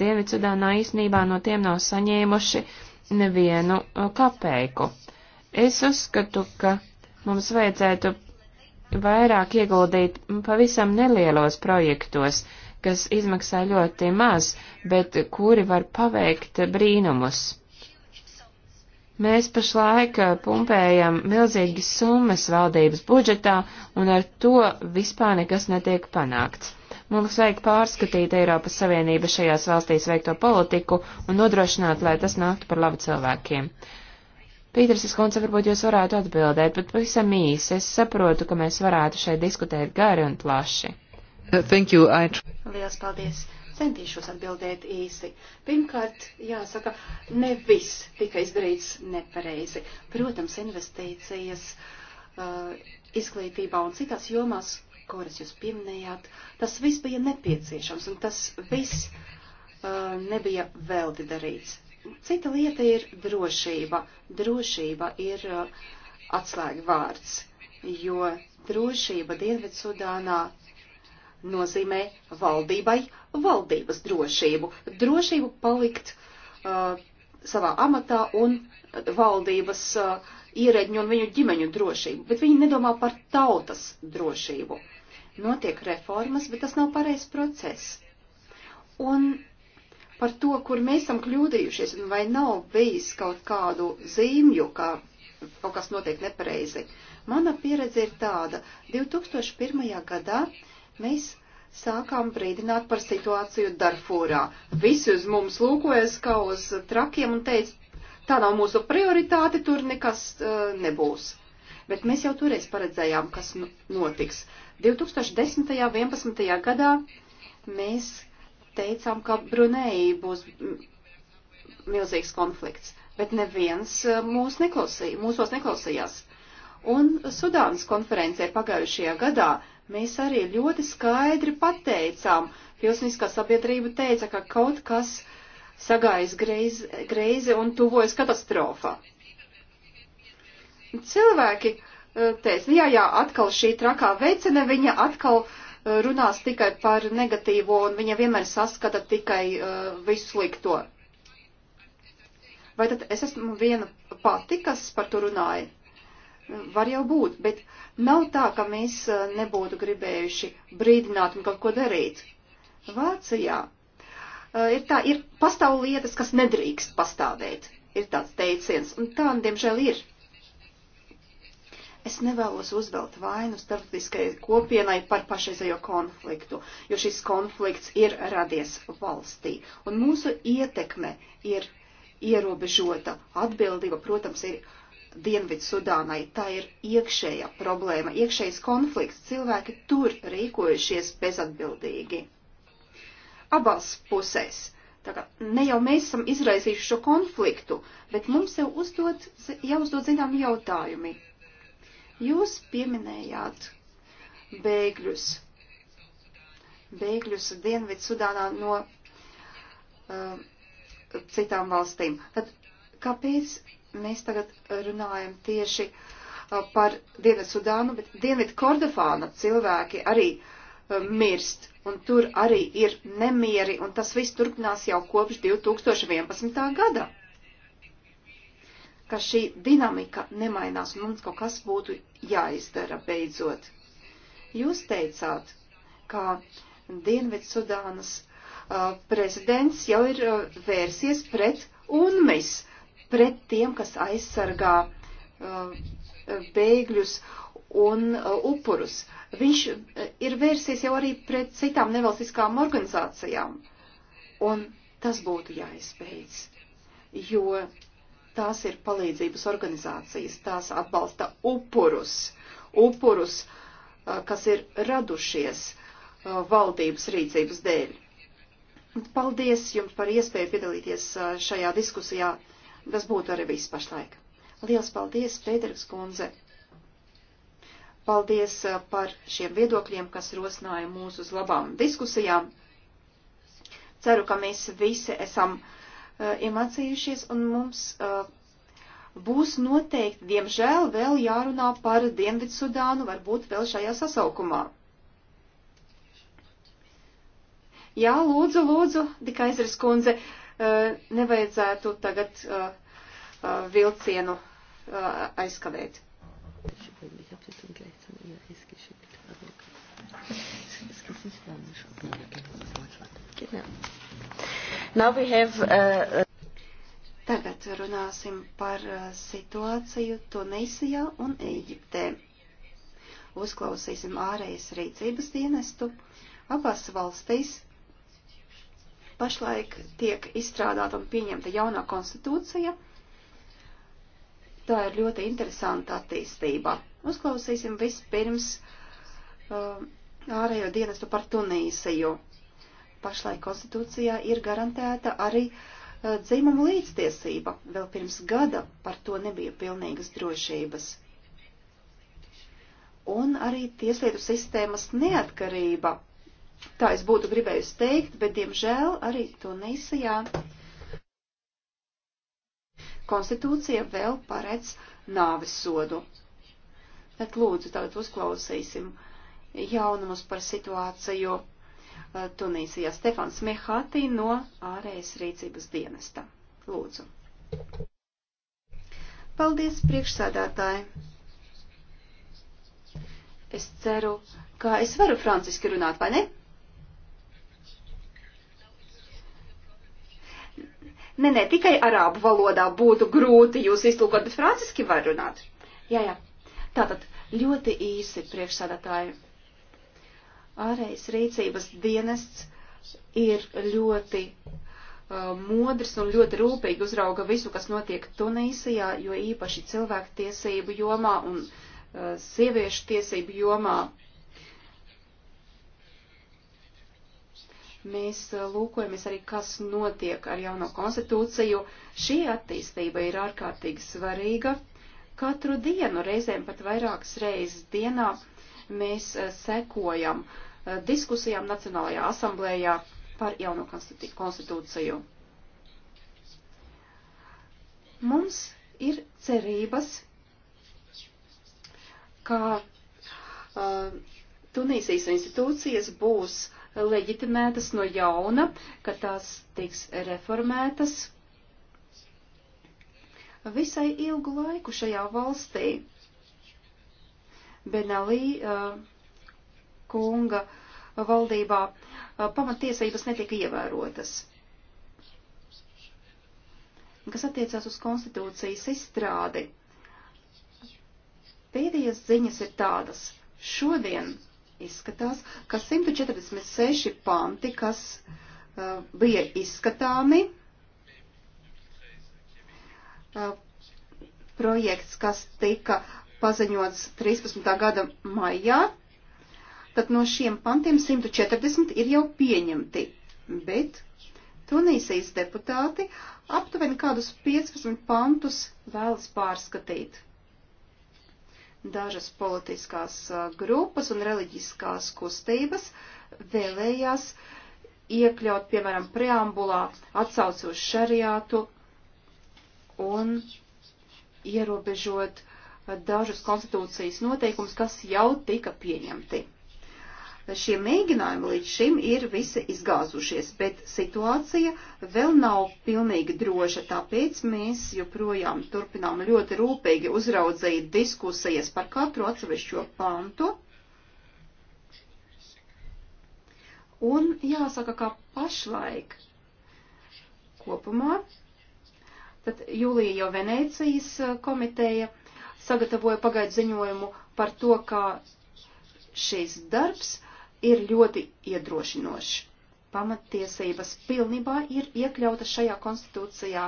Dienvidsudānā īsnībā no tiem nav saņēmuši nevienu kapeiku. Es uzskatu, ka mums vajadzētu vairāk ieguldīt pavisam nelielos projektos, kas izmaksā ļoti maz, bet kuri var paveikt brīnumus. Mēs pašlaik eh, pumpējam milzīgas summas valdības budžetā, un ar to vispār nekas netiek panākts. Mums vajag pārskatīt Eiropas Savienības šajās valstīs veikto politiku un nodrošināt, lai tas nāktu par labu cilvēkiem. Pīters Skundze, varbūt jūs varētu atbildēt, bet pavisam īsi es saprotu, ka mēs varētu šeit diskutēt gari un plaši. Thank you, I... Lielas paldies. Centīšos atbildēt īsi. Pirmkārt, jāsaka, ne viss tika izdarīts nepareizi. Protams, investīcijas uh, izglītībā un citās jomās, kuras jūs pieminējāt, tas viss bija nepieciešams un tas viss uh, nebija velti darīts. Cita lieta ir drošība. Drošība ir uh, atslēga vārds, jo drošība Dienvidsudānā nozīmē valdībai valdības drošību. Drošību palikt uh, savā amatā un valdības uh, ierēģņu un viņu ģimeņu drošību, bet viņi nedomā par tautas drošību. Notiek reformas, bet tas nav pareizs process. Un par to, kur mēs esam kļūdījušies, un vai nav bijis kaut kādu zīmju, ka kaut kas notiek nepareizi. Mana pieredze ir tāda. 2001. gadā Mēs sākām brīdināt par situāciju Darfūrā. Visi uz mums lūkojas kā uz trakiem un teica, tā nav mūsu prioritāte, tur nekas uh, nebūs. Bet mēs jau toreiz paredzējām, kas notiks. 2010. un 2011. gadā mēs teicām, ka Brunei būs milzīgs konflikts, bet neviens uh, mūs neklausīja, mūsos neklausījās. Un Sudānas konferencē pagājušajā gadā Mēs arī ļoti skaidri pateicām, pilsniskā sabiedrība teica, ka kaut kas sagājas greizi, greizi un tuvojas katastrofā. Cilvēki eh, teica, jā, jā, atkal šī trakā veicina, viņa atkal eh, runās tikai par negatīvo un viņa vienmēr saskata tikai uh, visu slikto. Vai tad es esmu viena pati, kas par to runāja? var jau būt, bet nav tā, ka mēs e, nebūtu gribējuši brīdināt un kaut ko darīt. Vācijā e, ir tā, ir pastāv lietas, kas nedrīkst pastāvēt. Ir tāds teiciens, un tā, diemžēl, ir. Es nevēlos uzvelt vainu starptautiskajai kopienai par pašreizējo konfliktu, jo šis konflikts ir radies valstī, un mūsu ietekme ir ierobežota. Atbildība, protams, ir Dienvidu Sudānai. Tā ir iekšēja problēma, iekšējs konflikts. Cilvēki tur rīkojušies bezatbildīgi. Abās pusēs. Tagad ne jau mēs esam izraisījuši šo konfliktu, bet mums jau uzdod, jāuzdod zinām jautājumi. Jūs pieminējāt bēgļus. Bēgļus Dienvidu Sudānā no uh, citām valstīm. Tad kāpēc mēs tagad runājam tieši uh, par Dienvidsudānu, bet Dienvidu Kordofāna cilvēki arī uh, mirst, un tur arī ir nemieri, un tas viss turpinās jau kopš 2011. gada. Ka šī dinamika nemainās, un mums kaut kas būtu jāizdara beidzot. Jūs teicāt, ka Dienvidsudānas uh, prezidents jau ir uh, vērsies pret UNMIS pret tiem, kas aizsargā uh, bēgļus un uh, upurus. Viņš uh, ir vērsies jau arī pret citām nevalstiskām organizācijām. Un tas būtu jāizbeidz, jo tās ir palīdzības organizācijas, tās atbalsta upurus, upurus, kas ir radušies valdības rīcības dēļ. Paldies jums par iespēju piedalīties šajā diskusijā. Tas būtu arī viss pašlaik. Liels paldies, Pēterks kundze! Paldies uh, par šiem viedokļiem, kas rosināja mūs uz labām diskusijām. Ceru, ka mēs visi esam uh, iemācījušies un mums uh, būs noteikti, diemžēl, vēl jārunā par Dienvidsudānu, varbūt vēl šajā sasaukumā. Jā, lūdzu, lūdzu, Dikaizers kundze. Uh, Eh, nevajadzētu tagad eh, eh, vilcienu aizkavēt. Tagad runāsim par situāciju Tunisijā un Eģiptē. Uzklausīsim ārējas rīcības dienestu. Abās valstīs Pašlaik tiek izstrādāta un pieņemta jaunā konstitūcija. Tā ir ļoti interesanta attīstība. Uzklausīsim vispirms uh, ārējo dienestu par Tunīsiju. Pašlaik konstitūcijā ir garantēta arī uh, dzimuma līdztiesība. Vēl pirms gada par to nebija pilnīgas drošības un arī tieslietu sistēmas neatkarība Tā es būtu gribējusi teikt, bet diemžēl arī Tunisijā konstitūcija vēl paredz nāves sodu. Bet lūdzu, tagad uzklausīsim jaunumus par situāciju eh, Tunīsijā. Stefans Mehati no ārējas rīcības dienesta. Lūdzu. Paldies, priekšsēdētāji. Es ceru, ka es varu franciski runāt, vai ne? Ne, ne, tikai arābu valodā būtu grūti jūs iztulkot, bet franciski var runāt. Jā, jā. Tātad ļoti īsi priekšsādātāji. Ārējas rīcības dienests ir ļoti uh, modrs un ļoti rūpīgi uzrauga visu, kas notiek Tunisijā, jo īpaši cilvēku tiesību jomā un uh, sieviešu tiesību jomā. Uh, Mēs uh, lūkojamies arī, kas notiek ar jauno konstitūciju. Šī attīstība ir ārkārtīgi svarīga. Katru dienu, reizēm pat vairākas reizes dienā, mēs uh, sekojam uh, diskusijām Nacionālajā asamblējā par jauno konstitūciju. Mums ir cerības, ka uh, Tunīsijas institūcijas būs uh, leģitimētas no jauna, ka tās tiks reformētas. Visai ilgu laiku šajā valstī Benalī uh, kunga valdībā uh, pamatiesības netika ievērotas. Kas attiecās uz konstitūcijas izstrādi, pēdējās ziņas ir tādas. Šodien izskatās, ka 146 panti, kas uh, bija izskatāmi, uh, projekts, kas tika paziņots 13. gada maijā, tad no šiem pantiem 140 ir jau pieņemti, bet Tunīsijas deputāti aptuveni kādus 15 pantus vēlas pārskatīt. Dažas politiskās grupas un reliģiskās kustības vēlējās iekļaut, piemēram, preambulā atsauci uz šariātu un ierobežot dažus konstitūcijas noteikumus, kas jau tika pieņemti šie mēģinājumi līdz šim ir visi izgāzušies, bet situācija vēl nav pilnīgi droša, tāpēc mēs joprojām turpinām ļoti rūpīgi uzraudzīt diskusijas par katru atsevišķo pantu. Un jāsaka, ka pašlaik kopumā, tad Jūlija jau Venēcijas eh, komiteja sagatavoja pagaidu ziņojumu par to, kā šis darbs ir ļoti iedrošinošs. Pamattiesības pilnībā ir iekļauta šajā konstitūcijā.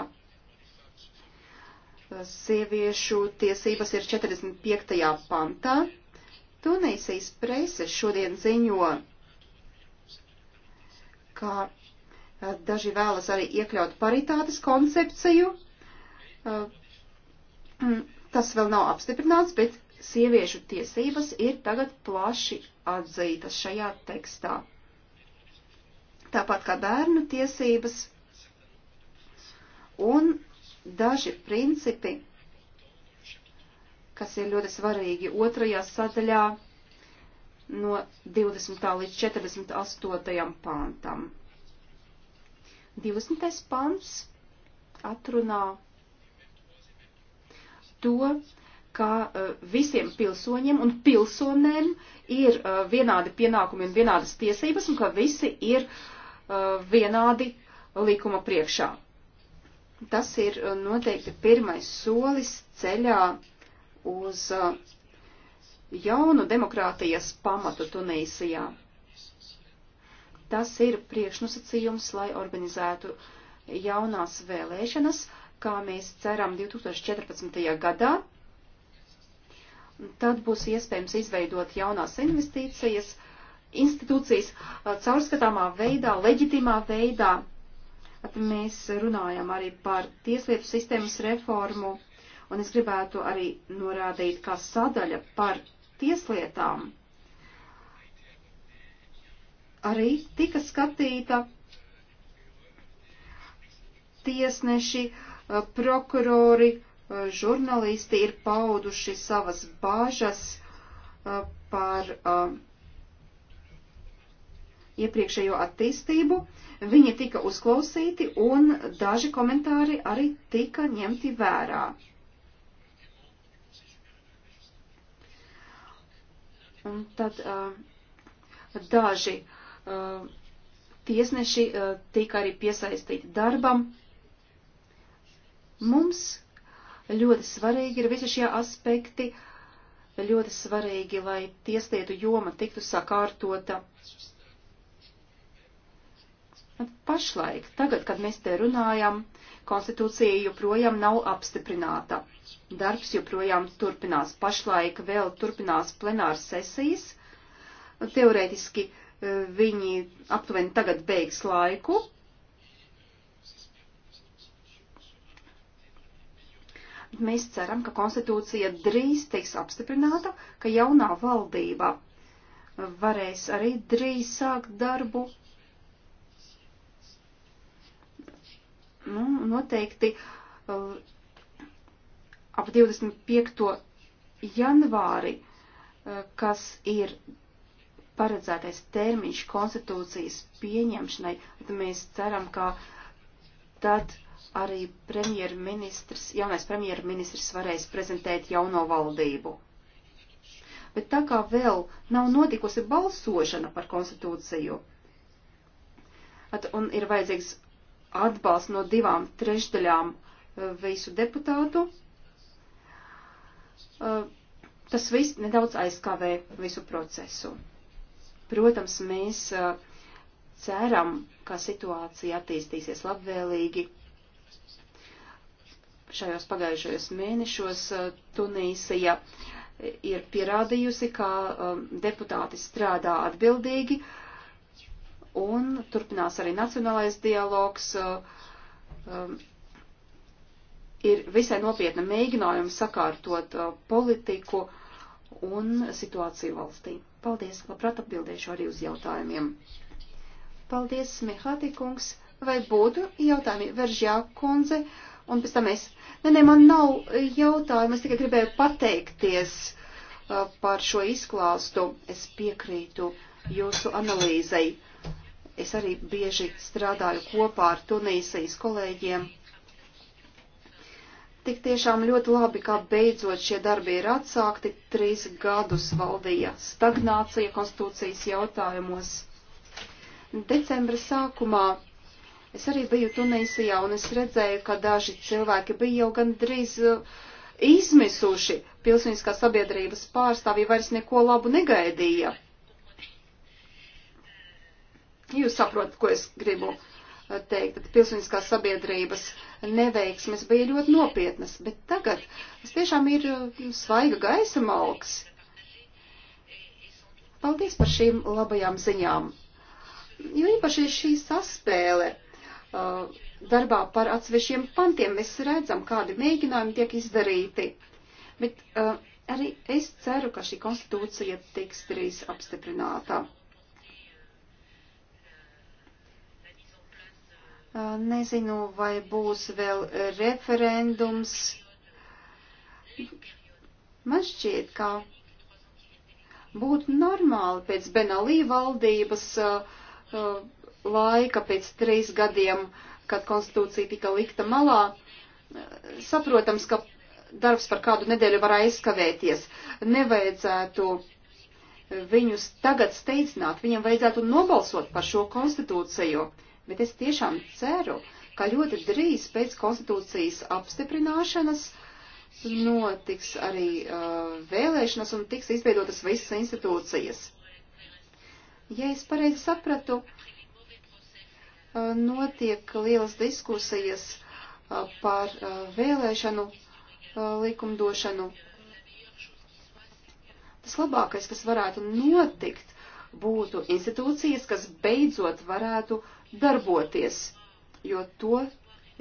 Sieviešu tiesības ir 45. pantā. Tunisijas prese šodien ziņo, ka eh, daži vēlas arī iekļaut paritātes koncepciju. Eh, mm, tas vēl nav apstiprināts, bet sieviešu tiesības ir tagad plaši atzītas šajā tekstā. Tāpat kā bērnu tiesības un daži principi, kas ir ļoti svarīgi otrajā sadaļā no 20. līdz 48. pantam. 20. pants atrunā to, ka eh, visiem pilsoņiem un pilsonēm ir eh, vienādi pienākumi un vienādas tiesības un ka visi ir eh, vienādi likuma priekšā. Tas ir noteikti pirmais solis ceļā uz jaunu demokrātijas pamatu Tunīsijā. Tas ir priekšnosacījums, lai organizētu jaunās vēlēšanas, kā mēs ceram 2014. gadā tad būs iespējams izveidot jaunās investīcijas, institūcijas uh, caurskatāmā veidā, leģitimā veidā. At mēs runājam arī par tieslietu sistēmas reformu, un es gribētu arī norādīt, kā sadaļa par tieslietām arī tika skatīta tiesneši, uh, prokurori, žurnālisti ir pauduši savas bāžas uh, par uh, iepriekšējo attīstību. Viņi tika uzklausīti un daži komentāri arī tika ņemti vērā. Un tad uh, daži uh, tiesneši uh, tika arī piesaistīti darbam. Mums Ļoti svarīgi ir visi šie aspekti, ļoti svarīgi, lai tieslietu joma tiktu sakārtota. Pašlaik, tagad, kad mēs te runājam, konstitūcija joprojām nav apstiprināta. Darbs joprojām turpinās. Pašlaik vēl turpinās plenāras sesijas. Teorētiski eh, viņi aptuveni tagad beigs laiku, Mēs ceram, ka konstitūcija drīz tiks apstiprināta, ka jaunā valdība varēs arī drīz sākt darbu. Nu, noteikti uh, ap 25. janvāri, uh, kas ir paredzētais termiņš konstitūcijas pieņemšanai, tad mēs ceram, ka tad arī premjerministrs, jaunais premjerministrs varēs prezentēt jauno valdību. Bet tā kā vēl nav notikusi balsošana par konstitūciju, at, un ir vajadzīgs atbalsts no divām trešdaļām eh, visu deputātu, eh, tas viss nedaudz aizkavē visu procesu. Protams, mēs eh, ceram, ka situācija attīstīsies labvēlīgi šajos pagājušajos mēnešos eh, Tunīsija ir pierādījusi, ka eh, deputāti strādā atbildīgi un turpinās arī nacionālais dialogs. Eh, ir visai nopietna mēģinājuma sakārtot politiku un situāciju valstī. Paldies, labprāt atbildēšu arī uz jautājumiem. Paldies, Mihāti kungs. Vai būtu jautājumi? Veržjā kundze. Uh, un pēc tam es. Nē, nē, man nav jautājumu, es tikai gribēju pateikties uh, par šo izklāstu. Es piekrītu jūsu analīzei. Es arī bieži strādāju kopā ar Tunīsijas kolēģiem. Tik tiešām ļoti labi, ka beidzot šie darbi ir atsākti. Trīs gadus valdīja stagnācija konstitūcijas jautājumos. Decembra sākumā Es arī biju Tunisijā un es redzēju, ka daži cilvēki bija jau gandrīz uh, izmisuši. Pilsoniskā sabiedrības pārstāvji vairs neko labu negaidīja. Jūs saprotat, ko es gribu uh, teikt, tad pilsoniskās sabiedrības neveiksmes bija ļoti nopietnas, bet tagad tas tiešām ir uh, svaiga gaisa malks. Paldies par šīm labajām ziņām. Jo īpaši šī saspēle Uh, darbā par atsevišķiem pantiem. Mēs redzam, kādi mēģinājumi tiek izdarīti. Bet uh, arī es ceru, ka šī konstitūcija tiks drīz apstiprināta. Uh, nezinu, vai būs vēl referendums. Man šķiet, ka būtu normāli pēc Benalī valdības uh, uh, laika, pēc trīs gadiem, kad konstitūcija tika likta malā, saprotams, ka darbs par kādu nedēļu var aizskavēties. Nevajadzētu viņus tagad steidzināt, viņam vajadzētu nobalsot par šo konstitūciju, bet es tiešām ceru, ka ļoti drīz pēc konstitūcijas apstiprināšanas notiks arī uh, vēlēšanas un tiks izveidotas visas institūcijas. Ja es pareizi sapratu, uh, Eh, notiek lielas diskusijas eh, par eh, vēlēšanu likumdošanu. Tas labākais, kas varētu notikt, būtu institūcijas, kas beidzot varētu darboties, jo to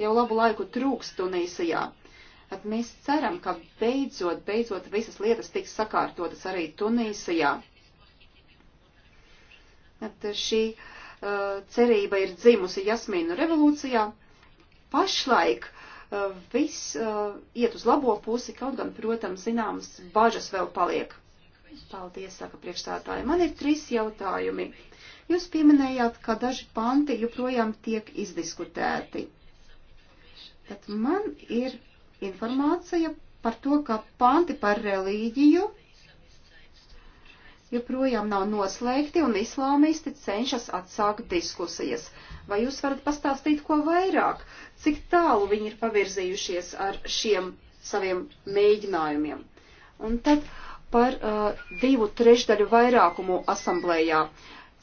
jau labu laiku trūkst Tunisijā. At mēs ceram, ka beidzot, beidzot visas lietas tiks sakārtotas arī Tunisijā. At šī uh, Uh, cerība ir dzimusi jasmīnu revolūcijā. Pašlaik uh, viss uh, iet uz labo pusi, kaut gan, protams, zināmas bažas vēl paliek. Paldies, saka priekšstādāja. Man ir trīs jautājumi. Jūs pieminējāt, ka daži panti joprojām tiek izdiskutēti. Tad man ir informācija par to, ka panti par relīģiju joprojām nav noslēgti un islāmisti cenšas atsākt diskusijas. Vai jūs varat pastāstīt ko vairāk? Cik tālu viņi ir pavirzījušies ar šiem saviem mēģinājumiem? Un tad par uh, divu trešdaļu vairākumu asamblējā.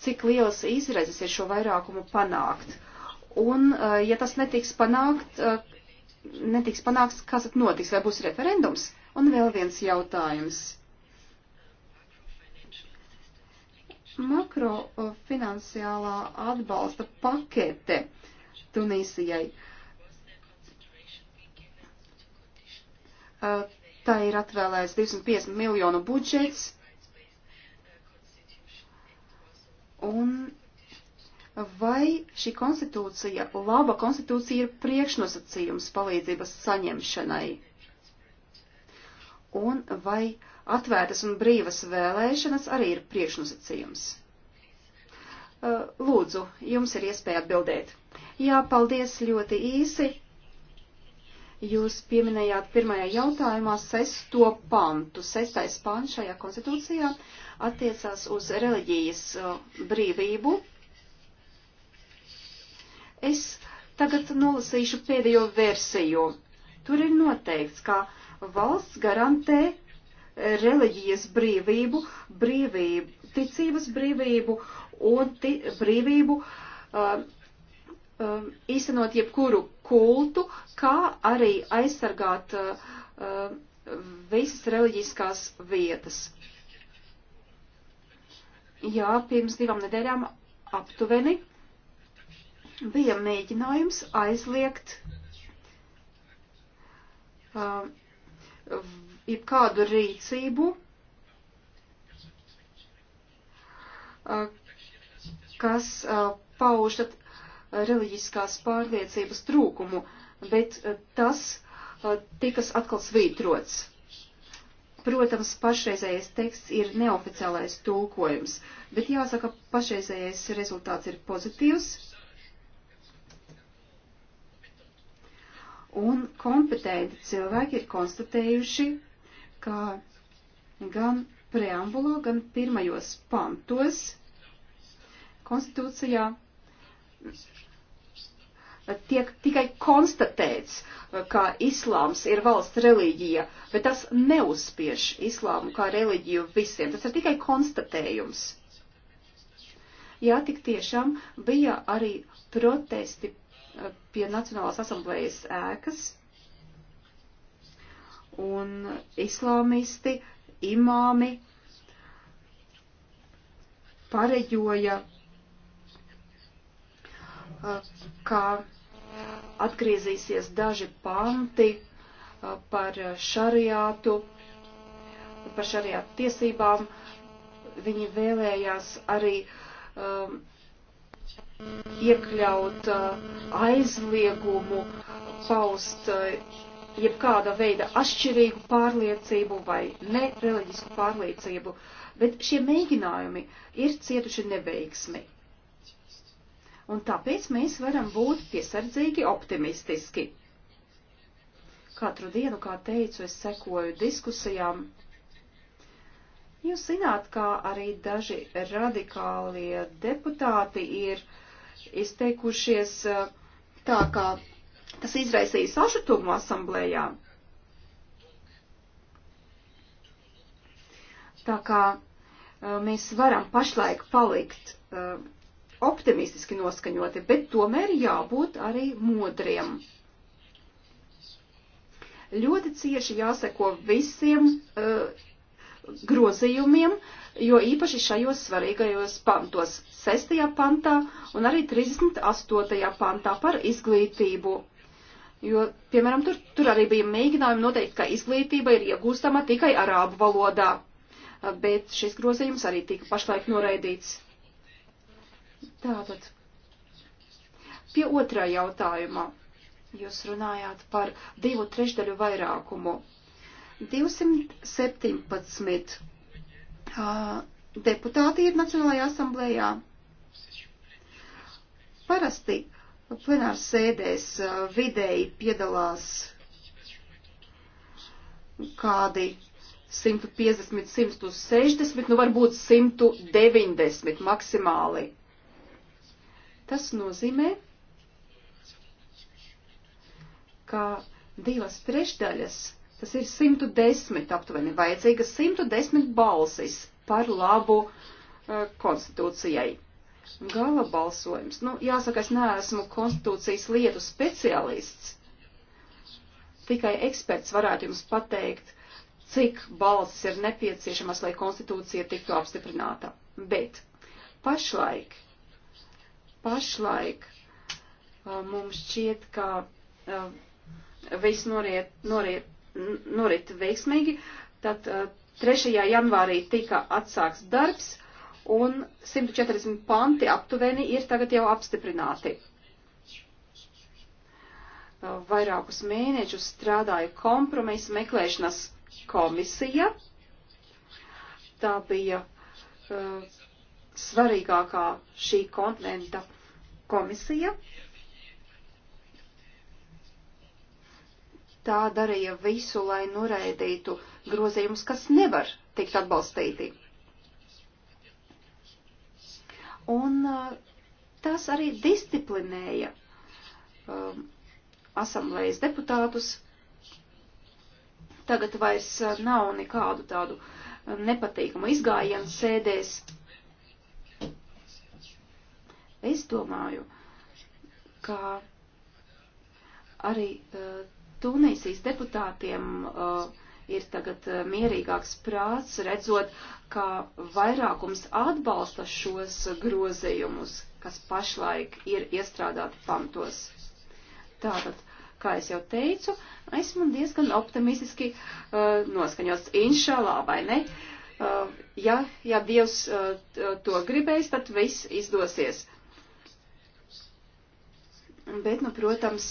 Cik lielas izredzes ir šo vairākumu panākt? Un, uh, ja tas netiks panākt, uh, netiks panākts, kas tad notiks? Vai būs referendums? Un vēl viens jautājums. Uh, makrofinansiālā atbalsta pakete Tunīsijai. Tā ir atvēlēts 250 miljonu budžets. Un vai šī konstitūcija, laba konstitūcija ir priekšnosacījums palīdzības saņemšanai? Un vai uh, atvērtas un brīvas vēlēšanas arī ir priekšnosacījums. Uh, lūdzu, jums ir iespēja atbildēt. Jā, paldies ļoti īsi. Jūs pieminējāt pirmajā jautājumā sesto pantu. Sestais pants šajā konstitūcijā attiecās uz reliģijas uh, brīvību. Es tagad nolasīšu pēdējo versiju. Tur ir noteikts, ka valsts garantē reliģijas brīvību, brīvību, ticības brīvību un ti, brīvību um, um, īstenot jebkuru kultu, kā arī aizsargāt um, visas reliģiskās vietas. Jā, pirms divām nedēļām aptuveni bija mēģinājums aizliegt um, jebkādu rīcību, kas pauž reliģiskās pārliecības trūkumu, bet tas tikas atkal svītrots. Protams, pašreizējais teksts ir neoficiālais tulkojums, bet jāsaka, pašreizējais rezultāts ir pozitīvs. Un kompetenti cilvēki ir konstatējuši, ka gan preambulo, gan pirmajos pantos konstitūcijā tiek tikai konstatēts, ka islāms ir valsts reliģija, bet tas neuzspiež islāmu kā reliģiju visiem. Tas ir tikai konstatējums. Jā, tik tiešām bija arī protesti pie Nacionālās asamblējas ēkas un islāmisti, imāmi pareģoja, ka atgriezīsies daži panti par šariātu, par šariātu tiesībām. Viņi vēlējās arī um, iekļaut uh, aizliegumu paust uh, jebkāda veida atšķirīgu pārliecību vai nereliģisku pārliecību, bet šie mēģinājumi ir cietuši neveiksmi. Un tāpēc mēs varam būt piesardzīgi optimistiski. Katru dienu, kā teicu, es sekoju diskusijām. Jūs zināt, kā arī daži radikālie deputāti ir izteikušies uh, tā kā Tas izraisīja sašutumu asamblējā. Tā kā eh, mēs varam pašlaik palikt eh, optimistiski noskaņoti, bet tomēr jābūt arī modriem. Ļoti cieši jāseko visiem uh, grozījumiem, jo īpaši šajos svarīgajos pantos - 6. pantā un arī 38. pantā par izglītību Jo, piemēram, tur, tur arī bija mēģinājumi noteikt, ka izglītība ir iegūstama tikai arābu valodā, bet šis grozījums arī tika pašlaik noraidīts. Tātad, pie otrā jautājuma. Jūs runājāt par divu trešdaļu vairākumu. 217 uh, deputāti ir Nacionālajā asamblējā. Parasti uh, plenārs sēdēs vidēji piedalās kādi 150, 160, nu varbūt 190 maksimāli. Tas nozīmē, ka divas trešdaļas, tas ir 110 aptuveni, vajadzīga 110 balsis par labu uh, konstitūcijai gala balsojums. Nu, jāsaka, es neesmu konstitūcijas lietu speciālists. Tikai eksperts varētu jums pateikt, cik balsis ir nepieciešamas, lai konstitūcija tiktu apstiprināta. Bet pašlaik, pašlaik uh, mums šķiet, ka uh, viss noriet, noriet, norit veiksmīgi. Tad 3. Uh, janvārī tika atsāks darbs un 140 panti aptuveni ir tagad jau apstiprināti. Vairākus mēnešus strādāja kompromisa meklēšanas komisija. Tā bija uh, svarīgākā šī kontinenta komisija. Tā darīja visu, lai noraidītu grozījumus, kas nevar tikt atbalstīti. Un eh, tas arī disciplinēja um, asamblējas deputātus. Tagad vairs eh, nav nekādu tādu nepatīkamu izgājienu sēdēs. Es domāju, ka arī uh, Tunīsijas deputātiem uh, ir tagad eh, mierīgāks prāts, redzot, ka vairākums atbalsta šos grozējumus, kas pašlaik ir iestrādāti pamatos. Tātad, kā es jau teicu, esmu diezgan optimistiski uh, noskaņots, inšalā vai ne. Uh, ja, ja Dievs uh, to gribēs, tad viss izdosies bet, nu, protams,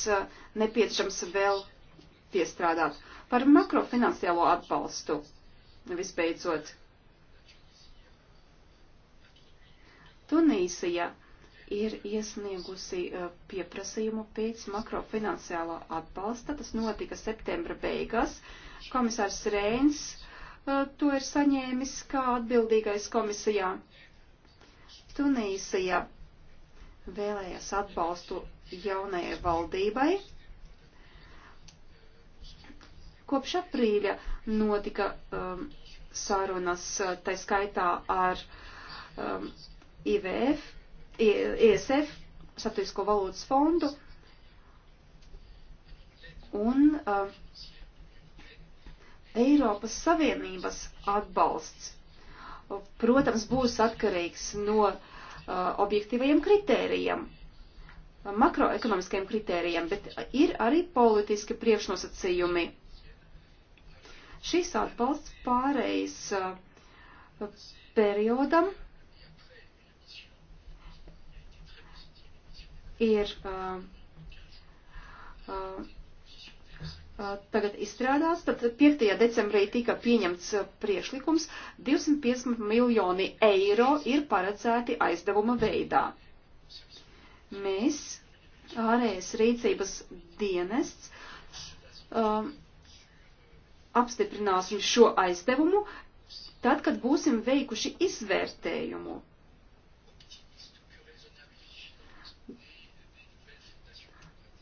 nepieciešams vēl piestrādāt. Par makrofinansiālo atbalstu visbeidzot. Tunīsija ir iesniegusi uh, pieprasījumu pēc makrofinansiālā atbalsta. Tas notika septembra beigās. Komisārs Rēns uh, to ir saņēmis kā atbildīgais komisijā. Tunīsija vēlējās atbalstu jaunajai valdībai Kopš aprīļa notika um, sarunas, uh, tā skaitā ar um, IVF, ISF, Satvisko valūtas fondu, un um, Eiropas Savienības atbalsts, uh, protams, būs atkarīgs no uh, objektīvajiem kritērijiem, makroekonomiskajiem kritērijiem, bet ir arī politiski priekšnosacījumi Šis atbalsts pārējais uh, periodam ir uh, uh, tagad izstrādāts, tad 5. decembrī tika pieņemts priešlikums, 250 miljoni eiro ir paredzēti aizdevuma veidā. Mēs, ārējas rīcības dienests, um, apstiprināsim šo aizdevumu, tad, kad būsim veikuši izvērtējumu.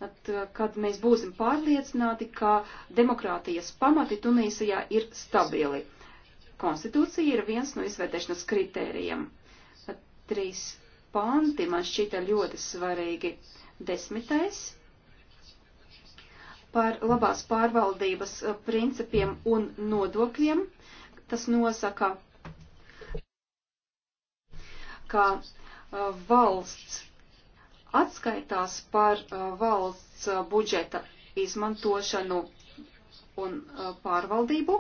Tad, kad mēs būsim pārliecināti, ka demokrātijas pamati Tunīsijā ir stabili. Konstitūcija ir viens no izvērtēšanas kritērijiem. Tad trīs panti man šķita ļoti svarīgi. Desmitais par labās pārvaldības eh, principiem un nodokļiem. Tas nosaka, ka eh, valsts atskaitās par eh, valsts budžeta izmantošanu un pārvaldību.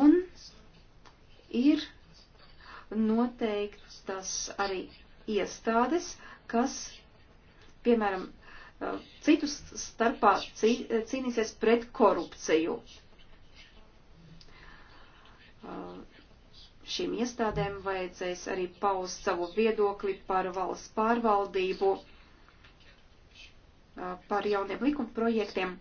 Un ir noteiktas arī iestādes, kas, piemēram, citus starpā cīnīsies pret korupciju. Šīm iestādēm vajadzēs arī paust savu viedokli par valsts pārvaldību, par jauniem likuma projektiem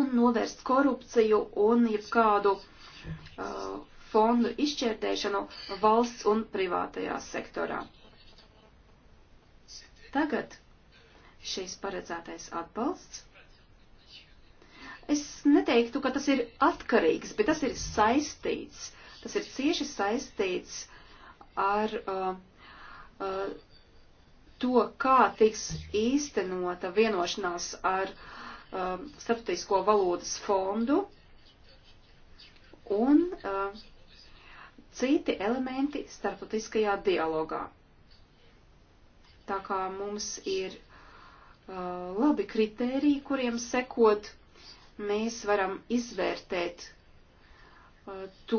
un novērst korupciju un jebkādu uh, fondu izšķērdēšanu valsts un privātajā sektorā. Tagad šīs paredzētais atbalsts. Es neteiktu, ka tas ir atkarīgs, bet tas ir saistīts. Tas ir cieši saistīts ar uh, uh, to, kā tiks īstenota vienošanās ar uh, Starptautisko valūtas fondu un uh, citi elementi starptautiskajā dialogā. Tā kā mums ir uh, Ah, labi kritēriji, kuriem sekot, mēs varam izvērtēt ah, to,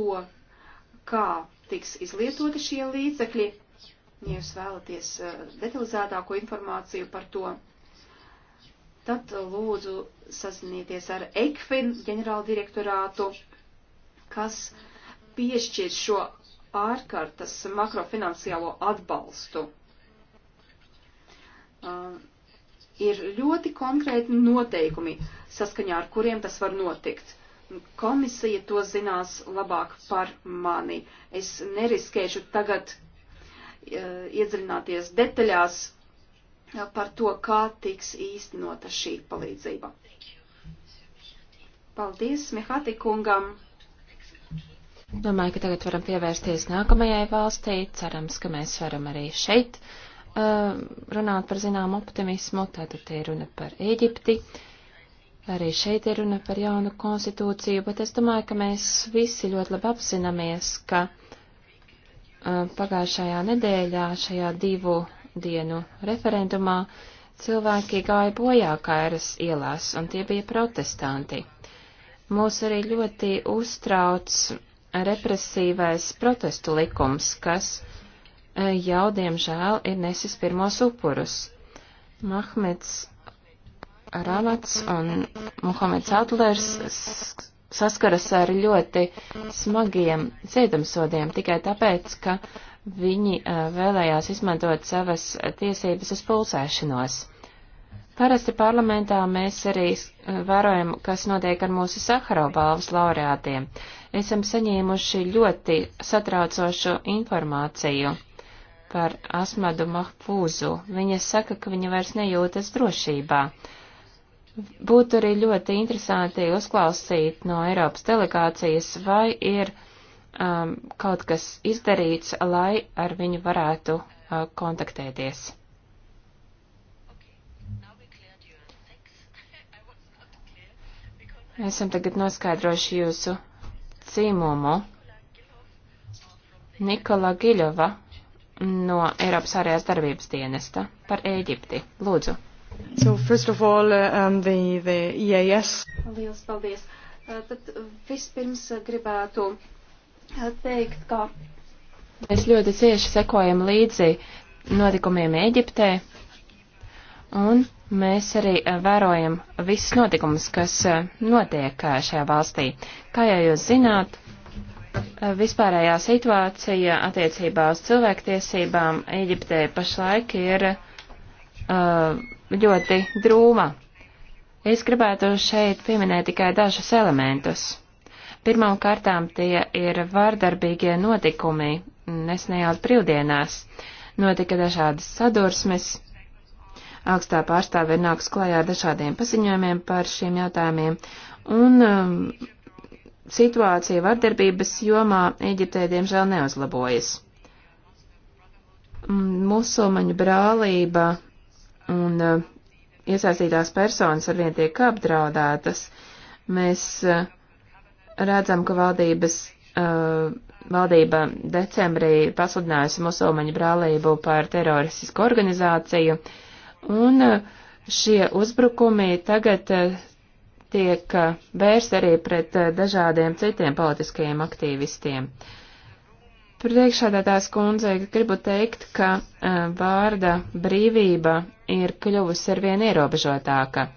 kā tiks izlietoti šie līdzekļi. Ja jūs vēlaties ah, detalizētāko informāciju par to, tad lūdzu sazinieties ar ECFIN ģenerāldirektorātu, kas piešķir šo ārkārtas makrofinansiālo atbalstu ir ļoti konkrēti noteikumi, saskaņā ar kuriem tas var notikt. Komisija to zinās labāk par mani. Es neriskēšu tagad uh, iedziļināties detaļās uh, par to, kā tiks īstenota šī palīdzība. Paldies Mihati kungam! Domāju, ka tagad varam pievērsties nākamajai valstī. Cerams, ka mēs varam arī šeit uh, Eh, runāt par zinām optimismu, tātad te ir runa par Ēģipti, arī šeit ir runa par jaunu konstitūciju, bet es domāju, ka mēs visi ļoti labi apzināmies, ka eh, pagājušajā nedēļā, šajā divu dienu referendumā, cilvēki gāja bojā Kairas ielās, un tie bija protestanti. Mūs arī ļoti uztrauc represīvais protestu likums, kas jau, diemžēl, ir nesis pirmos upurus. Mahmeds Ranats un Muhameds Atlers saskaras ar ļoti smagiem cietumsodiem tikai tāpēc, ka viņi eh, vēlējās izmantot savas tiesības uz pulsēšanos. Parasti parlamentā mēs arī eh, vērojam, kas notiek ar mūsu Sahara balvas laureātiem. Esam saņēmuši ļoti satraucošu informāciju par Asmadu Mahfūzu. Viņa saka, ka viņa vairs nejūtas drošībā. Būtu arī ļoti interesanti uzklausīt no Eiropas delegācijas, vai ir um, kaut kas izdarīts, lai ar viņu varētu uh, kontaktēties. Esam tagad noskaidrojuši jūsu cīmumu. Nikola Giļova no Eiropas ārējās darbības dienesta par Ēģipti. Lūdzu. So, first of all, uh, um, the, the EAS. Liels paldies. Uh, tad vispirms uh, gribētu teikt, ka mēs ļoti cieši sekojam līdzi notikumiem Ēģiptē, un mēs arī vērojam visus notikumus, kas notiek šajā valstī. Kā jau jūs zināt, Eh, vispārējā situācija attiecībā uz cilvēktiesībām Eģiptē pašlaik ir uh, ļoti drūma. Es gribētu šeit pieminēt tikai dažus elementus. Pirmām kārtām tie ir vārdarbīgie notikumi nesnējās brīvdienās. Notika dažādas sadursmes. Augstā pārstāve ir nāks klajā ar dažādiem paziņojumiem par šiem jautājumiem, un um, situācija vardarbības jomā Eģiptē diemžēl neuzlabojas. Mm, musulmaņu brālība un uh, iesaistītās personas arvien tiek apdraudētas. Mēs uh, redzam, ka valdības, uh, valdība decembrī pasludinājusi musulmaņu brālību par teroristisku organizāciju, un šie uzbrukumi tagad tiek eh, vērsta arī pret eh, dažādiem citiem politiskajiem aktīvistiem. Priekšādātās kundze, gribu teikt, ka eh, vārda brīvība ir kļuvusi arvien ierobežotāka.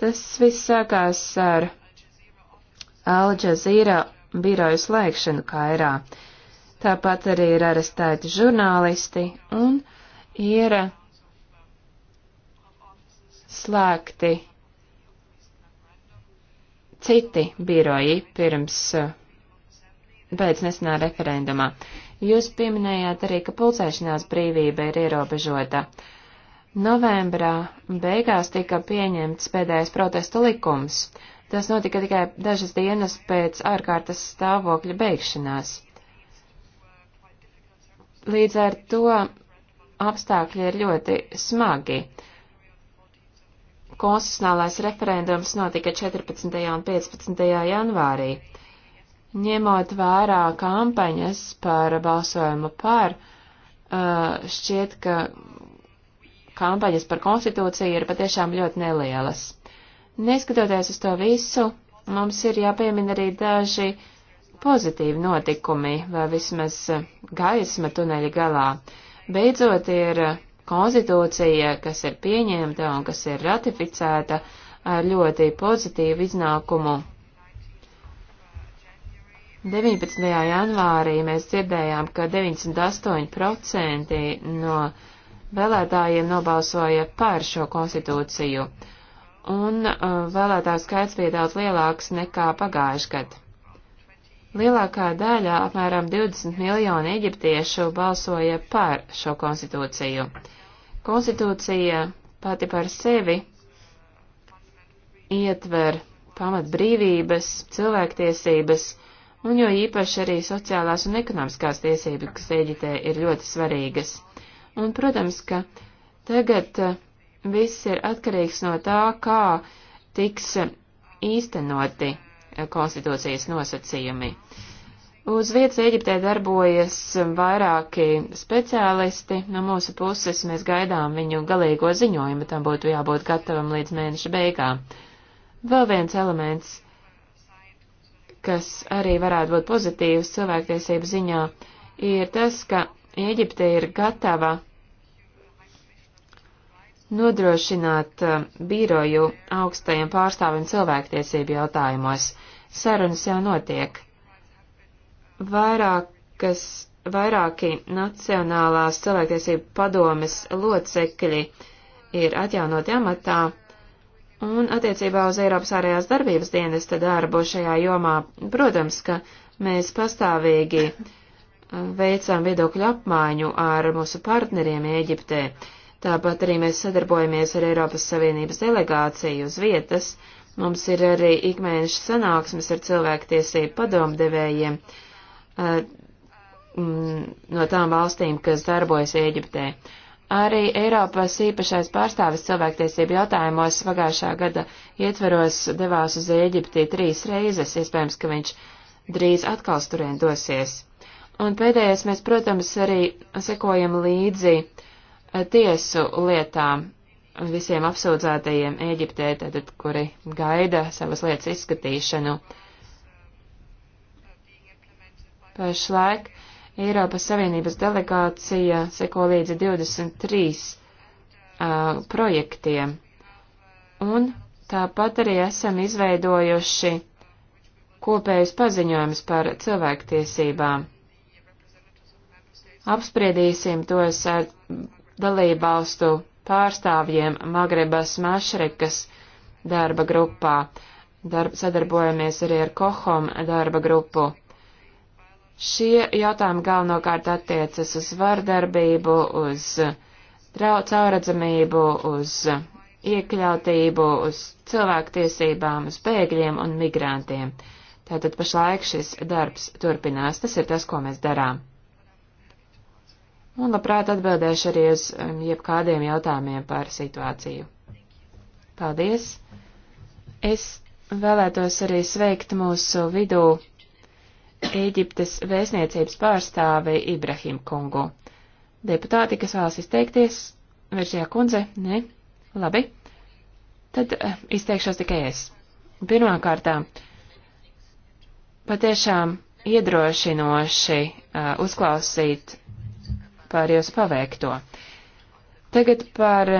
Tas viss sākās ar Al Jazeera biroju slēgšanu Kairā. Tāpat arī ir arestēti žurnālisti un ir slēgti citi biroji pirms pēc eh, nesenā referendumā. Jūs pieminējāt arī, ka pulcēšanās brīvība ir ierobežota. Novembrā beigās tika pieņemts pēdējais protesta likums. Tas notika tikai dažas dienas pēc ārkārtas stāvokļa beigšanās. Līdz ar to apstākļi ir ļoti smagi konstitucionālais referendums notika 14. un 15. janvārī. Ņemot vērā kampaņas par balsojumu par, šķiet, ka kampaņas par konstitūciju ir patiešām ļoti nelielas. Neskatoties uz to visu, mums ir jāpiemina arī daži pozitīvi notikumi, vai vismaz gaisma tuneļa galā. Beidzot ir konstitūcija, kas ir pieņemta un kas ir ratificēta ar ļoti pozitīvu iznākumu. 19. janvārī mēs dzirdējām, ka 98% no vēlētājiem nobalsoja par šo konstitūciju, un uh, vēlētāju skaits bija daudz lielāks nekā pagājuši gadu. Lielākā daļa, apmēram 20 miljoni eģiptiešu, balsoja par šo konstitūciju. Konstitūcija pati par sevi ietver pamat brīvības, cilvēktiesības un jo īpaši arī sociālās un ekonomiskās tiesības, kas Eģitē ir ļoti svarīgas. Un, protams, ka tagad uh, viss ir atkarīgs no tā, kā tiks īstenoti konstitūcijas nosacījumi. Uz vietas Eģiptē darbojas vairāki speciālisti. No mūsu puses mēs gaidām viņu galīgo ziņojumu, tam būtu jābūt gatavam līdz mēneša beigām. Vēl viens elements, kas arī varētu būt pozitīvs cilvēktiesību ziņā, ir tas, ka Eģipte ir gatava nodrošināt eh, biroju augstajiem pārstāvim cilvēktiesību jautājumos. Sarunas jau notiek. Vairākas, vairāki Nacionālās cilvēktiesību padomes locekļi ir atjaunoti amatā, un attiecībā uz Eiropas ārējās darbības dienesta darbu šajā jomā, protams, ka mēs pastāvīgi eh, veicām viedokļu apmaiņu ar mūsu partneriem Ēģiptē. Tāpat arī mēs sadarbojamies ar Eiropas Savienības delegāciju uz vietas. Mums ir arī ikmēneša sanāksmes ar cilvēktiesību padomdevējiem eh, mm, no tām valstīm, kas darbojas Ēģiptē. Arī Eiropas īpašais pārstāvis cilvēktiesību jautājumos pagājušā gada ietveros devās uz Ēģipti trīs reizes, iespējams, ka viņš drīz atkal turien dosies. Un pēdējais mēs, protams, arī sekojam līdzi uh, tiesu lietām visiem apsūdzētajiem Ēģiptē, tātad, kuri gaida savas lietas izskatīšanu. Pašlaik Eiropas Savienības delegācija seko līdzi 23 uh, projektiem, un tāpat arī esam izveidojuši kopējus paziņojumus par cilvēktiesībām. Apspriedīsim tos ar dalībvalstu pārstāvjiem Magrebas Mašrekas darba grupā. Darb, sadarbojamies arī ar Kohom darba grupu. Šie jautājumi galvenokārt attiecas uz vardarbību, uz cauradzamību, uz iekļautību, uz cilvēktiesībām, uz bēgļiem un migrantiem. Tātad pašlaik šis darbs turpinās, tas ir tas, ko mēs darām un labprāt atbildēšu arī uz um, jebkādiem jautājumiem par situāciju. Paldies! Es vēlētos arī sveikt mūsu vidū Ēģiptes vēstniecības pārstāvi Ibrahim Kungu. Deputāti, kas vēlas izteikties, virsjā kundze, ne? Labi. Tad eh, izteikšos tikai es. Pirmkārtām, patiešām iedrošinoši uh, uzklausīt par jūsu paveikto. Tagad par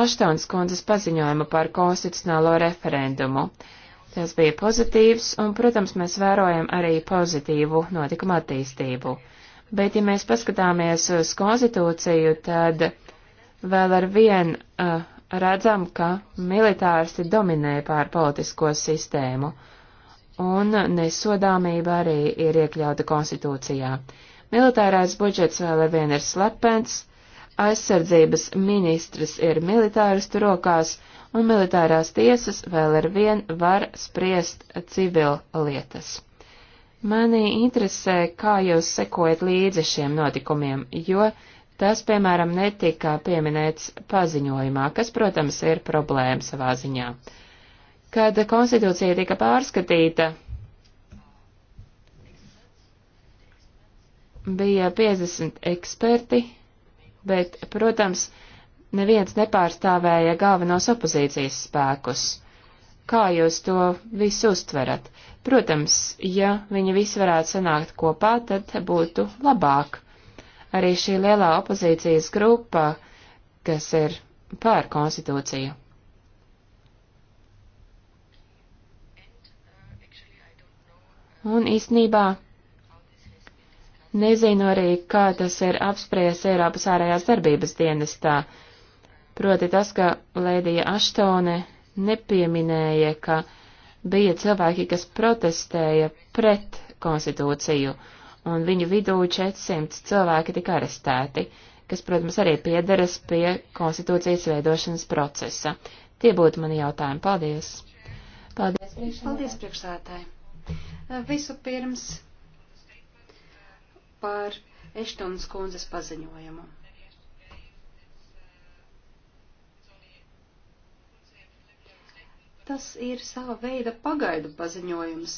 Aštons kundzes paziņojumu par konstitucionālo referendumu. Tas bija pozitīvs, un, protams, mēs vērojam arī pozitīvu notikumu attīstību. Bet, ja mēs paskatāmies uz konstitūciju, tad vēl ar vien uh, redzam, ka militāristi dominē pār politisko sistēmu, un nesodāmība arī ir iekļauta konstitūcijā. Uh, Militārais budžets vēl ar vienu ir slepens, aizsardzības ministrs ir militāristu rokās, un militārās tiesas vēl ar vienu var spriest civil lietas. Mani interesē, kā jūs sekojat līdzi šiem notikumiem, jo tas, piemēram, netika pieminēts paziņojumā, kas, protams, ir problēma savā ziņā. Kad konstitūcija tika pārskatīta, bija 50 eksperti, bet, protams, neviens nepārstāvēja galvenos opozīcijas spēkus. Kā jūs to visu uztverat? Protams, ja viņi visi varētu sanākt kopā, tad būtu labāk. Arī šī lielā opozīcijas grupa, kas ir pār konstitūciju. Un īstenībā Nezinu arī, kā tas ir apspriests Eiropas ārējās darbības dienestā. Proti tas, ka Lēdija Aštone nepieminēja, ka bija cilvēki, kas protestēja pret konstitūciju, un viņu vidū 400 cilvēki tika arestēti, kas, protams, arī piederas pie konstitūcijas veidošanas procesa. Tie būtu mani jautājumi. Paldies! Paldies, priekšsēdētāji! Visu pirms par Eštonas kundzes paziņojumu. Tas ir sava veida pagaidu paziņojums,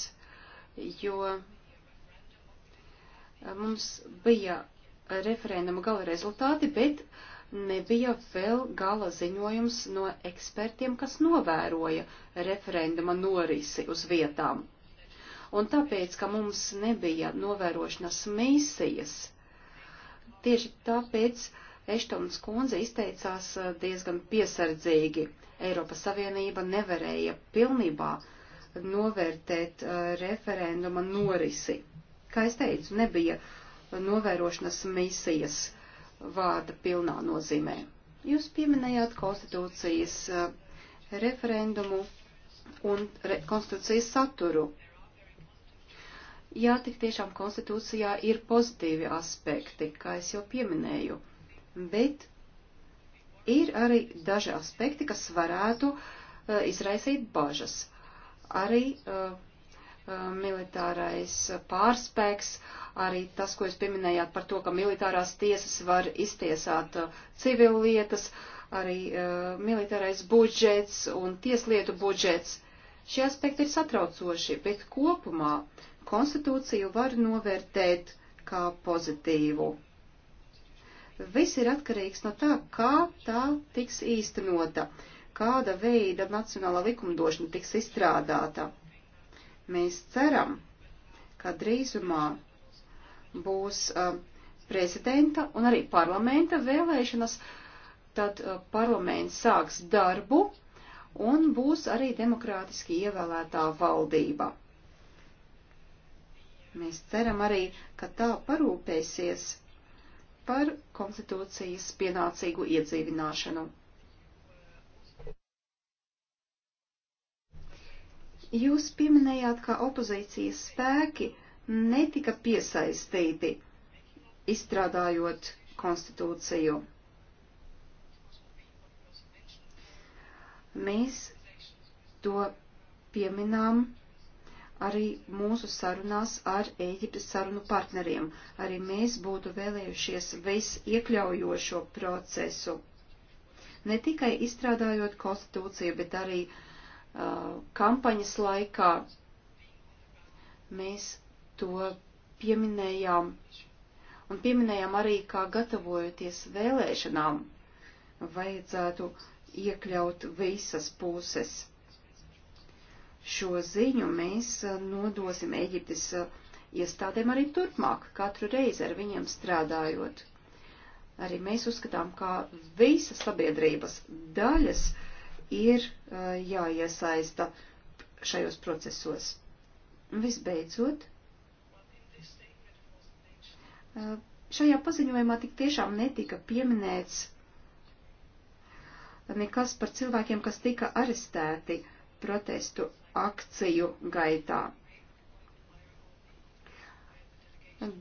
jo e, mums bija referenduma gala rezultāti, bet nebija vēl gala ziņojums no ekspertiem, kas novēroja referenduma norisi uz vietām un tāpēc, ka mums nebija novērošanas misijas, tieši tāpēc Eštons kundze izteicās eh, diezgan piesardzīgi. Eiropas Savienība nevarēja pilnībā novērtēt eh, referenduma norisi. Kā es teicu, nebija novērošanas misijas vārda pilnā nozīmē. Jūs pieminējāt konstitūcijas eh, referendumu un re konstitūcijas saturu. Jā, tik tiešām konstitūcijā ir pozitīvi aspekti, kā es jau pieminēju, bet ir arī daži aspekti, kas varētu uh, izraisīt bažas. Arī uh, militārais pārspēks, arī tas, ko jūs pieminējāt par to, ka militārās tiesas var iztiesāt civilu lietas, arī uh, militārais budžets un tieslietu budžets. Šie aspekti ir satraucoši, bet kopumā konstitūciju var novērtēt kā pozitīvu. Viss ir atkarīgs no tā, kā tā tiks īstenota, kāda veida nacionālā likumdošana tiks izstrādāta. Mēs ceram, ka drīzumā būs uh, prezidenta un arī parlamenta vēlēšanas, tad uh, parlaments sāks darbu un būs arī demokrātiski ievēlētā valdība. Mēs ceram arī, ka tā parūpēsies par konstitūcijas pienācīgu iedzīvināšanu. Jūs pieminējāt, ka opozīcijas spēki netika piesaistīti, izstrādājot konstitūciju. Mēs to pieminām arī mūsu sarunās ar Ēģiptes sarunu partneriem. Arī mēs būtu vēlējušies visiekļaujošo procesu. Ne tikai izstrādājot konstitūciju, bet arī uh, kampaņas laikā mēs to pieminējām. Un pieminējām arī, kā gatavojoties vēlēšanām, vajadzētu uh, iekļaut visas puses. Šo ziņu mēs nodosim Eģiptes iestādēm arī turpmāk, katru reizi ar viņiem strādājot. Arī mēs uzskatām, ka visas sabiedrības daļas ir jāiesaista šajos procesos. Visbeidzot, šajā paziņojumā tik tiešām netika pieminēts nekas par cilvēkiem, kas tika arestēti protestu akciju gaitā.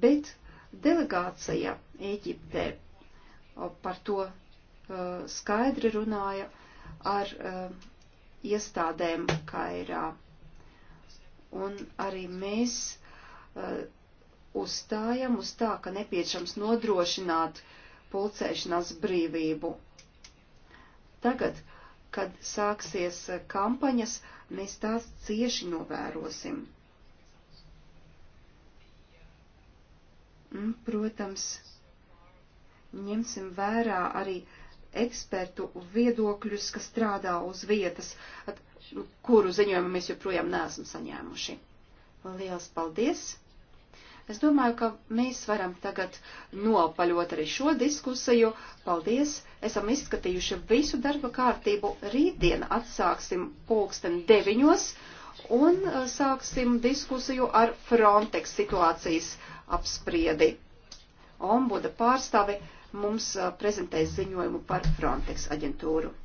Bet delegācija Ēģiptē par to uh, skaidri runāja ar uh, iestādēm Kairā. Un arī mēs uh, uzstājam uz tā, ka nepieciešams nodrošināt pulcēšanās brīvību Tagad, kad sāksies eh, kampaņas, mēs tās cieši novērosim. Protams, ņemsim vērā arī ekspertu viedokļus, kas strādā uz vietas, kuru ziņojumu mēs joprojām neesam saņēmuši. Lielas paldies! Es domāju, ka mēs varam tagad nopaļot arī šo diskusiju. Paldies! Esam izskatījuši visu darba kārtību. Rītdien atsāksim pulksten deviņos un uh, sāksim diskusiju ar Frontex situācijas apspriedi. Ombuda pārstāve mums uh, prezentēs ziņojumu par Frontex aģentūru.